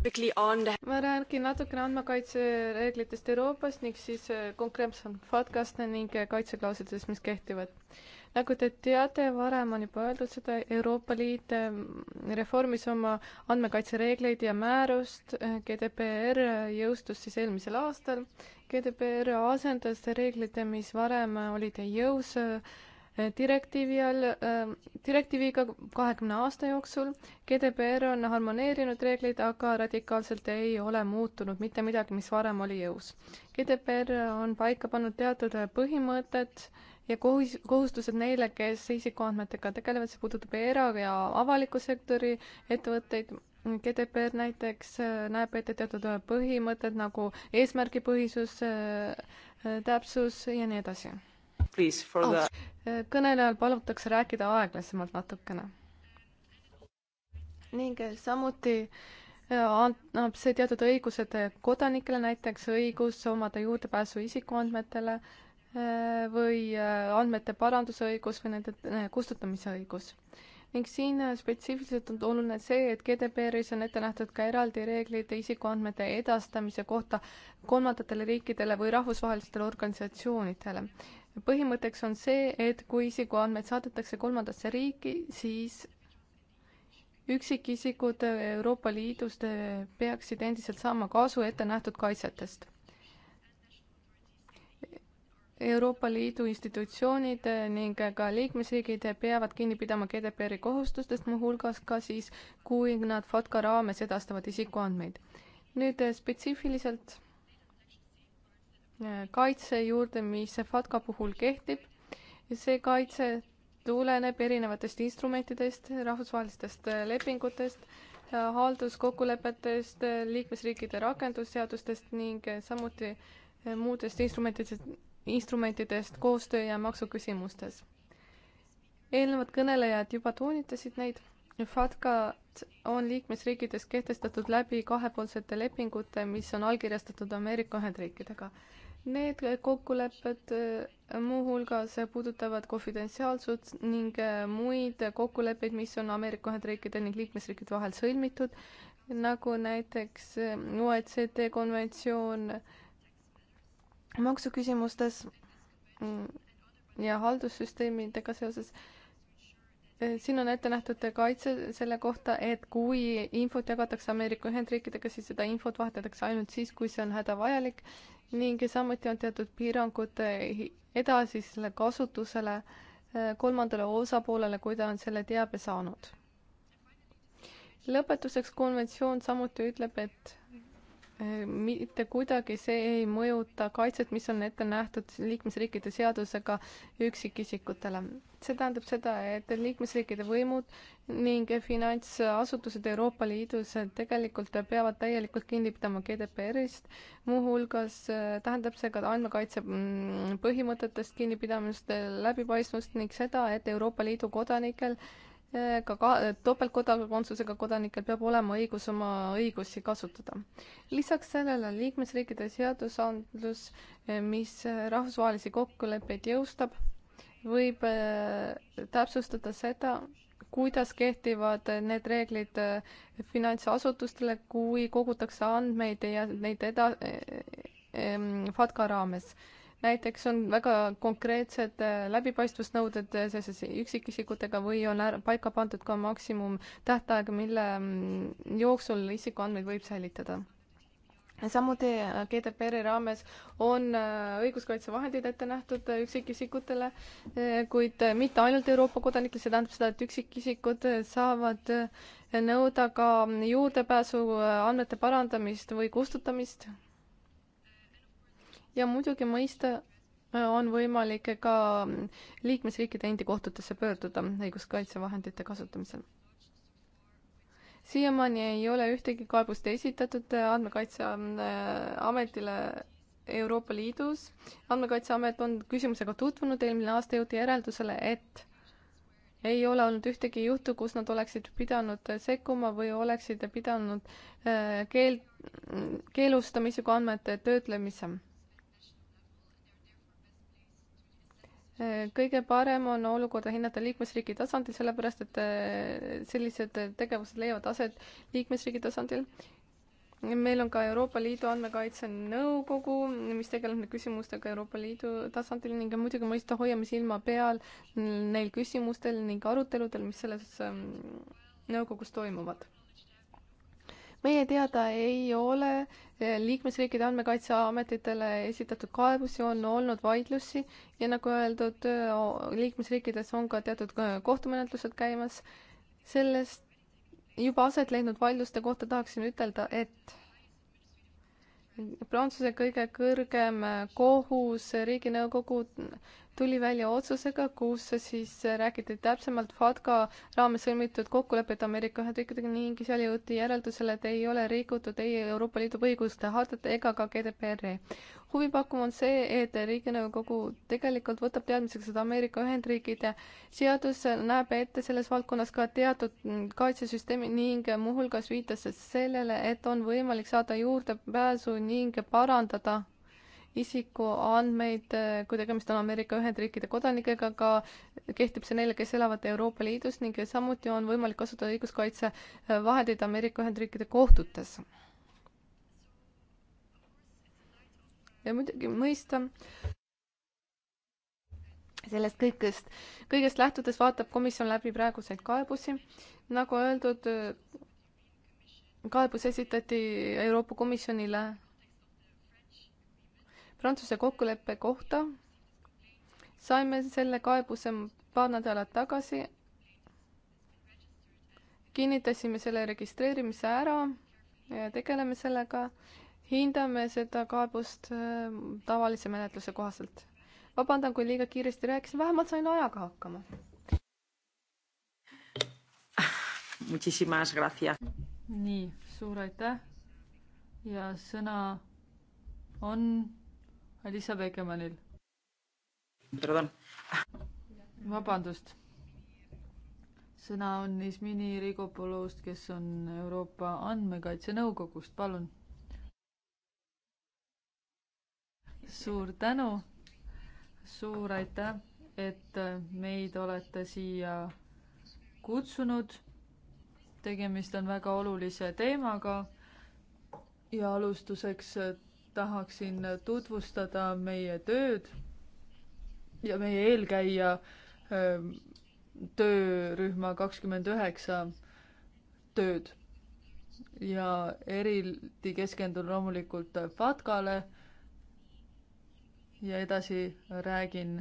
[SPEAKER 4] ma räägin natukene andmekaitsereeglitest Euroopas ning siis eh, konkreetsemalt FATCast ning eh, kaitseklauslitest, mis kehtivad. nagu te teate, varem on juba öeldud seda, Euroopa Liit eh, reformis oma andmekaitsereegleid ja määrust, GDPR jõustus siis eelmisel aastal. GDPR asendas reeglid, mis varem olid jõus direktiivi all, ähm, direktiiviga kahekümne aasta jooksul. GDPR on harmoneerinud reegleid, aga radikaalselt ei ole muutunud mitte midagi, mis varem oli jõus. GDPR on paika pannud teatud põhimõtted ja kohus, kohustused neile, kes isikuandmetega tegelevad, see puudutab era- ja avaliku sektori ettevõtteid. GDPR näiteks äh, näeb ette teatud põhimõtted nagu eesmärgipõhisus, äh, äh, täpsus ja nii edasi
[SPEAKER 1] please for the
[SPEAKER 4] oh. kõnelejal palutakse rääkida aeglasemalt natukene. ning samuti eh, annab see teatud õigused eh, kodanikele, näiteks õigus omada juurdepääsu isikuandmetele eh, või andmete paranduse õigus või nende kustutamise õigus. ning siin spetsiifiliselt on oluline see, et GDPR-is on ette nähtud ka eraldi reeglid isikuandmete edastamise kohta kolmandatele riikidele või rahvusvahelistele organisatsioonidele põhimõtteks on see, et kui isikuandmed saadetakse kolmandasse riiki, siis üksikisikud Euroopa Liidust peaksid endiselt saama kasu ettenähtud kaitsetest. Euroopa Liidu institutsioonid ning ka liikmesriigid peavad kinni pidama GDPR-i kohustustest, muuhulgas ka siis, kui nad FATCA raames edastavad isikuandmeid. nüüd spetsiifiliselt kaitse juurde, mis FATKA puhul kehtib. see kaitse tuleneb erinevatest instrumentidest, rahvusvahelistest lepingutest, halduskokkulepetest, liikmesriikide rakendusseadustest ning samuti muudest instrumentidest, instrumentidest koostöö ja maksuküsimustes. eelnevad kõnelejad juba toonitasid neid. FATCA-d on liikmesriikides kehtestatud läbi kahepoolsete lepingute, mis on allkirjastatud Ameerika Ühendriikidega. Need kokkulepped äh, muuhulgas puudutavad konfidentsiaalsust ning äh, muid kokkuleppeid, mis on Ameerika Ühendriikide ning liikmesriikide vahel sõlmitud, nagu näiteks äh, OECD konventsioon maksuküsimustes mm, ja haldussüsteemidega seoses. siin on ette nähtud kaitse selle kohta, et kui infot jagatakse Ameerika Ühendriikidega, siis seda infot vahetatakse ainult siis, kui see on hädavajalik ning samuti on teatud piirangud edasisele kasutusele äh, kolmandale osapoolele, kui ta on selle teabe saanud. lõpetuseks konventsioon samuti ütleb, et Äh, mitte kuidagi see ei mõjuta kaitset, mis on ette nähtud liikmesriikide seadusega üksikisikutele. see tähendab seda, et liikmesriikide võimud ning finantsasutused Euroopa Liidus tegelikult peavad täielikult kinni pidama GDPR-ist, muuhulgas äh, tähendab see ka andmekaitse mm, põhimõtetest kinnipidamist, läbipaistvust ning seda, et Euroopa Liidu kodanikel ka, ka topeltkodakondsusega kodanikel peab olema õigus oma õigusi kasutada. lisaks sellele on liikmesriikide seadusandlus, eh, mis rahvusvahelisi kokkuleppeid jõustab, võib eh, täpsustada seda, kuidas kehtivad need reeglid eh, finantsasutustele, kui kogutakse andmeid ja neid eda-, FATCA raames näiteks on väga konkreetsed äh, läbipaistvusnõuded äh, seoses üksikisikutega või on paika pandud ka maksimumtähtaeg, mille mm, jooksul isikuandmeid võib säilitada samuti äh, GDPR-i raames on õiguskaitsevahendid ette nähtud üksikisikutele, kuid mitte ainult Euroopa kodanikele, see tähendab seda, et üksikisikud saavad nõuda ka juurdepääsu andmete parandamist või kustutamist ja muidugi mõista äh, on võimalik ka liikmesriikide endi kohtutesse pöörduda õiguskaitsevahendite kasutamisel. siiamaani ei ole ühtegi kaebust esitatud Andmekaitseametile äh, Euroopa Liidus. andmekaitseamet on küsimusega tutvunud, eelmine aasta jõuti järeldusele, et ei ole olnud ühtegi juhtu, kus nad oleksid pidanud sekkuma või oleksid pidanud äh, keel, keelustamisega andmete töötlemise kõige parem on olukorda hinnata liikmesriigi tasandil, sellepärast et äh, sellised tegevused leiavad aset liikmesriigi tasandil. meil on ka Euroopa Liidu Andmekaitse Nõukogu, mis tegeleb nende küsimustega Euroopa Liidu tasandil ning muidugi mõista hoiame silma peal neil küsimustel ning aruteludel, mis selles ähm, nõukogus toimuvad meie teada ei ole eh, liikmesriikide andmekaitseametitele esitatud kaebusi, on olnud vaidlusi ja nagu öeldud, eh, liikmesriikides on ka teatud eh, kohtumenetlused käimas. sellest juba aset leidnud vaidluste kohta tahaksin ütelda, et Prantsuse kõige kõrgem kohus, riiginõukogu tuli välja otsusega, kus siis räägiti täpsemalt FATCA raames sõlmitud kokkulepet Ameerika Ühendriikidega ning seal jõuti järeldusele, et ei ole rikutud ei Euroopa Liidu põhiõiguste hartat ega ka GDPR-i. huvipakkuv on see, et Riiginõukogu tegelikult võtab teadmiseks, et Ameerika Ühendriikide seadus näeb ette selles valdkonnas ka teatud kaitsesüsteemi ning muuhulgas viitas sellele, et on võimalik saada juurdepääsu ning parandada isikuandmeid, eh, kui tegemist on Ameerika Ühendriikide kodanikega, ka kehtib see neile, kes elavad Euroopa Liidus ning samuti on võimalik kasutada õiguskaitsevahendeid Ameerika Ühendriikide kohtutes. ja muidugi mõista sellest kõikest, kõigest lähtudes vaatab komisjon läbi praeguseid kaebusi. nagu öeldud, kaebus esitati Euroopa Komisjonile Prantsuse kokkuleppe kohta saime selle kaebuse paar nädalat tagasi. kinnitasime selle registreerimise ära ja tegeleme sellega. hindame seda kaebust äh, tavalise menetluse kohaselt. vabandan, kui liiga kiiresti rääkisin, vähemalt sain ajaga hakkama.
[SPEAKER 1] Muchísimas gracias.
[SPEAKER 2] nii, suur aitäh ja sõna on Alissa Beekemannil. pardon. vabandust. sõna on Ismini Rigopolost, kes on Euroopa Andmekaitse Nõukogust, palun. suur tänu, suur aitäh, et meid olete siia kutsunud. tegemist on väga olulise teemaga ja alustuseks tahaksin tutvustada meie tööd ja meie eelkäija ähm, töörühma kakskümmend üheksa tööd. ja eriti keskendun loomulikult FATKale ja edasi räägin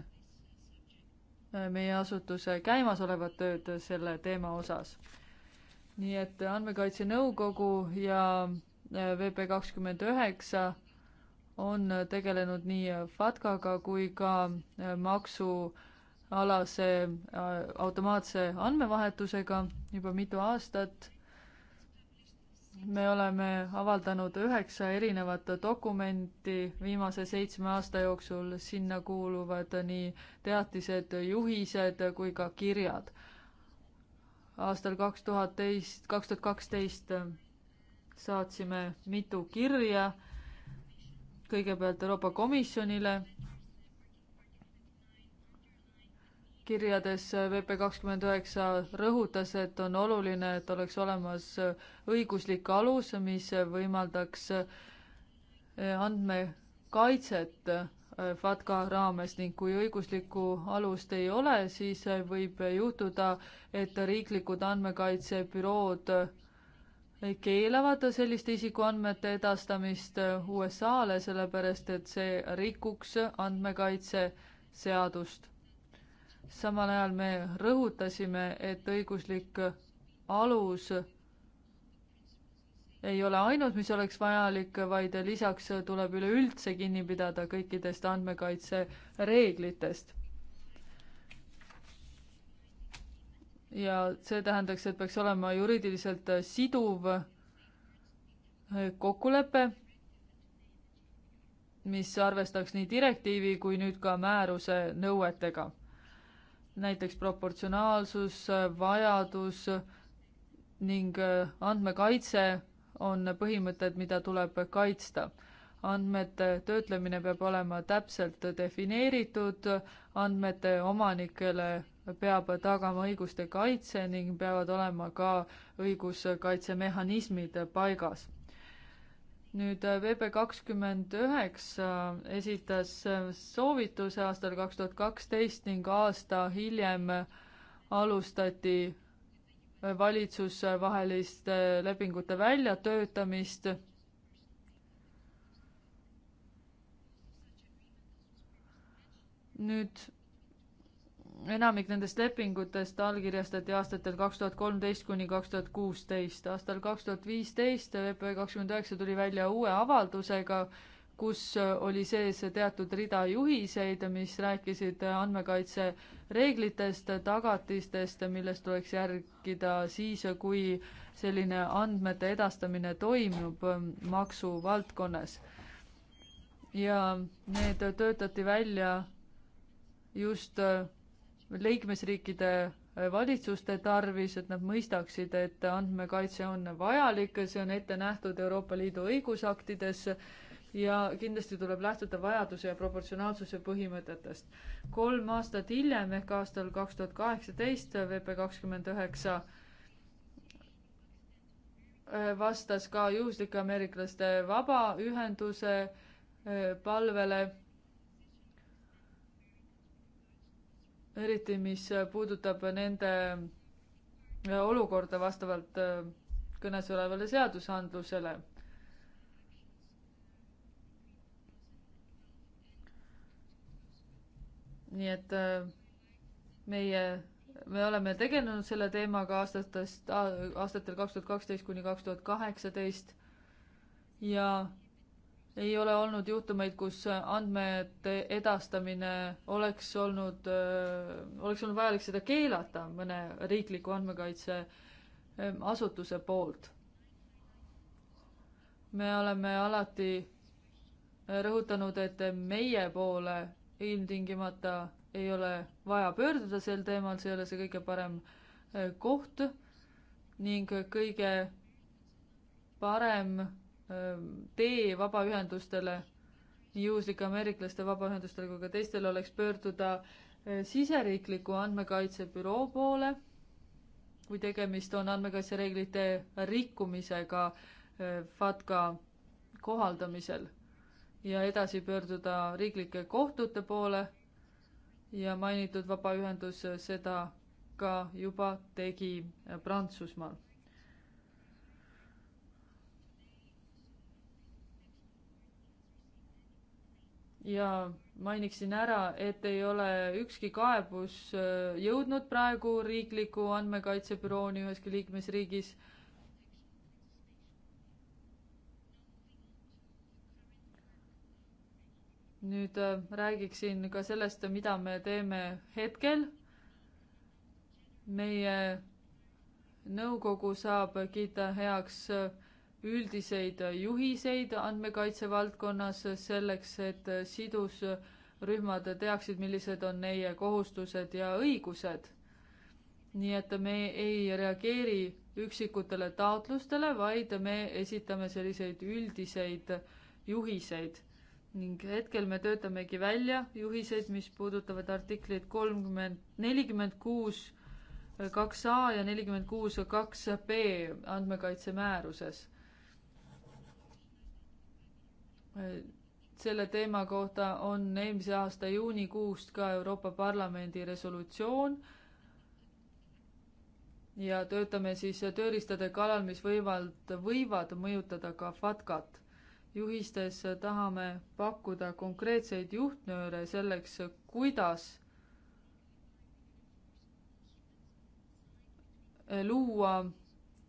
[SPEAKER 2] äh, meie asutuse käimasolevat tööd selle teema osas. nii et Andmekaitse Nõukogu ja äh, VP kakskümmend üheksa on tegelenud nii FATCAga kui ka äh, maksualase äh, automaatse andmevahetusega juba mitu aastat. me oleme avaldanud üheksa erinevat dokumenti viimase seitsme aasta jooksul, sinna kuuluvad nii teatised, juhised kui ka kirjad. aastal kaks tuhat teist, kaks tuhat kaksteist äh, saatsime mitu kirja kõigepealt Euroopa Komisjonile kirjades VP kakskümmend üheksa rõhutas, et on oluline, et oleks olemas õiguslik alus, mis võimaldaks andmekaitset FATCA raames ning kui õiguslikku alust ei ole, siis võib juhtuda, et riiklikud andmekaitsebürood keelavad selliste isikuandmete edastamist USA-le, sellepärast et see rikuks andmekaitseseadust. samal ajal me rõhutasime, et õiguslik alus ei ole ainus, mis oleks vajalik, vaid lisaks tuleb üleüldse kinni pidada kõikidest andmekaitsereeglitest ja see tähendaks, et peaks olema juriidiliselt äh, siduv äh, kokkulepe, mis arvestaks nii direktiivi kui nüüd ka määruse nõuetega. näiteks proportsionaalsus, äh, vajadus ning andmekaitse on põhimõtted, mida tuleb kaitsta. andmete töötlemine peab olema täpselt defineeritud, andmete omanikele peab tagama õiguste kaitse ning peavad olema ka õiguskaitsemehhanismid paigas. nüüd äh, VP kakskümmend üheksa esitas äh, soovituse aastal kaks tuhat kaksteist ning aasta hiljem alustati äh, valitsusvaheliste lepingute väljatöötamist nüüd enamik nendest lepingutest allkirjastati aastatel kaks tuhat kolmteist kuni kaks tuhat kuusteist. aastal kaks tuhat viisteist VP kakskümmend üheksa tuli välja uue avaldusega, kus oli sees teatud rida juhiseid, mis rääkisid andmekaitse reeglitest, tagatistest, millest tuleks järgida siis, kui selline andmete edastamine toimub maksuvaldkonnas. ja need töötati välja just liikmesriikide äh, valitsuste tarvis, et nad mõistaksid, et andmekaitse on vajalik, see on ette nähtud Euroopa Liidu õigusaktides ja kindlasti tuleb lähtuda vajaduse ja proportsionaalsuse põhimõtetest. kolm aastat hiljem ehk aastal kaks tuhat kaheksateist VP kakskümmend üheksa äh, vastas ka juhuslike ameeriklaste vabaühenduse äh, palvele eriti mis puudutab nende äh, olukorda vastavalt äh, kõnes olevale seadusandlusele. nii et äh, meie, me oleme tegelenud selle teemaga aastatest, aastatel kaks tuhat kaksteist kuni kaks tuhat kaheksateist ja ei ole olnud juhtumeid, kus andmete edastamine oleks olnud, äh, oleks olnud vajalik seda keelata mõne riikliku andmekaitseasutuse ähm, poolt. me oleme alati äh, rõhutanud, et meie poole ilmtingimata ei ole vaja pöörduda sel teemal, see ei ole see kõige parem äh, koht ning kõige parem tee vabaühendustele, nii juhuslike ameeriklaste vabaühendustele kui ka teistele, oleks pöörduda siseriikliku andmekaitsebüroo poole, kui tegemist on andmekaitsereeglite rikkumisega FATKA kohaldamisel ja edasi pöörduda riiklike kohtute poole ja mainitud vabaühendus seda ka juba tegi Prantsusmaal ja mainiksin ära, et ei ole ükski kaebus äh, jõudnud praegu riikliku andmekaitsebürooni üheski liikmesriigis. nüüd äh, räägiksin ka sellest, mida me teeme hetkel. meie nõukogu saab kiita heaks äh, üldiseid juhiseid andmekaitse valdkonnas selleks, et sidusrühmad teaksid, millised on neie kohustused ja õigused. nii et me ei reageeri üksikutele taotlustele, vaid me esitame selliseid üldiseid juhiseid ning hetkel me töötamegi välja juhiseid, mis puudutavad artiklit kolmkümmend, nelikümmend kuus kaks A ja nelikümmend kuus kaks B andmekaitse määruses selle teema kohta on eelmise aasta juunikuust ka Euroopa Parlamendi resolutsioon ja töötame siis tööriistade kallal, mis võivad, võivad mõjutada ka FATCat. juhistes tahame pakkuda konkreetseid juhtnööre selleks, kuidas luua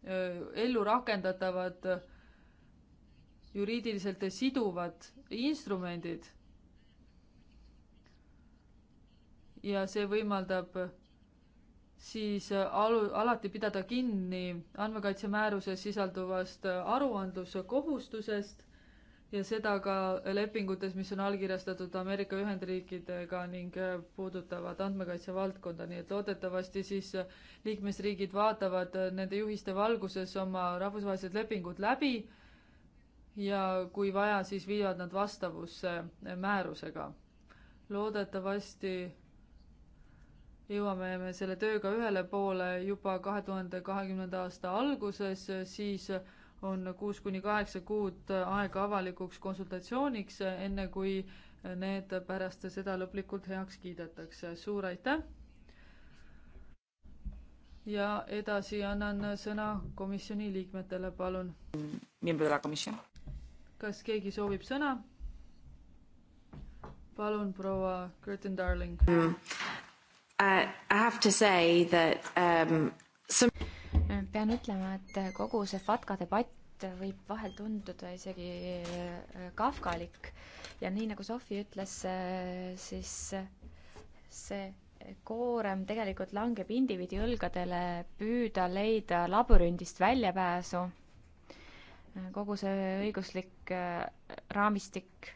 [SPEAKER 2] eh, ellu rakendatavad juriidiliselt siduvad instrumendid. ja see võimaldab siis alu, alati pidada kinni andmekaitsemääruses sisalduvast aruandluskohustusest ja seda ka lepingutes, mis on allkirjastatud Ameerika Ühendriikidega ning puudutavad andmekaitse valdkonda, nii et loodetavasti siis liikmesriigid vaatavad nende juhiste valguses oma rahvusvahelised lepingud läbi ja kui vaja, siis viivad nad vastavusse määrusega. loodetavasti jõuame me selle tööga ühele poole juba kahe tuhande kahekümnenda aasta alguses, siis on kuus kuni kaheksa kuud aega avalikuks konsultatsiooniks, enne kui need pärast seda lõplikult heaks kiidetakse. suur aitäh! ja edasi annan sõna komisjoni liikmetele, palun.
[SPEAKER 1] miembro de la comisión
[SPEAKER 2] kas keegi soovib sõna? palun, proua Curtin Darling mm..
[SPEAKER 3] I have to say that um, some... pean ütlema, et kogu see FATKA debatt võib vahel tunduda isegi äh, kafkalik ja nii nagu Sofi ütles, äh, siis äh, see koorem tegelikult langeb indiviidi õlgadele püüda leida labürindist väljapääsu kogu see õiguslik äh, raamistik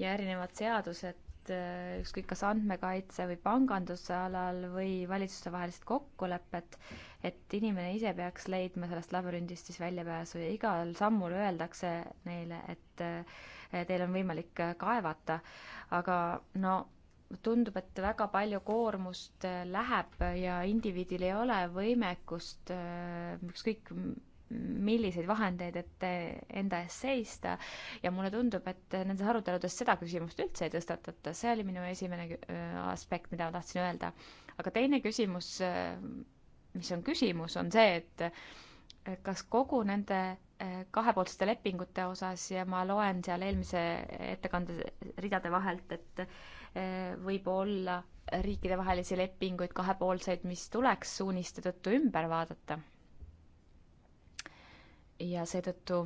[SPEAKER 3] ja erinevad seadused, äh, ükskõik kas andmekaitse või panganduse alal või valitsustevahelised kokkulepped, et inimene ise peaks leidma sellest labürindist siis väljapääsu ja igal sammul öeldakse neile, et äh, teil on võimalik kaevata, aga no tundub, et väga palju koormust läheb ja indiviidil ei ole võimekust ükskõik milliseid vahendeid, et enda eest seista ja mulle tundub, et nendes aruteludes seda küsimust üldse ei tõstatata, see oli minu esimene äh, aspekt, mida ma tahtsin öelda. aga teine küsimus, äh, mis on küsimus, on see, et äh, kas kogu nende kahepoolsete lepingute osas ja ma loen seal eelmise ettekande ridade vahelt, et võib olla riikidevahelisi lepinguid, kahepoolseid, mis tuleks suuniste tõttu ümber vaadata ja seetõttu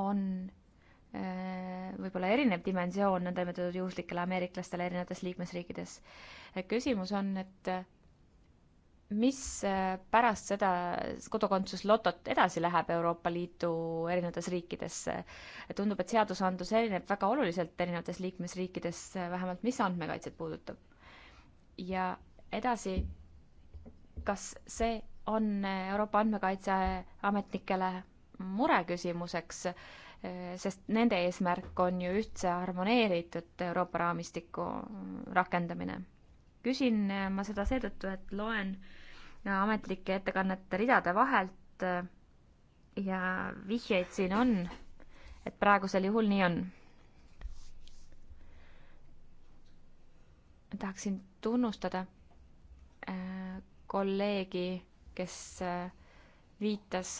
[SPEAKER 3] on äh, võib-olla erinev dimensioon nõndanimetatud juhuslikele ameeriklastele erinevates liikmesriikides. Äh, küsimus on, et äh, mis pärast seda kodakondsuslotot edasi läheb Euroopa Liidu erinevates riikides? tundub, et seadusandlus erineb väga oluliselt erinevates liikmesriikides, vähemalt mis andmekaitset puudutab. ja edasi kas see on Euroopa andmekaitseametnikele mureküsimuseks, sest nende eesmärk on ju ühtse harmoneeritud Euroopa raamistiku rakendamine. küsin ma seda seetõttu, et loen ametlike ettekannete ridade vahelt ja vihjeid siin on, et praegusel juhul nii on. tahaksin tunnustada kolleegi, kes äh, viitas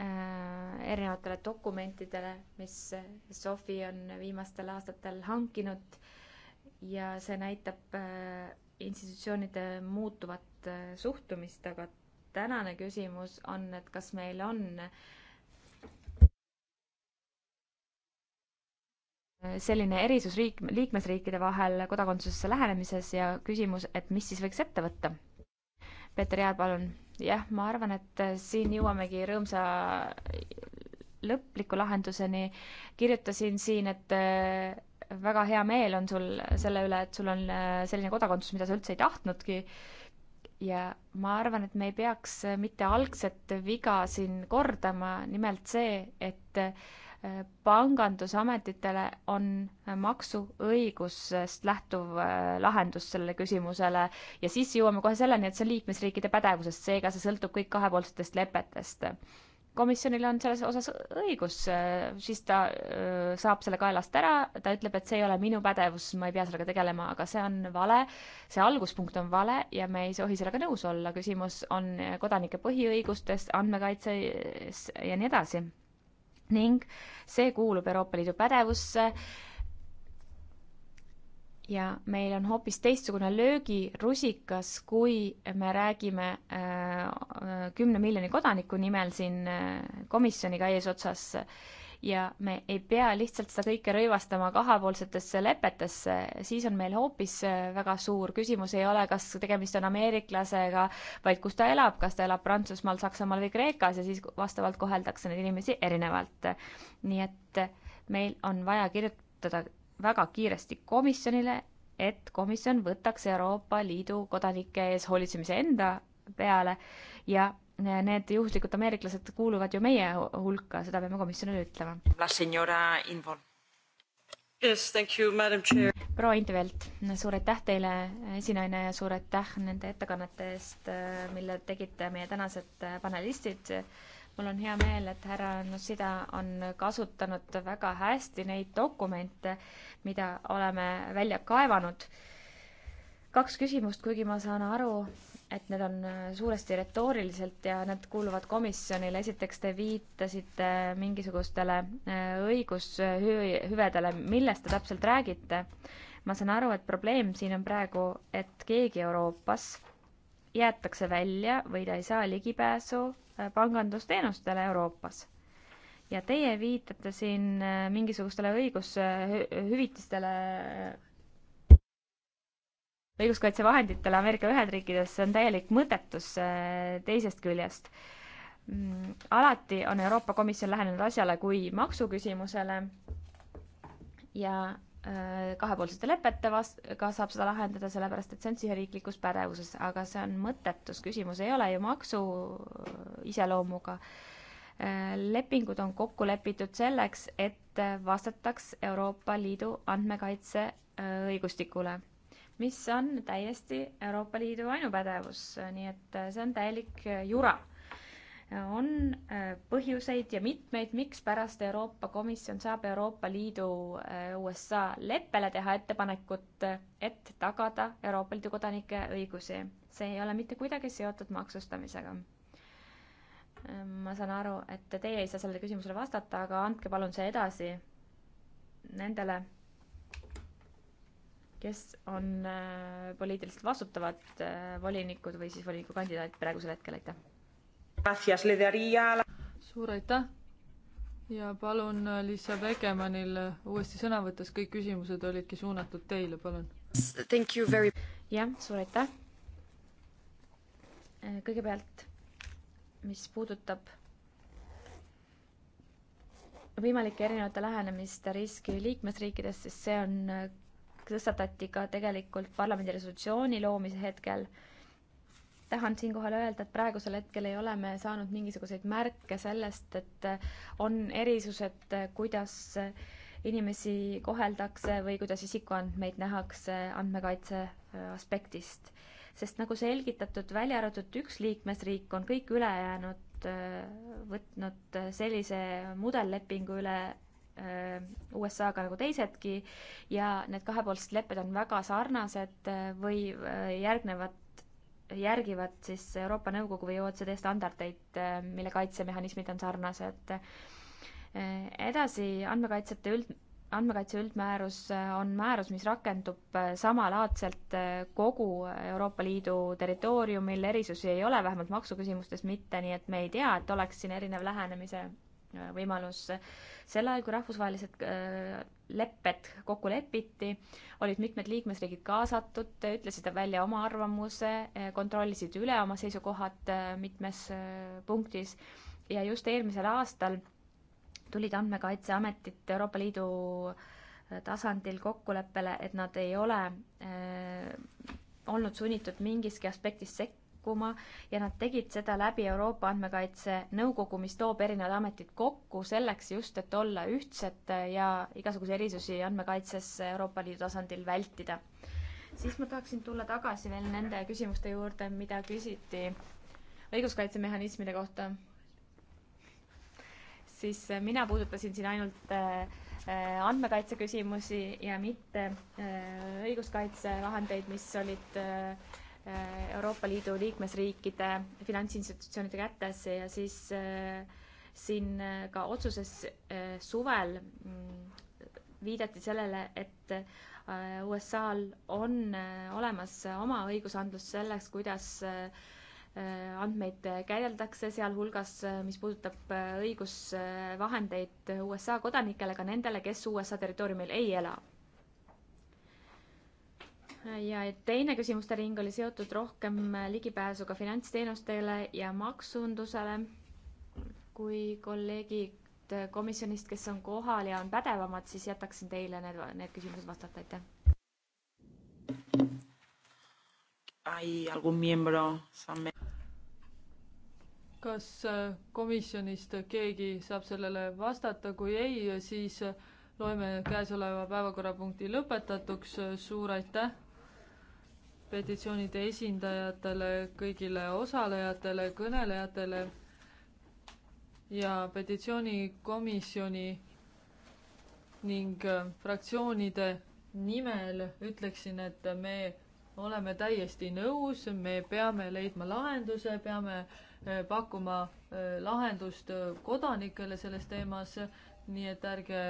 [SPEAKER 3] äh, erinevatele dokumentidele, mis Sofi on viimastel aastatel hankinud ja see näitab äh, institutsioonide muutuvat suhtumist, aga tänane küsimus on, et kas meil on äh, selline erisus riik, liikmesriikide vahel kodakondsusesse lähenemises ja küsimus, et mis siis võiks ette võtta? Peeter Jaar, palun. jah, ma arvan, et äh, siin jõuamegi rõõmsa lõpliku lahenduseni. kirjutasin siin, et äh, väga hea meel on sul selle üle, et sul on äh, selline kodakondsus, mida sa üldse ei tahtnudki. ja ma arvan, et me ei peaks mitte algset viga siin kordama, nimelt see, et pangandusametitele on maksuõigusest lähtuv äh, lahendus sellele küsimusele ja siis jõuame kohe selleni, et see on liikmesriikide pädevusest, seega see sõltub kõik kahepoolsetest lepetest. komisjonil on selles osas õigus, äh, siis ta äh, saab selle kaelast ära, ta ütleb, et see ei ole minu pädevus, ma ei pea sellega tegelema, aga see on vale, see alguspunkt on vale ja me ei tohi sellega nõus olla, küsimus on kodanike põhiõigustes, andmekaitses ja nii edasi ning see kuulub Euroopa Liidu pädevusse ja meil on hoopis teistsugune löögirusikas, kui me räägime äh, kümne miljoni kodaniku nimel siin äh, komisjoniga eesotsas äh, ja me ei pea lihtsalt seda kõike rõivastama kahepoolsetesse lepetesse, siis on meil hoopis äh, väga suur küsimus, ei ole, kas tegemist on ameeriklasega, vaid kus ta elab, kas ta elab Prantsusmaal, Saksamaal või Kreekas ja siis vastavalt koheldakse neid inimesi erinevalt. nii et äh, meil on vaja kirjutada väga kiiresti komisjonile, et komisjon võtaks Euroopa Liidu kodanike ees hoolitsemise enda peale ja need juhuslikud ameeriklased kuuluvad ju meie hulka, seda peame komisjonile ütlema.
[SPEAKER 1] Yes, thank you, madam
[SPEAKER 3] chair. proua Intvelt, suur aitäh teile, esinaine, ja suur aitäh nende ettekannete eest, mille tegite meie tänased panelistid. mul on hea meel, et härra Nussida on kasutanud väga hästi neid dokumente, mida oleme välja kaevanud. kaks küsimust, kuigi ma saan aru, et need on äh, suuresti retooriliselt ja need kuuluvad komisjonile. esiteks te viitasite mingisugustele äh, õigushüvedele, millest te täpselt räägite? ma saan aru, et probleem siin on praegu, et keegi Euroopas jäetakse välja või ta ei saa ligipääsu äh, pangandusteenustele Euroopas. ja teie viitate siin mingisugustele õigushüvitistele õiguskaitsevahenditele Ameerika Ühendriikides, see on täielik mõttetus äh, teisest küljest. Mm, alati on Euroopa Komisjon lähenenud asjale kui maksuküsimusele ja äh, kahepoolsete lepete vast-, ka saab seda lahendada, sellepärast et see on siseriiklikus pädevuses, aga see on mõttetus, küsimus ei ole ju maksu äh, iseloomuga. lepingud on kokku lepitud selleks, et vastataks Euroopa Liidu andmekaitse õigustikule mis on täiesti Euroopa Liidu ainupädevus, nii et äh, see on täielik äh, jura. on äh, põhjuseid ja mitmeid, mikspärast Euroopa Komisjon saab Euroopa Liidu USA leppele teha ettepanekut, et tagada Euroopa Liidu kodanike õigusi. see ei ole mitte kuidagi seotud maksustamisega ma saan aru, et teie ei saa sellele küsimusele vastata, aga andke palun see edasi nendele kes on äh, poliitiliselt vastutavad äh, volinikud või siis volinikukandidaat praegusel hetkel, aitäh! suur aitäh
[SPEAKER 2] ja palun äh, Liisa Vegemanil uuesti sõna võttes, kõik küsimused olidki
[SPEAKER 3] suunatud teile, palun. Very... jah, suur aitäh. kõigepealt, mis puudutab võimalike erinevate lähenemiste riski liikmesriikides, siis see on tõstatati ka tegelikult parlamendi resolutsiooni loomise hetkel. tahan siinkohal öelda, et praegusel hetkel ei ole me saanud mingisuguseid märke sellest, et on erisused, kuidas inimesi koheldakse või kuidas isikuandmeid nähakse andmekaitse äh, aspektist. sest nagu selgitatud, välja arvatud üks liikmesriik, on kõik ülejäänud äh, võtnud äh, sellise mudellepingu üle Äh, USA-ga nagu teisedki ja need kahepoolsed lepped on väga sarnased äh, või äh, järgnevad järgivad siis Euroopa Nõukogu või OECD standardeid, mille kaitsemehhanismid on sarnased. edasi, andmekaitsjate üld, andmekaitse üldmäärus on määrus, mis rakendub samalaadselt kogu Euroopa Liidu territooriumil, erisusi ei ole, vähemalt maksuküsimustes mitte, nii et me ei tea, et oleks siin erinev lähenemise Äh, võimalus. sel ajal, kui rahvusvahelised äh, lepped kokku lepiti, olid mitmed liikmesriigid kaasatud, ütlesid välja oma arvamuse, äh, kontrollisid üle oma seisukohad mitmes punktis ja just eelmisel aastal tulid andmekaitseametid Euroopa Liidu tasandil kokkuleppele, et nad ei ole olnud sunnitud mingiski aspektis sek-, pakkuma ja nad tegid seda läbi Euroopa Andmekaitse Nõukogu, mis toob erinevad ametid kokku selleks just, et olla ühtsed ja igasuguseid erisusi andmekaitses Euroopa Liidu tasandil vältida. siis ma tahaksin tulla tagasi veel nende küsimuste juurde, mida küsiti õiguskaitsemehhanismide kohta. siis äh, mina puudutasin siin ainult äh, äh andmekaitse küsimusi ja mitte äh, õiguskaitsevahendeid, mis olid äh, Äh, Euroopa Liidu liikmesriikide finantsinstitutsioonide kätesse ja siis äh, siin äh, ka otsuses suvel mm, viidati sellele, et USA-l on olemas oma õigusandlus selleks, kuidas andmeid käideldakse, sealhulgas mis puudutab õigusvahendeid USA kodanikele, ka nendele, kes USA territooriumil ei ela ja teine küsimuste ring oli seotud rohkem ligipääsuga finantsteenustele ja maksundusele. kui kolleegid komisjonist, kes on kohal ja on pädevamad, siis jätaksin teile need, need küsimused vastata, aitäh.
[SPEAKER 1] Hay algún miembro samme
[SPEAKER 2] kas äh, komisjonist keegi saab sellele vastata, kui ei, siis loeme käesoleva päevakorrapunkti lõpetatuks. suur aitäh petitsioonide esindajatele, kõigile osalejatele, kõnelejatele ja petitsioonikomisjoni ning äh, fraktsioonide nimel ütleksin, et me oleme täiesti nõus, me peame leidma lahenduse, peame äh, pakkuma äh, lahendust kodanikele selles teemas, nii et ärge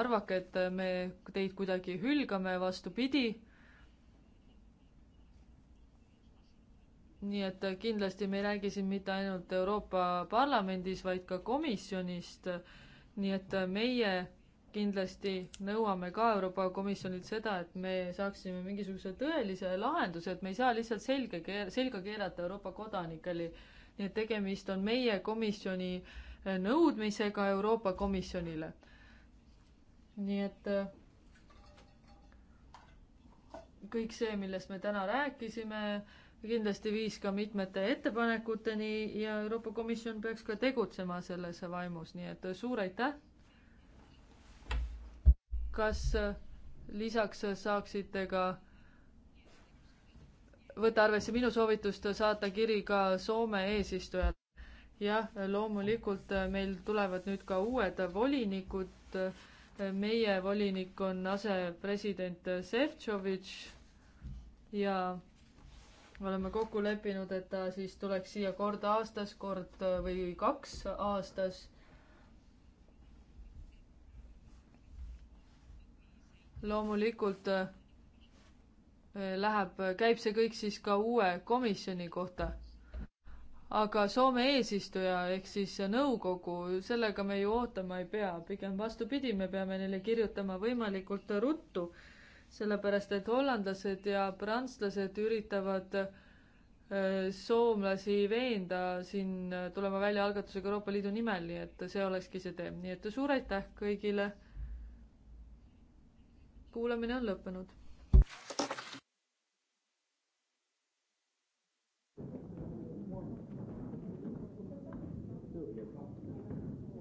[SPEAKER 2] arvake, et me teid kuidagi hülgame, vastupidi nii et kindlasti me ei räägi siin mitte ainult Euroopa Parlamendis, vaid ka komisjonist. nii et meie kindlasti nõuame ka Euroopa Komisjonilt seda, et me saaksime mingisuguse tõelise lahenduse, et me ei saa lihtsalt selge, selga keerata Euroopa kodanikele. nii et tegemist on meie komisjoni eh, nõudmisega Euroopa Komisjonile. nii et eh, kõik see, millest me täna rääkisime, kindlasti viis ka mitmete ettepanekuteni ja Euroopa Komisjon peaks ka tegutsema selles vaimus, nii et suur aitäh. kas äh, lisaks äh, saaksite ka võtta arvesse minu soovitust saata kiri ka Soome eesistujale? jah, loomulikult äh, meil tulevad nüüd ka uued volinikud. meie volinik on asepresident Šefčovitš ja oleme kokku leppinud, et ta siis tuleks siia kord aastas, kord äh, või kaks aastas. loomulikult äh, läheb, äh, käib see kõik siis ka uue komisjoni kohta. aga Soome eesistuja ehk siis nõukogu, sellega me ju ootama ei pea, pigem vastupidi, me peame neile kirjutama võimalikult ruttu sellepärast et hollandlased ja prantslased üritavad äh, soomlasi veenda siin äh, tulema välja algatusega Euroopa Liidu nimel, nii et see olekski see tee. nii et suur aitäh kõigile. kuulamine on lõppenud.